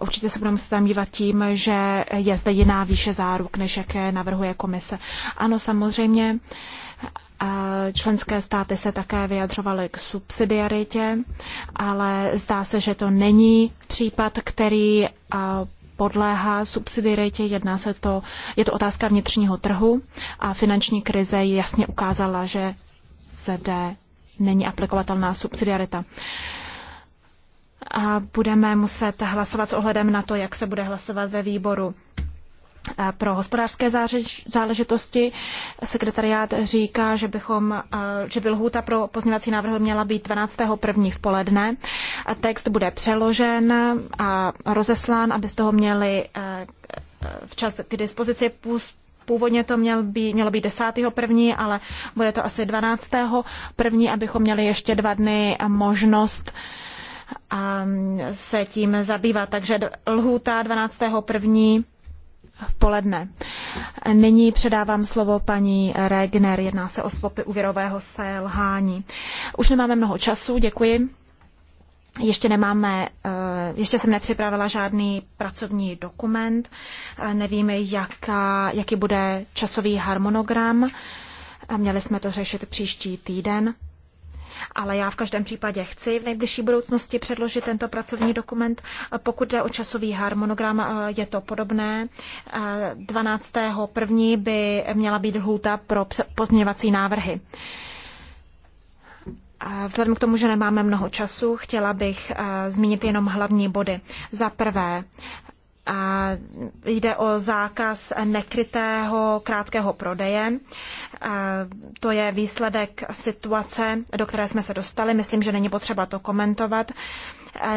Určitě se budeme zabývat tím, že je zde jiná výše záruk, než jaké navrhuje komise. Ano, samozřejmě. Členské státy se také vyjadřovaly k subsidiaritě, ale zdá se, že to není případ, který podléhá subsidiaritě. Jedná se to, je to otázka vnitřního trhu a finanční krize jasně ukázala, že zde není aplikovatelná subsidiarita. Uh, budeme muset hlasovat s ohledem na to, jak se bude hlasovat ve výboru pro hospodářské záležitosti. Sekretariát říká, že, bychom, že by lhůta pro pozměňovací návrh měla být 12.1. v poledne. Text bude přeložen a rozeslán, abyste ho měli včas k dispozici. Původně to měl být, mělo být 10.1., ale bude to asi 12.1., abychom měli ještě dva dny možnost uh, se tím zabývat. Takže lhůta 12.1. v poledne. Nyní předávám slovo paní Regner. Jedná se o slopy úvěrového selhání. Už nemáme mnoho času, děkuji. Ještě nemáme, eh, ještě jsem nepřipravila žádný pracovní dokument. Eh, Nevíme, jaká, jaký bude časový harmonogram. Měli jsme to řešit příští týden ale já v každém případě chci v nejbližší budoucnosti předložit tento pracovní dokument. Pokud jde o časový harmonogram, eh, je to podobné. 12. Eh, první by měla být lhůta pro pozměňovací návrhy. Eh, vzhledem k tomu, že nemáme mnoho času, chtěla bych zmínit jenom hlavní body. Za prvé, Jde o zákaz nekrytého krátkého prodeje. To je výsledek situace, do které jsme se dostali. Myslím, že není potřeba to komentovat.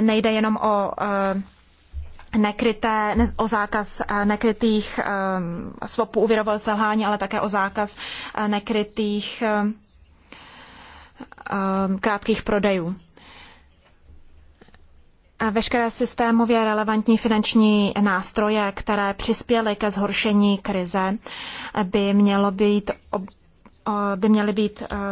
Nejde jenom o eh, nekryté, o zákaz eh, nekrytých eh, svopů úvěrového selhání, ale také o zákaz nekrytých krátkých prodejů veškeré systémově relevantní finanční nástroje, které přispěly ke zhoršení krize, by, mělo být, by měly být eh,